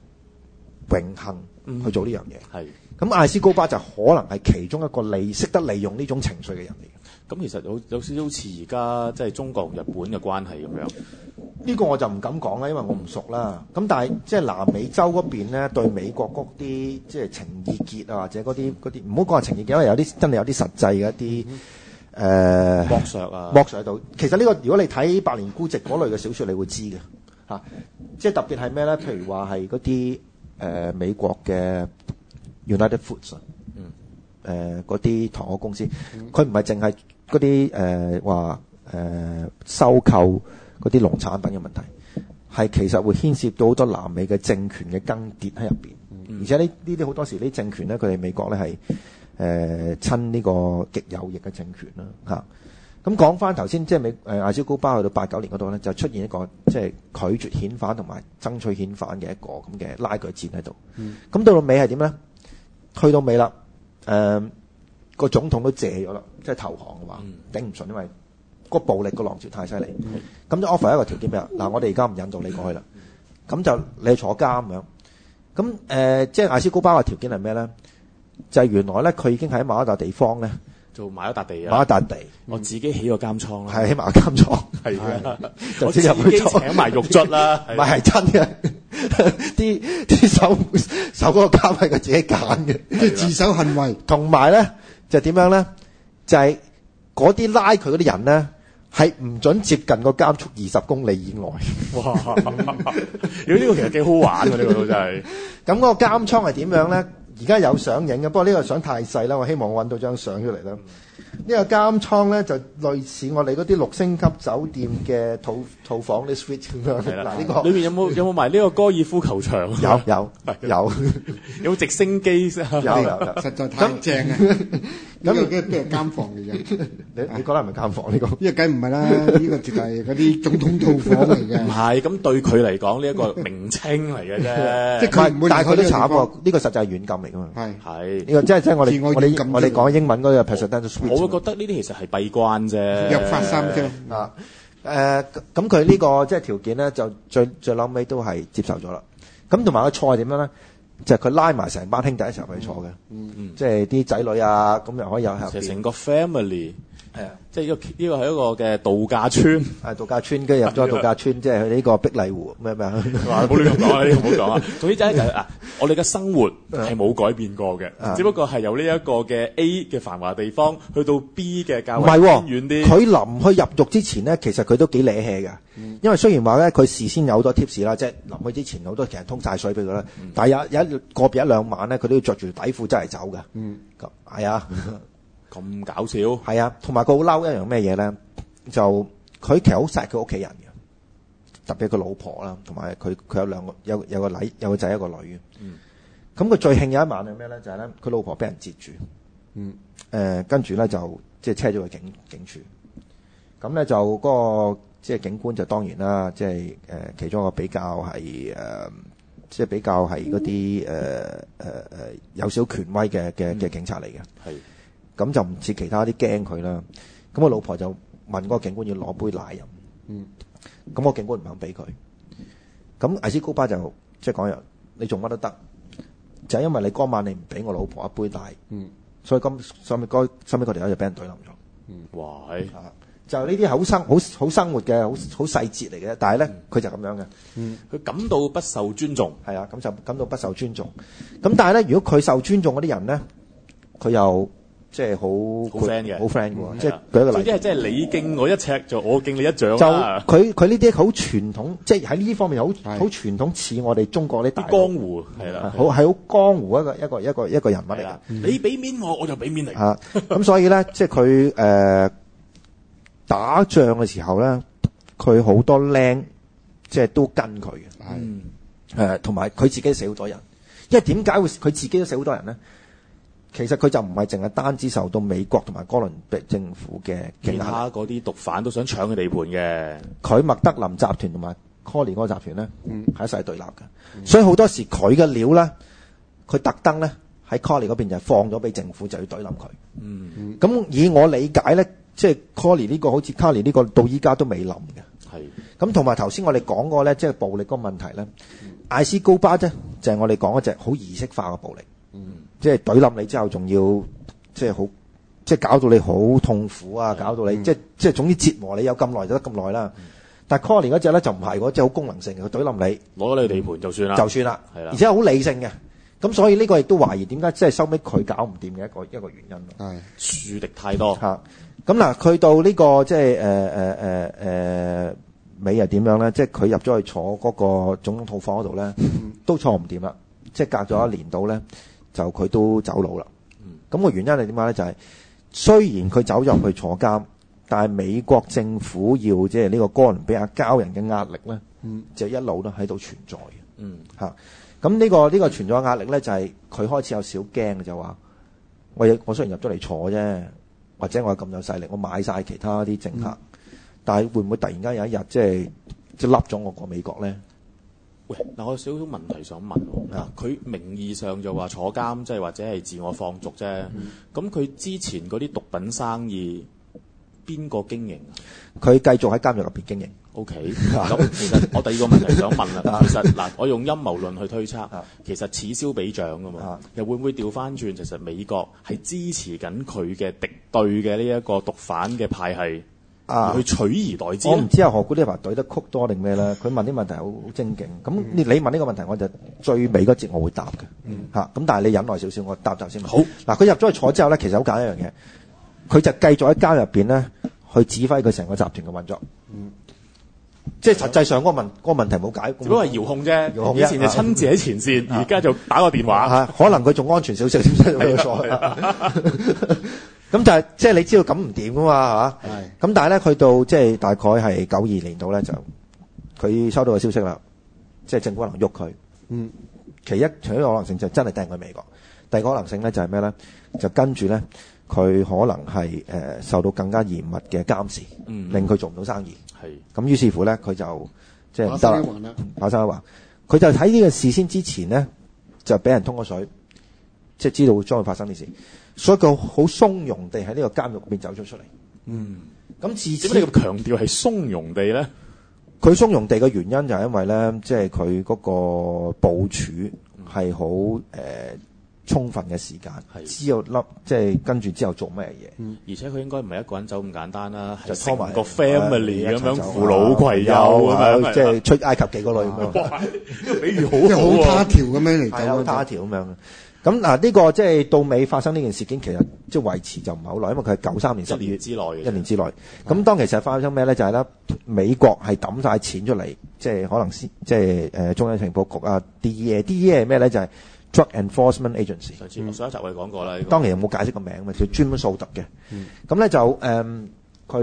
永恆去做呢樣嘢，係、嗯、咁艾斯高巴就可能係其中一個利識得利用呢種情緒嘅人嚟嘅。咁其實有有少少似而家即係中國同日本嘅關係咁樣。呢、這個我就唔敢講啦，因為我唔熟啦。咁但係即係南美洲嗰邊咧，對美國嗰啲即係情意結啊，或者嗰啲嗰啲唔好講係情意結，因為有啲真係有啲實際嘅一啲誒。剝、嗯、削、呃、啊，剝削喺度。其實呢、這個如果你睇《百年孤寂》嗰類嘅小説，你會知嘅、啊、即係特別係咩咧？譬如話係嗰啲。誒、呃、美國嘅 United Foods，嗯、呃，誒嗰啲糖果公司，佢唔係淨係嗰啲誒話誒收購嗰啲農產品嘅問題，係其實會牽涉到好多南美嘅政權嘅更迭喺入邊，而且呢呢啲好多時呢政權咧，佢哋美國咧係誒親呢個極右翼嘅政權啦嚇。啊。咁講翻頭先，即係美誒艾斯高巴去到八九年嗰度咧，就出現一個即係、就是、拒絕遣返同埋爭取遣返嘅一個咁嘅拉鋸戰喺度。咁、嗯、到到尾係點咧？去到尾啦，誒個總統都借咗啦，即係投降嘅話，頂唔順，因為個暴力個浪潮太犀利。咁、嗯、就 offer 一個條件咩？嗱，我哋而家唔引渡你過去啦。咁就你坐監咁樣。咁誒、即係艾斯高巴嘅條件係咩咧？就係、是、原來咧，佢已經喺某一個地方咧。做買一笪地啊！買一笪地，我自己起個監倉啦。係起埋個監倉，係嘅。我自己請埋獄卒啦，唔係真嘅。啲啲守守嗰個監係佢自己揀嘅，即係自首行為。同埋咧就點樣咧？就係嗰啲拉佢嗰啲人咧，係唔准接近個監倉二十公里以外。哇！如果呢個其實幾好玩喎，呢個老細。咁嗰個監倉係點樣咧？而家有相影㗎，不過呢個相太細啦，我希望我揾到張相出嚟啦。呢個監倉咧就類似我哋嗰啲六星級酒店嘅套套房啲 suite 咁樣嗱，呢個裏面有冇有冇埋呢個高爾夫球場？有有有有，直升機有，有，實在太正 咁又咩咩監房嚟嘅？你你覺得，係咪監房呢個？呢個梗唔係啦，呢個就係嗰啲總統套房嚟嘅。唔係，咁對佢嚟講，呢一個名稱嚟嘅啫。即係佢係唔會，大概都查過。呢個實際係軟禁嚟㗎嘛。係係呢個即係即係我哋我哋我哋講英文嗰個 presidential suite。我覺得呢啲其實係閉關啫，入法心啫。啊誒，咁佢呢個即係條件咧，就最最後尾都係接受咗啦。咁同埋個菜係點樣咧？就係佢拉埋成班兄弟一齊去坐嘅，嗯嗯，即係啲仔女啊，咁又可以有。就成個 family。係啊，即係呢個呢個係一個嘅度假村，係度假村，跟住入咗度假村，即係去呢個碧麗湖咩咩，唔好亂講呢，唔好講啊。總之 就係、是、啊， 我哋嘅生活係冇改變過嘅、啊，只不過係由呢一個嘅 A 嘅繁華地方去到 B 嘅比較，偏遠啲。佢臨去入獄之前咧，其實佢都幾僆氣嘅，因為雖然話咧佢事先有好多 tips 啦，即係臨去之前好多嘅人通晒水俾佢啦，但係有有一個別一兩晚咧，佢都要着住底褲即係走嘅，咁係啊。哎咁搞笑係啊！同埋佢好嬲一樣咩嘢咧？就佢其實好錫佢屋企人嘅，特別佢老婆啦、啊，同埋佢佢有兩個有有個仔一個女嘅。咁佢最慶，有一晚係咩咧？就係咧佢老婆俾人截住，誒、嗯，跟住咧就即係車咗去警警署。咁咧就嗰、那個即係、就是、警官就當然啦，即係誒，其中一個比較係誒、即、呃、係、就是、比較係嗰啲誒誒誒有少權威嘅嘅嘅警察嚟嘅。嗯咁就唔似其他啲驚佢啦。咁我老婆就問嗰個警官要攞杯奶飲，咁我警官唔肯俾佢。咁艾斯高巴就即係講樣：你做乜都得，就係因為你嗰晚你唔俾我老婆一杯奶，所以今收尾該收尾，條友就俾人懟冧咗。嗯，哇！係啊，就係呢啲係好生好好生活嘅好好細節嚟嘅。但係咧，佢就咁樣嘅。佢感到不受尊重係啊，咁就感到不受尊重。咁但係咧，如果佢受尊重嗰啲人咧，佢又～即係好 friend 嘅，好 friend 嘅，即係舉一個例，即係即係你敬我一尺，就我敬你一掌。就佢佢呢啲好傳統，即係喺呢方面好好傳統似我哋中國啲江湖係啦，好係好江湖一個一個一個一個人物嚟㗎、嗯。你俾面我，我就俾面你。嚇、啊、咁、嗯、所以咧、 呃，即係佢誒打仗嘅時候咧，佢好多靚，即係都跟佢嘅。同埋佢自己死好多人，因為點解會佢自己都死好多人咧？其實佢就唔係淨係單止受到美國同埋哥倫比政府嘅，其他嗰啲毒販都想搶佢地盤嘅。佢麥德林集團同埋 Cali 嗰個集團咧，係、嗯、一齊對立嘅、嗯，所以好多時佢嘅料咧，佢特登咧喺 Cali 嗰邊就放咗俾政府就要對立佢。嗯，咁以我理解咧，即係 Cali 呢個好似 Cali 呢個到依家都未冧嘅。咁同埋頭先我哋講過呢，咧，即係暴力嗰個問題咧、嗯，艾斯高巴啫，就係、是、我哋講一隻好儀式化嘅暴力。嗯。即係懟冧你之後，仲要即係好，即係搞到你好痛苦啊！搞到你即係即係總之折磨你，有咁耐就得咁耐啦。嗯、但係 c o n 嗰隻咧就唔係嗰隻好功能性嘅，懟冧你，攞咗你個地盤就算啦、嗯，就算啦，係啦，而且好理性嘅。咁所以呢個亦都懷疑點解即係收尾佢搞唔掂嘅一個一個原因咯。係樹敵太多。咁嗱、去到呃呃呃、呢個即係誒誒尾又點樣咧？即係佢入咗去坐嗰個總統套房嗰度咧，嗯、都坐唔掂啦。即係隔咗一年到咧。嗯嗯就佢都走佬啦。咁、個原因係點解咧？就係、是、雖然佢走入去坐監，但係美國政府要即係呢個哥倫比亞交人嘅壓力咧、嗯，就一路呢喺度存在嘅。咁、嗯、呢、啊呢個呢、呢個存在壓力咧，就係、是、佢開始有少驚嘅，就話我我雖然入咗嚟坐啫，或者我咁有勢力，我買曬其他啲政客、嗯，但係會唔會突然間有一日即係即係甩咗我過美國咧？喂，嗱我有少少問題想問喎，佢名義上就話坐監，即係或者係自我放逐啫。咁佢之前嗰啲毒品生意邊個經營啊？佢繼續喺監獄入邊經營。OK，咁其實我第二個問題想問啦， 其實嗱我用陰謀論去推測， 其實此消彼長噶嘛，又會唔會調翻轉？其實美國係支持緊佢嘅敵對嘅呢一個毒販嘅派系？啊！去取而代之。我唔知啊，何故呢排懟得曲多定咩咧？佢問啲問題好好正經。咁你問問呢個問題，我就最尾嗰節我會答嘅。吓、嗯、咁、啊，但係你忍耐少少，我答答先。好嗱，佢入咗去坐之後咧，其實好簡單一樣嘢，佢就繼續喺監獄入邊咧去指揮佢成個集團嘅運作。嗯。即係實際上嗰個問嗰個問題冇解，如果係係遙控啫。以前就親自喺前線，而家就打個電話。吓、啊，可能佢仲安全少少，先坐去咁但係即係你知道咁唔掂噶嘛，係嘛？咁但係咧，去到即係大概係九二年度咧，就佢收到個消息啦，即係政府可能喐佢。嗯，其一，除咗可能性就真係掟佢美國，第二個可能性咧就係咩咧？就跟住咧，佢可能係誒、呃、受到更加嚴密嘅監視，嗯、令佢做唔到生意。係。咁於是乎咧，佢就即係唔得啦。馬生一話，佢就喺呢個事先之前咧，就俾人通過水，即係知道將會發生啲事。所以佢好松容地喺呢個監獄入邊走咗出嚟。嗯，咁自始你個強調係松容地咧，佢松容地嘅原因就係因為咧，即係佢嗰個部署係好誒充分嘅時間，知道粒即係跟住之後做咩嘢，嗯，而且佢應該唔係一個人走咁簡單啦，就拖埋個 family 咁樣扶老攜幼啊，即係出埃及幾個女。咁樣比如好好、啊、 他條咁樣嚟走，好 他，他，他條咁樣。咁嗱，呢個即係到尾發生呢件事件，其實即係維持就唔係好耐，因為佢係九三年十二月之內，一年之內。咁當其實發生咩咧？就係咧，美國係抌晒錢出嚟，即、就、係、是、可能先，即、就、係、是呃、中央情報局啊，D.E.A.，D.E.A. 係咩咧？就係、是、Drug Enforcement Agency。上上一集我哋講過啦，當然有冇解釋個名啊？叫、嗯、專門掃毒嘅。咁、嗯、咧、嗯、就誒，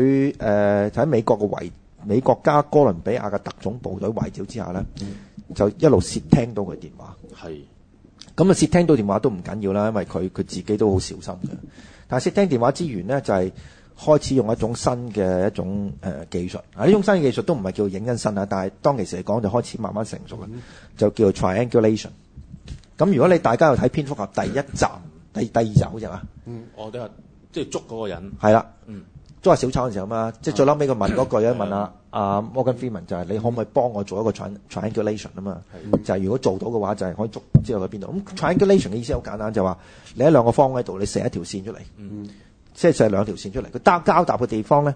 佢誒喺美國嘅維美國加哥倫比亞嘅特種部隊圍剿之下咧，嗯、就一路竊聽到佢電話。咁啊，竊聽到電話都唔緊要啦，因為佢佢自己都好小心嘅。但係竊聽電話之餘呢，就係、是、開始用一種新嘅一種誒、呃、技術。啊，呢種新嘅技術都唔係叫影音身啊，但係當其時嚟講就開始慢慢成熟啦，就叫做 triangulation。咁如果你大家有睇蝙蝠俠第一集、第第二集好似啊？嗯，我哋係即係捉嗰個人。係啦。嗯。都係小丑嘅時候嘛，即係最後尾佢問嗰句一問阿阿 Morgan Freeman 就係你可唔可以幫我做一個 triangulation 啊嘛？就係如果做到嘅話，就係、是、可以捉知道去邊度。咁 triangulation 嘅意思好簡單，就話、是、你喺兩個方喺度，你射一條線出嚟，即係射兩條線出嚟，佢交交疊嘅地方咧，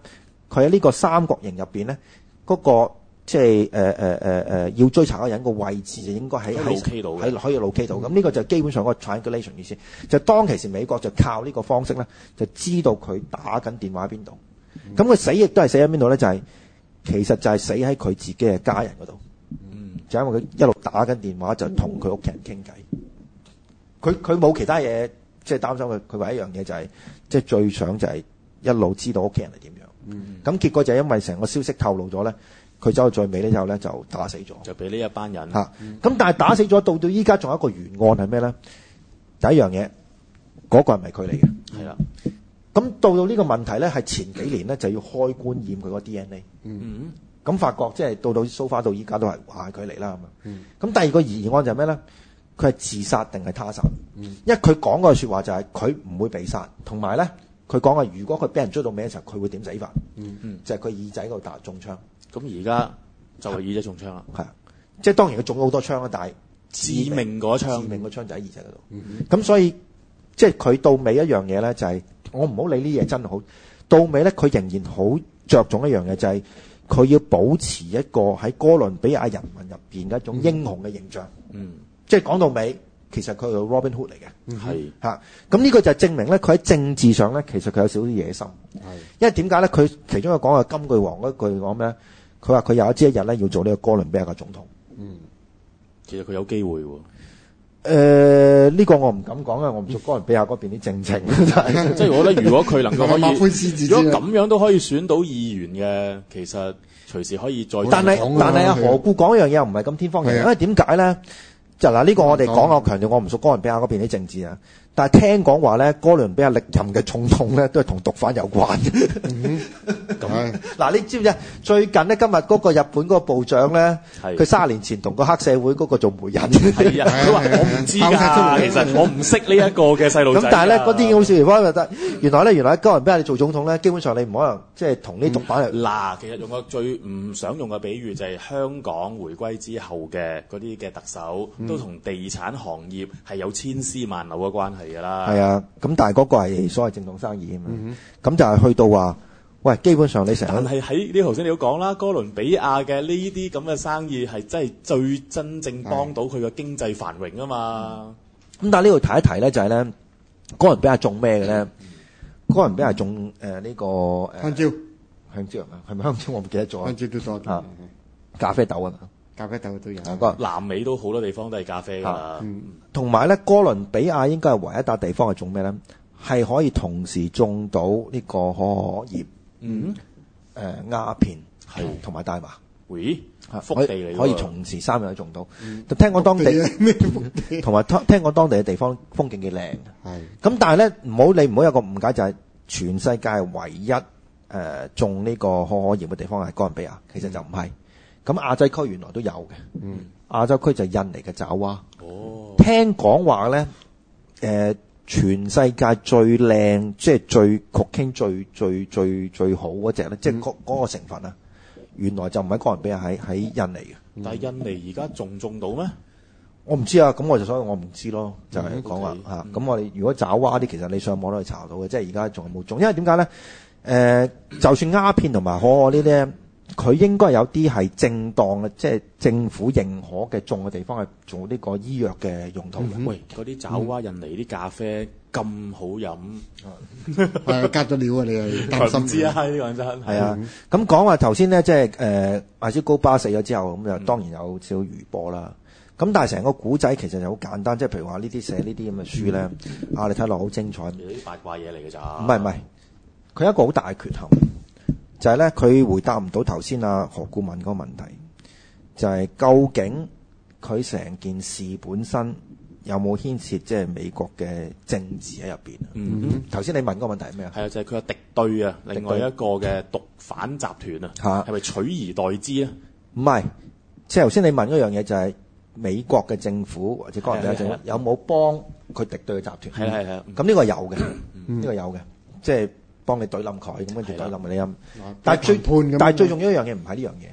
佢喺呢個三角形入邊咧，嗰、那個。即係誒誒誒要追查個個人個位置，就應該喺喺喺可以路記度，咁呢、嗯、個就基本上個 triangulation 意思，就是、當其時美國就靠呢個方式咧，就知道佢打緊電話喺邊度。咁、嗯、佢死亦都係死喺邊度咧？就係、是、其實就係死喺佢自己嘅家人嗰度。嗯，就因為佢一路打緊電話就、嗯，就同佢屋企人傾偈。佢佢冇其他嘢，即係擔心佢。佢唯一樣樣嘢就係、是，即、就、係、是、最想就係一路知道屋企人係點樣。咁、嗯、結果就係因為成個消息透露咗咧。佢走到最尾呢，之後咧就打死咗，就俾呢一班人吓。咁、啊嗯、但係打死咗，到到依家仲有一個疑案係咩咧？第一樣嘢，嗰、那個人係唔係佢嚟嘅，係啦。咁到到呢個問題咧，係前幾年咧就要開棺驗佢個 DNA。嗯，咁、嗯、發覺即係、就是、到到燒化到依家都係話佢嚟啦。咁、啊，咁、嗯嗯、第二個疑案就係咩咧？佢係自殺定係他殺、嗯？因為佢講個說話就係佢唔會被殺，同埋咧佢講啊，說如果佢俾人追到尾嘅時候，佢會點死法？嗯嗯，就係、是、佢耳仔嗰度打中槍。咁而家就係耳仔中槍啦，即係當然佢中咗好多槍啦，但係致命嗰槍，致命嗰槍就喺耳仔嗰度。咁、嗯嗯、所以即係佢到尾一樣嘢咧，就係、是、我唔好理呢嘢真係好。到尾咧，佢仍然好着重一樣嘢，就係、是、佢要保持一個喺哥倫比亞人民入邊嘅一種英雄嘅形象。嗯，嗯即係講到尾，其實佢係 Robin Hood 嚟嘅。咁、嗯、呢、嗯、個就證明咧，佢喺政治上咧，其實佢有少少野心。係。因為點解咧？佢其中有講嘅金句王嗰句講咩？佢話：佢有一朝一日咧，要做呢個哥倫比亞嘅總統。嗯，其實佢有機會喎。呢、呃呢個我唔敢講啊，我唔熟哥倫比亞嗰邊啲政情。即係我覺得， 如果佢能夠可以， 如果咁樣都可以選到議員嘅，其實隨時可以再。但係，但係啊，何故講一樣嘢又唔係咁天方夜譚？ 因為點解咧？就嗱，呢個我哋講啊，我強調我唔熟哥倫比亞嗰邊啲政治啊。但係聽講話咧，哥倫比亞歷任嘅總統咧，都係同毒販有關嘅。咁、嗯、嗱，你知唔知最近呢，今日嗰個日本嗰個部長咧，佢卅年前同個黑社會嗰個做媒人。佢話、啊 啊：我唔知㗎，其實我唔識、嗯、呢一個嘅細路仔。咁但係咧，嗰啲好笑地方就原來咧，原來哥倫比亞你做總統咧，基本上你唔可能即係同啲毒販。嗱、嗯啊，其實用個最唔想用嘅比喻就係香港回歸之後嘅嗰啲嘅特首都同地產行業係有千絲萬縷嘅關係。係啦，係啊，咁但係嗰個係所謂正當生意啊嘛，咁、嗯、就係去到話，喂，基本上你成日，但係喺呢頭先你都講啦，哥倫比亞嘅呢啲咁嘅生意係真係最真正幫到佢嘅經濟繁榮啊嘛。咁、嗯、但係呢度提一提咧，就係咧哥倫比亞種咩嘅咧？哥倫比亞種誒呢、嗯種呃呢個、呃、香蕉，香蕉啊，係係咪香蕉我唔記得咗。香蕉都咗、啊。咖啡豆啊。咖啡豆都有，南美都好多地方都係咖啡，同埋咧哥倫比亞應該係唯一笪地方係種咩呢？係可以同時種到呢個可可葉，嗯，誒、呃、鴉片同埋大麻，喂啊，福地嚟，可以同時三樣都種到。嗯、聽講當地咩同埋聽講當地嘅地方風景幾靚。咁，但係咧唔好你唔好有個誤解，就係全世界唯一誒、呃、種呢個可可葉嘅地方係哥倫比亞，嗯、其實就唔係。咁亞洲區原來都有嘅、嗯，亞洲區就印尼嘅爪哇、哦。聽講話咧，誒、呃，全世界最靚，即、就、係、是、最曲傾最最最最好嗰隻咧，即係嗰個、嗯那個成分啊。原來就唔係個人俾人喺喺印尼嘅、嗯，但係印尼而家仲種到咩？我唔知啊，咁我就所以我唔知咯，就係、是、講話嚇。咁我哋如果爪哇啲，其實你上網都可以查到嘅，即係而家仲有冇種，因為點解咧？誒、呃，就算鴉片同埋可可呢啲，佢應該有啲係正當嘅，即、就、係、是、政府認可嘅種嘅地方去做呢個醫藥嘅用途、嗯。喂，嗰啲爪哇印尼啲咖啡咁好飲，係、嗯、 加咗料心啊！你係唔知啊？嗯嗯、說說呢個真係啊！咁講話頭先咧，即係誒艾斯高巴死咗之後，咁、嗯、就、嗯、當然有少少餘波啦。咁但係成個古仔其實就好簡單，即係譬如話呢啲寫呢啲咁嘅書咧，啊你睇落好精彩，呢啲八卦嘢嚟嘅咋？唔係唔係，佢一個好大嘅缺陷。就係咧，佢回答唔到頭先啊何故問嗰個問題，就係、是、究竟佢成件事本身有冇牽涉即係美國嘅政治喺入邊啊？嗯嗯，頭先你問嗰個問題係咩啊？係啊，就係佢係敵對啊，另外一個嘅毒販集團啊，係咪取而代之啊？唔係，即係頭先你問嗰樣嘢就係美國嘅政府或者各國人嘅政府有冇幫佢敵對嘅集團？係係係，咁呢個，嗯這個有嘅，呢個有嘅，即係。幫你懟冧佢，咁跟住懟冧你，冧。但係最判，判，但係最重要一樣嘢唔係呢樣嘢，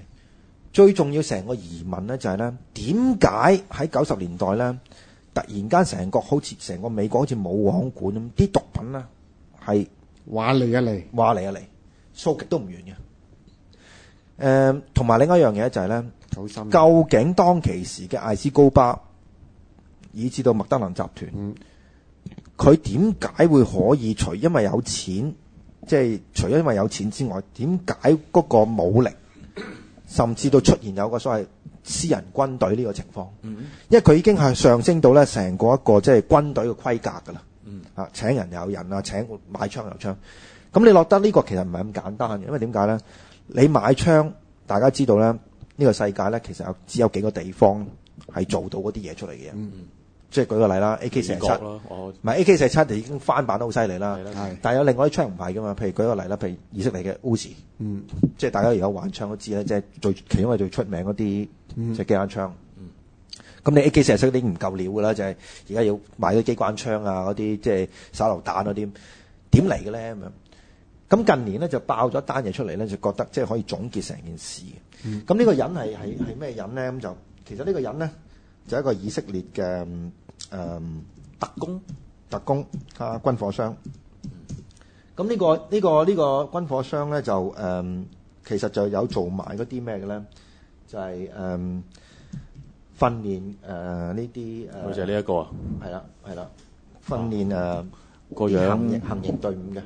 最重要成個疑問咧就係、是、咧，點解喺九十年代咧，突然間成個好似成個美國好似冇網管咁，啲、嗯、毒品咧係話嚟一嚟，話嚟一嚟，數極都唔遠嘅。誒、呃，同埋另外一樣嘢就係、是、咧，究竟當其時嘅艾斯高巴，以至到麥德林集團，佢點解會可以除？因為有錢。即係除咗因為有錢之外，點解嗰個武力甚至到出現有個所謂私人軍隊呢個情況？因為佢已經係上升到咧，成個一個即係軍隊嘅規格㗎啦。啊、嗯，請人有人啊，請買槍有槍。咁你落得呢個其實唔係咁簡單嘅，因為點解咧？你買槍，大家知道咧，呢、呢個世界咧其實有只有幾個地方係做到嗰啲嘢出嚟嘅。嗯即係舉個例啦，AK 四七唔係 AK 四七就已經翻版得好犀利啦。但係有另外一槍唔係㗎嘛。譬如舉個例啦，譬如以色列嘅 Uzi，嗯，即係大家而家玩槍都知啦，即係最因為最出名嗰啲即係機關槍。咁、嗯嗯、你 AK 四七已經唔夠料㗎啦，就係而家要買啲機關槍啊嗰啲，即係手榴彈嗰啲點嚟嘅咧咁樣。咁近年咧就爆咗一單嘢出嚟咧，就覺得即係可以總結成件事。咁、嗯、呢個人係係係咩人咧？咁就其實呢個人咧就一個以色列嘅。誒，特工、特工啊軍火商，咁呢個呢個呢個軍火商咧就誒，其實就有做埋嗰啲咩嘅咧，就係誒訓練誒呢啲誒，就係呢一個啊，係啦係啦，訓練誒個樣行行刑隊伍嘅，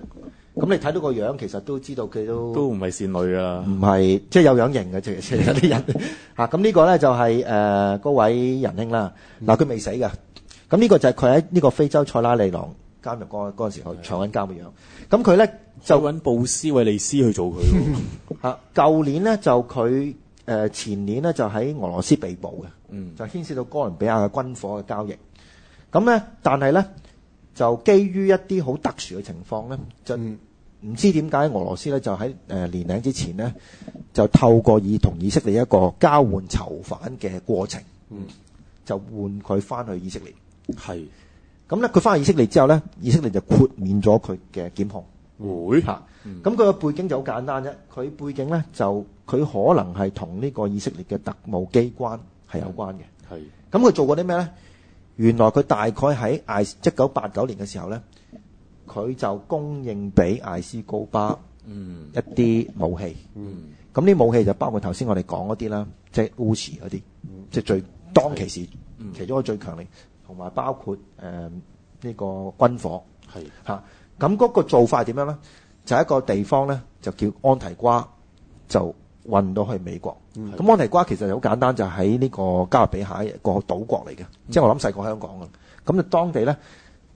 咁你睇到個樣，其實都知道佢都都唔係善女啊，唔係即係有樣型嘅，其實有啲人吓，咁呢個咧就係誒嗰位仁兄啦，嗱佢未死噶。咁呢個就係佢喺呢個非洲塞拉利昂監獄嗰嗰陣時候，佢長緊監嘅樣。咁佢咧就揾布斯維利斯去做佢。嚇，舊年呢，就佢誒前年呢，就喺俄羅斯被捕嘅、嗯，就牽涉到哥倫比亞嘅軍火嘅交易。咁咧，但係咧就基於一啲好特殊嘅情況咧，就唔知點解俄羅斯咧就喺年尾之前呢，就透過以同以色列一個交換囚犯嘅過程，就換佢翻去以色列。係咁咧，佢翻去以色列之後咧，以色列就豁免咗佢嘅檢控會嚇。咁佢個背景就好簡單啫。佢背景咧就佢可能係同呢個以色列嘅特務機關係有關嘅。係咁佢做過啲咩咧？原來佢大概喺一九八九年嘅時候咧，佢就供應俾艾斯高巴，嗯，一啲武器，嗯，咁呢、嗯、武器就包括頭先我哋講嗰啲啦，即係烏茲嗰啲，即係最當其時其中一個最強力。嗯嗯同埋包括誒呢個軍火係嚇，咁嗰個做法點樣咧？就係一個地方咧，就叫安提瓜，就運到去美國。咁安提瓜其實好簡單，就喺呢個加勒比海個島國嚟嘅，即係我諗細個香港嘅。咁就當地咧，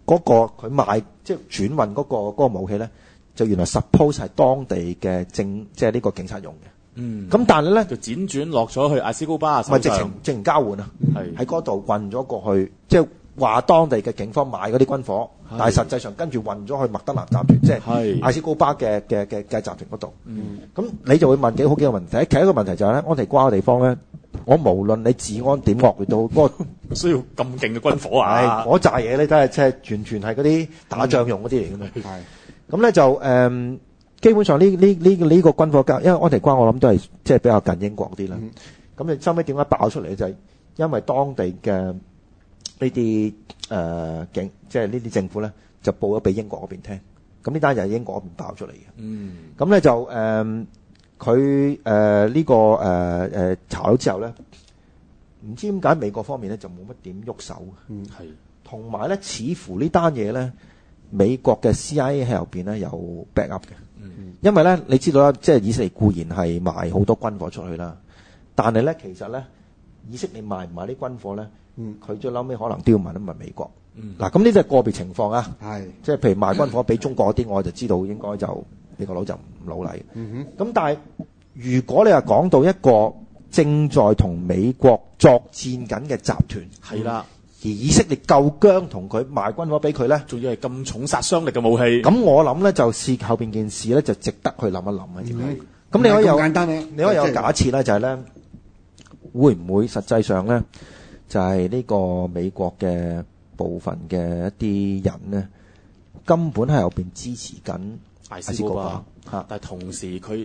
嗰個佢賣即係轉運嗰個嗰個武器咧，就原來 suppose 係當地嘅政即係呢個警察用嘅。嗯，咁但係咧就輾轉落咗去阿斯高巴，唔係直情直情交換啊！係喺嗰度運咗過去，即係話當地嘅警方買嗰啲軍火，但係實際上跟住運咗去麥德蘭集團，即係阿斯高巴嘅嘅嘅嘅集團嗰度。嗯，咁你就會問幾好幾個問題。第一個問題就係咧，安提瓜嘅地方咧，我無論你治安點惡劣到，嗰個需要咁勁嘅軍火啊，嗰扎嘢咧都係即係完全係嗰啲打仗用嗰啲嚟㗎嘛。係，咁咧就誒。基本上呢呢呢呢個軍火交，因為安提瓜我諗都係即係比較近英國啲啦。咁你收尾點解爆出嚟咧？就係因為當地嘅呢啲誒警，即係呢啲政府咧，就報咗俾英國嗰邊聽。咁呢單就係英國嗰邊爆出嚟嘅。咁咧就誒佢誒呢個誒誒查咗之後咧，唔知點解美國方面咧就冇乜點喐手。嗯，係。同埋咧，似乎呢單嘢咧，美國嘅 CIA 喺後邊咧有 back up 嘅。因為咧，你知道啦，即係以色列固然係賣好多軍火出去啦，但係咧，其實咧，以色列賣唔賣啲軍火咧？嗯，佢最嬲尾可能都要問一問美國。嗯，嗱、啊，咁呢啲係個別情況啊。即係譬如賣軍火俾中國啲，我就知道應該就美國佬就唔老嚟。咁、嗯、但係如果你話講到一個正在同美國作戰緊嘅集團，係、嗯、啦。而以色列夠姜同佢賣軍火俾佢咧，仲要係咁重殺傷力嘅武器。咁我諗咧，就試後邊件事咧，就值得去諗一諗啊！點樣？咁你可以有，你可以有假設咧，就係咧，會唔會實際上咧，就係呢個美國嘅部分嘅一啲人咧，根本喺後邊支持緊艾斯古啊！嚇！但係同時佢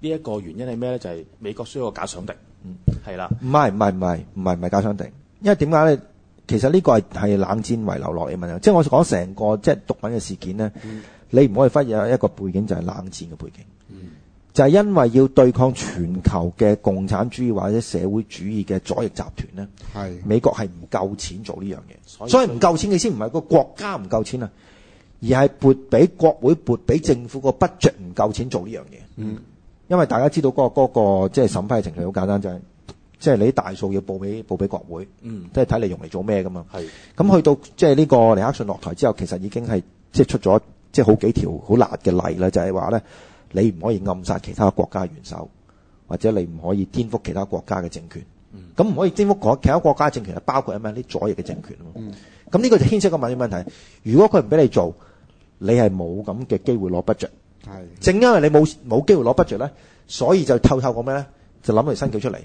呢一個原因係咩咧？就係美國需要個假想敵。嗯，係啦。唔係唔係唔係唔係唔係假想敵，因為點解咧？其實呢個係冷戰遺留落嚟問題，即係、就是、我講成個即係、就是、毒品嘅事件呢，嗯、你唔可以忽視一個背景，就係冷戰嘅背景，嗯、就係、是、因為要對抗全球嘅共產主義或者社會主義嘅左翼集團，係美國係唔夠錢做呢樣嘢，所以唔夠錢嘅先唔係個國家唔夠錢啊，而係撥俾國會撥俾政府個 budget 唔夠錢做呢樣嘢，因為大家知道嗰、那、嗰個即係、那個、審批程序好簡單，就係、是。即係你啲大數要報俾報俾國會，嗯、即係睇你用嚟做咩噶嘛。咁、嗯、去到即係呢個尼克遜落台之後，其實已經係即係出咗即係好幾條好辣嘅例啦。就係話咧，你唔可以暗殺其他國家元首，或者你唔可以顛覆其他國家嘅政權。咁、嗯、唔可以顛覆其他國家政權，係包括咁樣啲左翼嘅政權。咁、嗯、呢個就牽涉一個問題。如果佢唔俾你做，你係冇咁嘅機會攞 budget。係、正因為你冇冇機會攞 budget 咧，所以就透透過咩咧，就諗嚟申請出嚟。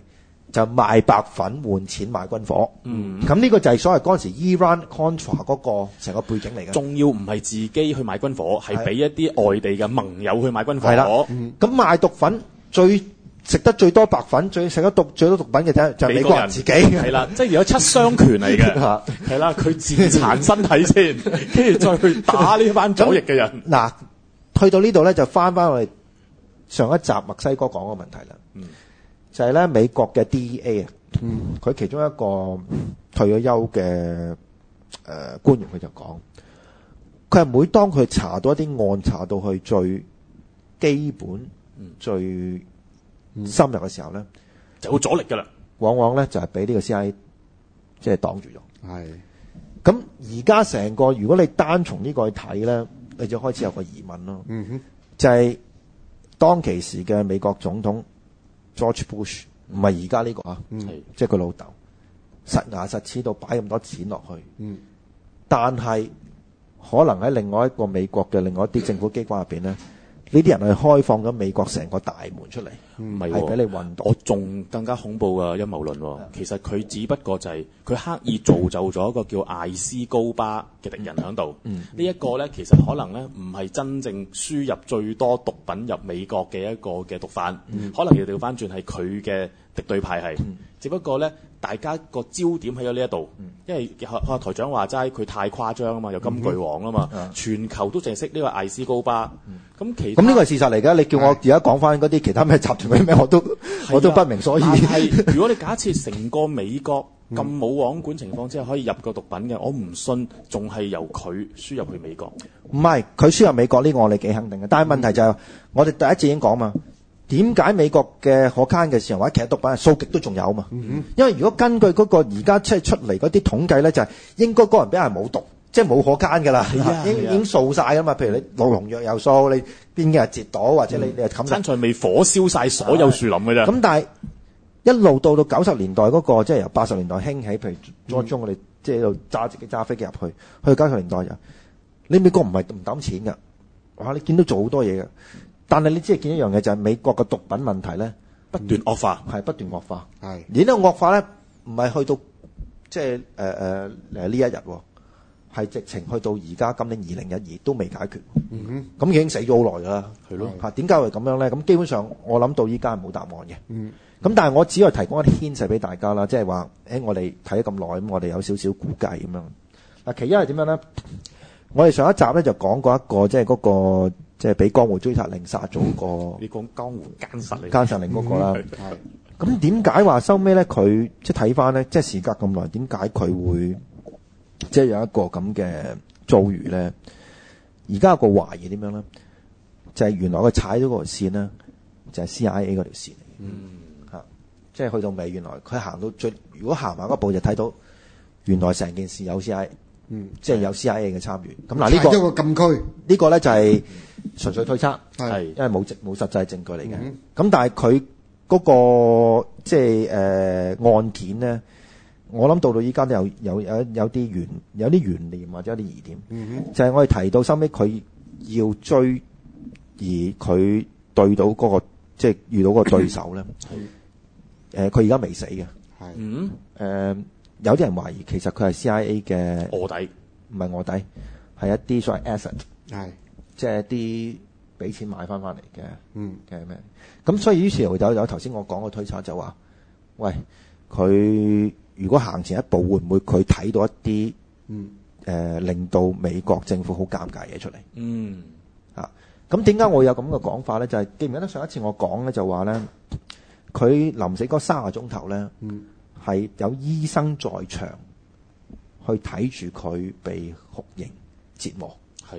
就賣白粉換錢買軍火，咁、嗯、呢個就係所謂嗰陣時 Iran Contra 嗰個成個背景嚟嘅。仲要唔係自己去買軍火，係俾一啲外地嘅盟友去買軍火。係啦，咁賣毒粉最食得最多白粉，最食得毒最多毒品嘅就美國人自己。係啦， 即係果七傷拳嚟嘅。係 啦，佢自殘身體先，跟 住再去打呢班左翼嘅人。嗱，去到呢度咧就翻翻我哋上一集墨西哥講嘅問題啦。嗯就係、是、咧，美國嘅 DEA 啊、嗯，佢其中一個退咗休嘅誒、呃、官員佢，佢就講，佢係每當佢查到一啲案查到去最基本、嗯、最深入嘅時候咧、嗯，就會阻力嘅啦。往往咧就係俾呢個 CIA 即係擋住咗。係。咁而家成個，如果你單從呢個去睇咧，你就開始有個疑問咯。嗯哼。就係、是、當其時嘅美國總統。George Bush 唔係而家呢個啊，即係佢老豆，實牙實齒到擺咁多錢落去，嗯、但係可能喺另外一個美國嘅另外一啲政府機關入邊咧。呢啲人係開放咗美國成個大門出嚟，唔係俾你運動。我仲更加恐怖嘅陰謀論，其實佢只不過就係佢刻意造就咗一個叫艾斯高巴嘅敵人喺度。呢、嗯、一個呢，其實可能呢唔係真正輸入最多毒品入美國嘅一個嘅毒販、嗯，可能其實調翻轉係佢嘅敵對派系、嗯。只不過呢。大家個焦點喺咗呢一度，因為阿台長話齋佢太誇張啊嘛，又咁巨王啊嘛、嗯，全球都淨係識呢個艾斯高巴，咁呢個係事實嚟㗎。你叫我而家講翻嗰啲其他咩集團咩咩，我都、啊、我都不明所以。但係如果你假設成個美國咁冇網管情況之下可以入個毒品嘅，我唔信仲係由佢輸入去美國。唔係佢輸入美國呢個我哋幾肯定嘅，但係問題就係、是嗯、我哋第一次已經講嘛。點解美國嘅可卡嘅時候，或者其實毒品係數極都仲有啊嘛、嗯？因為如果根據嗰個而家即係出嚟嗰啲統計咧，就係、是、應該嗰人比較冇毒，即係冇可卡㗎啦，已經已經掃晒啊嘛。譬如你內容藥又掃，你邊日截到或者你你係冚柴，身、嗯、材未火燒晒所有樹林嘅啫。咁但係一路到到九十年代嗰、那個，即、就、係、是、由八十年代興起，譬如中我哋即係度揸自己揸飛機入去，去到九十年代入，你美國唔係唔抌錢㗎，哇！你見到做好多嘢㗎。但係你只係見一樣嘢，就係、是、美國嘅毒品問題咧，不斷惡化，係、嗯、不斷惡化。係而呢個惡化咧，唔係去到即係誒誒呢一日，係直情去到而家今年二零一二都未解決。咁、嗯、已經死咗好耐㗎啦。係咯，嚇點解會咁樣咧？咁基本上我諗到依家係冇答案嘅。嗯，咁但係我只係提供一啲牽涉俾大家啦，即係話誒我哋睇咗咁耐，咁我哋有少少估計咁樣。嗱、嗯，其一係點樣咧、嗯？我哋上一集咧就講過一個，即係嗰個。即係俾江湖追殺令殺咗個，你講江湖奸殺令，奸殺令嗰個啦。咁點解話收尾咧？佢即係睇翻咧，即係時隔咁耐，點解佢會即係有一個咁嘅遭遇咧？而家個懷疑點樣咧？就係、是、原來佢踩咗嗰條線啦，就係、是、CIA 嗰條線嚟嘅。嗯，啊、即係去到尾，原來佢行到最，如果行埋嗰步就，就睇到原來成件事有 CIA。嗯，即係有 CIA 嘅參與咁，嗱，呢、呢個呢個禁區，呢、呢個咧就係純粹推測，係因為冇冇實際證據嚟嘅。咁、嗯、但係佢嗰個即係誒案件咧，我諗到到依家都有有有有啲懸有啲懸念或者有啲疑點，嗯就係、係、我哋提到收尾佢要追，而佢對到嗰、嗰個即係、就係、遇到嗰個對手咧，係誒佢而家未死嘅。係嗯誒。呃有啲人懷疑其實佢係 CIA 嘅臥底，唔係臥底，係一啲所謂 asset，係即係一啲俾錢買翻翻嚟嘅，嗯嘅咩？咁所以於是乎就有頭先我講個推測就話，喂佢如果行前一步，會唔會佢睇到一啲，嗯、呃、令到美國政府好尷尬嘢出嚟？嗯啊，咁點解我有咁嘅講法咧？就係、是、記唔記得上一次我講咧就話咧，佢臨死嗰三個鐘頭咧，嗯。係有醫生在場去睇住佢被酷刑折磨，係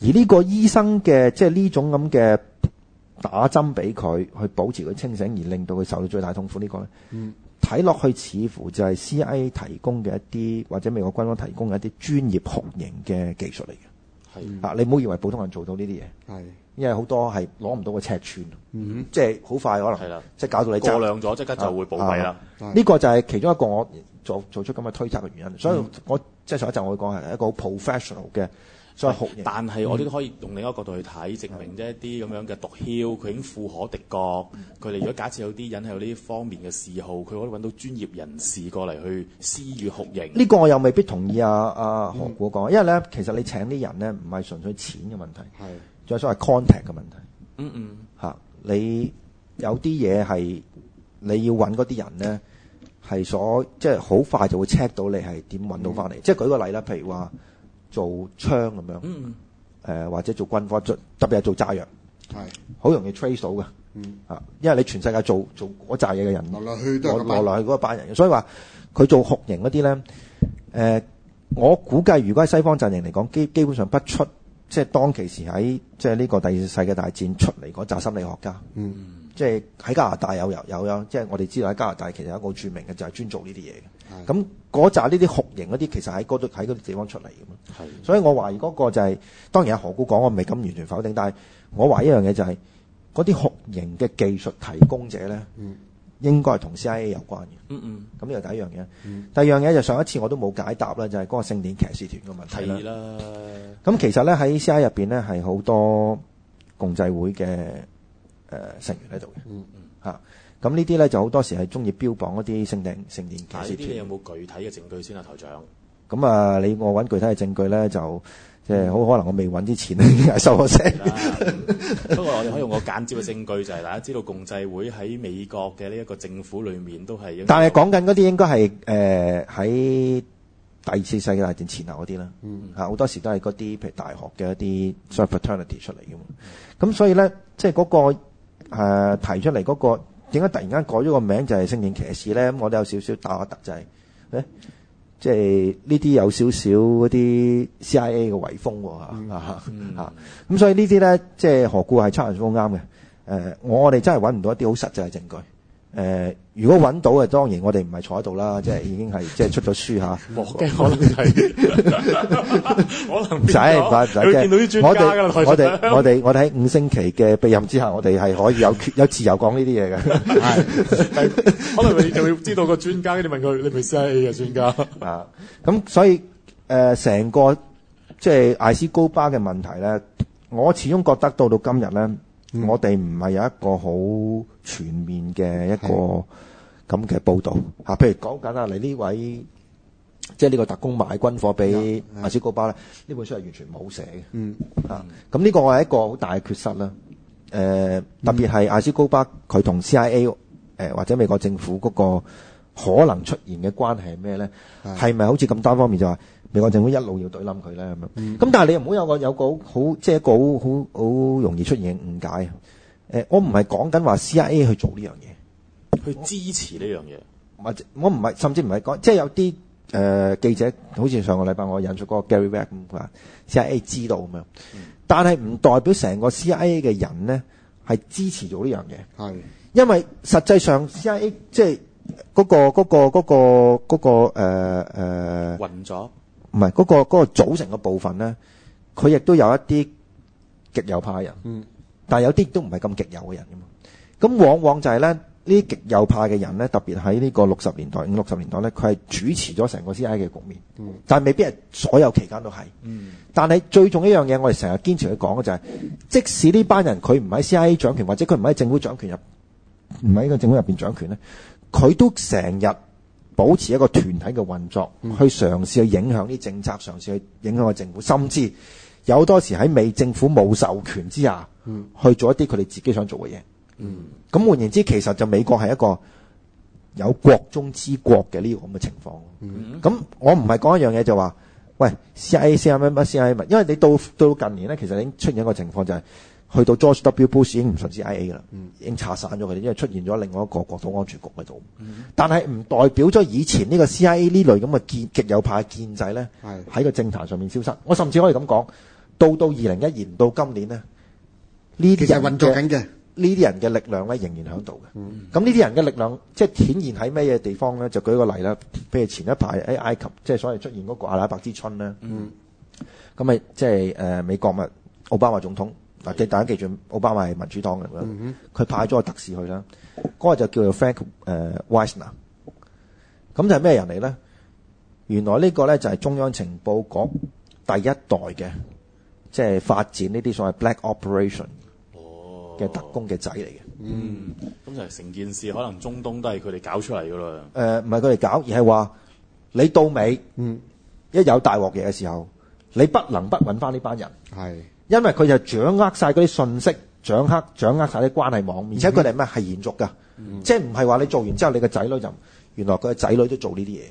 而呢個醫生嘅即係呢種咁嘅打針俾佢去保持佢清醒，而令到佢受到最大痛苦呢、這個呢，睇、嗯、落去似乎就係 CIA 提供嘅一啲或者美國軍方提供嘅一啲專業酷刑嘅技術嚟嘅，係啊，你唔好以為普通人做到呢啲嘢，係。因為好多係攞唔到個尺寸，嗯、即係好快可能，即係搞到你過量咗，即刻就會保密啦。呢、啊啊啊呢個就係其中一個我做做出咁嘅推測嘅原因。所以我，我即係上一集我講係一個 professional 嘅在酷營，但係我都可以用另一個角度去睇，證明即一啲咁樣嘅毒梟，佢已經富可敵國。佢、嗯、哋如果假設有啲人係有呢方面嘅嗜好，佢可以搵到專業人士過嚟去私域酷刑。呢、嗯呢個我又未必同意啊。啊何故講，因為咧，其實你請啲人咧，唔係純粹錢嘅問題。嗯再所謂 contact 嘅問題，嗯嗯，啊、你有啲嘢係你要揾嗰啲人咧，係所即係好快就會 check 到你係點揾到翻嚟、嗯嗯。即係舉個例啦，譬如話做槍咁樣，嗯，嗯、呃、或者做軍火，特別係做炸藥，好容易 trace 到嘅，嗯、啊、因為你全世界做做炸嘢嘅人落落去落落去嗰班人，所以話佢做酷刑嗰啲咧，我估計如果喺西方陣營嚟講，基基本上不出。即係當其時喺即係呢個第二次世界大戰出嚟嗰扎心理學家，嗯，即係喺加拿大有有有，即係我哋知道喺加拿大其實有一個著名嘅就係專做呢啲嘢嘅。咁嗰扎呢啲酷刑嗰啲，那那些那些其實喺嗰喺啲地方出嚟嘅嘛。係，所以我懷疑嗰個就係、是、當然阿何故講我未敢完全否定，但係我懷疑一樣嘢就係嗰啲酷刑嘅技術提供者咧。嗯應該係同 CIA 有關嘅。嗯嗯。咁呢個第一樣嘢、嗯。第二樣嘢就是、上一次我都冇解答啦，就係、是、嗰個聖殿騎士團嘅問題啦。咁其實咧喺 CIA 入邊咧係好多共濟會嘅誒、呃、成員喺度嘅。嗯嗯。嚇、啊！咁呢啲咧就好多時係中意標榜一啲聖殿聖殿騎士團。啲嘢有冇具體嘅證據先啊，台長？咁啊，你我揾具體嘅證據咧就。即係好可能我未揾啲錢，已經收咗聲。不過我哋可以用個間接嘅證據，就係、是、大家知道共濟會喺美國嘅呢一個政府裏面都係。但係講緊嗰啲應該係誒喺第二次世界大戰前後嗰啲啦。好、嗯、多時都係嗰啲譬如大學嘅一啲、嗯、所以 p o t a r s i t i t y 出嚟嘅嘛。咁所以咧，即係嗰個誒提出嚟嗰、那個點解突然間改咗個名就係聖戰騎士咧？咁我都有少少打突就係、是、誒。欸即係呢啲有少少嗰啲 CIA 嘅遺風喎，嚇嚇嚇，咁所以這些呢啲咧，即係何故係 c h a 啱嘅？誒、呃，我哋真係揾唔到一啲好實際嘅證據。誒、呃，如果揾到嘅，當然我哋唔係坐喺度啦，即係已經係 即係出咗書嚇。冇，可能係， 可能唔使唔使唔使驚。我哋我哋我哋我哋喺五星期嘅庇蔭之下，我哋係可以有有自由講呢啲嘢嘅。係， 可能你仲要知道個專家，你問佢，你咪犀嘅專家。 啊，咁所以誒，成、呃、個即係艾斯高巴嘅問題咧，我始終覺得到到今日咧。嗯、我哋唔係有一個好全面嘅一個咁嘅報導，譬如講緊啊，你呢位即係呢個特工買軍火俾阿斯高巴咧，呢、嗯、本書係完全冇寫嘅，咁、嗯、呢、嗯啊、個係一個好大嘅缺失啦。誒、呃，特別係阿斯高巴佢同 CIA、呃、或者美國政府嗰、那個。可能出現嘅關係係咩咧？係咪好似咁單方面就話美國政府一路要對冧佢咧，咁、咁，但係你唔好有個有一個好即係好好好容易出現誤解，呃，我唔係講緊話 CIA 去做呢樣嘢，去支持呢樣嘢，或者我唔係甚至唔係講即係有啲，誒，呃，記者好似上個禮拜我引述嗰個 Gary Webb 話 CIA 知道咁樣，嗯，但係唔代表成個 CIA 嘅人咧係支持做呢樣嘢，因為實際上 CIA 即、就、係、是。嗰個嗰個嗰個嗰個誒誒，混咗唔係嗰個嗰個組成嘅部分咧，佢亦都有一啲極右派人，嗯，但係有啲都唔係咁極右嘅人噶嘛。咁往往就係咧，呢啲極右派嘅人咧，特別喺呢個六十年代、五六十年代咧，佢係主持咗成個 C I A 嘅局面，嗯，但係未必係所有期間都係，嗯，但係、嗯、最重要一樣嘢，我哋成日堅持去講嘅就係、是，即使呢班人佢唔喺 C I A 掌權，或者佢唔喺政府掌權入，唔喺呢個政府入邊掌權咧。佢都成日保持一個團體嘅運作，去嘗試去影響啲政策，嘗試去影響個政府，甚至有多時喺美政府冇授權之下，去做一啲佢哋自己想做嘅嘢。咁、嗯、換言之，其實就美國係一個有國中之國嘅呢個咁嘅情況。咁、嗯、我唔係講一樣嘢就話，喂，CIA m 啊乜物 CIA 物，因為你到到近年咧，其實已經出現一個情況就係、是。去到 George W. Bush 已經唔信 CIA 啦、嗯，已經拆散咗佢，因為出現咗另外一個國土安全局喺度、嗯。但係唔代表咗以前呢個 CIA 呢類咁嘅建極右派嘅建制咧，喺個政壇上面消失。我甚至可以咁講，到到二零一二年到今年呢，呢啲人運作緊嘅，呢啲人嘅力量咧仍然喺度嘅。咁呢啲人嘅力量即係顯現喺咩嘢地方咧？就舉個例啦，譬如前一排喺埃及，即係所謂出現嗰個阿拉伯之春咧。咁咪即係美國咪奧巴馬總統？嗱，記大家記住，奧巴馬係民主黨嚟嘅，佢派咗個特使去啦。嗰個就叫做 Frank 誒、呃、Wisner。咁係咩人嚟咧？原來呢個咧就係中央情報局第一代嘅，即係發展呢啲所謂 Black Operation 嘅特工嘅仔嚟嘅。嗯，咁就係成件事可能中東都係佢哋搞出嚟嘅啦。誒、呃，唔係佢哋搞，而係話你到尾，嗯，一有大鑊嘢嘅時候，你不能不揾翻呢班人。係。因為佢就掌握晒嗰啲信息，掌握掌握晒啲關係網，而且佢哋咩係延續噶、嗯，即係唔係話你做完之後，你個仔女就原來佢個仔女都做呢啲嘢，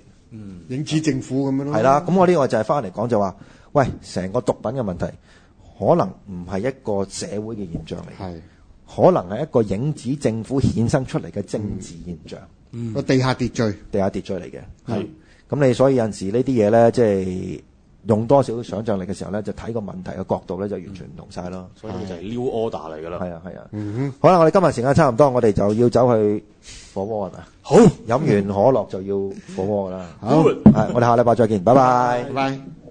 影子政府咁樣咯。係啦，咁、嗯、我呢個就係翻嚟講就話，喂，成個毒品嘅問題可能唔係一個社會嘅現象嚟，係可能係一個影子政府衍生出嚟嘅政治現象，個、嗯嗯、地下秩序，地下秩序嚟嘅。係咁、嗯、你所以有陣時呢啲嘢咧，即、就、係、是。用多少想像力嘅時候咧，就睇個問題嘅角度咧，就完全唔同晒咯、嗯。所以就係 new order 嚟噶啦。係啊，係啊。嗯哼。好啦，我哋今日時間差唔多，我哋就要走去火鍋啊。好，飲完可樂就要火鍋啦。好，係，我哋下禮拜再見，拜 拜。拜。Bye bye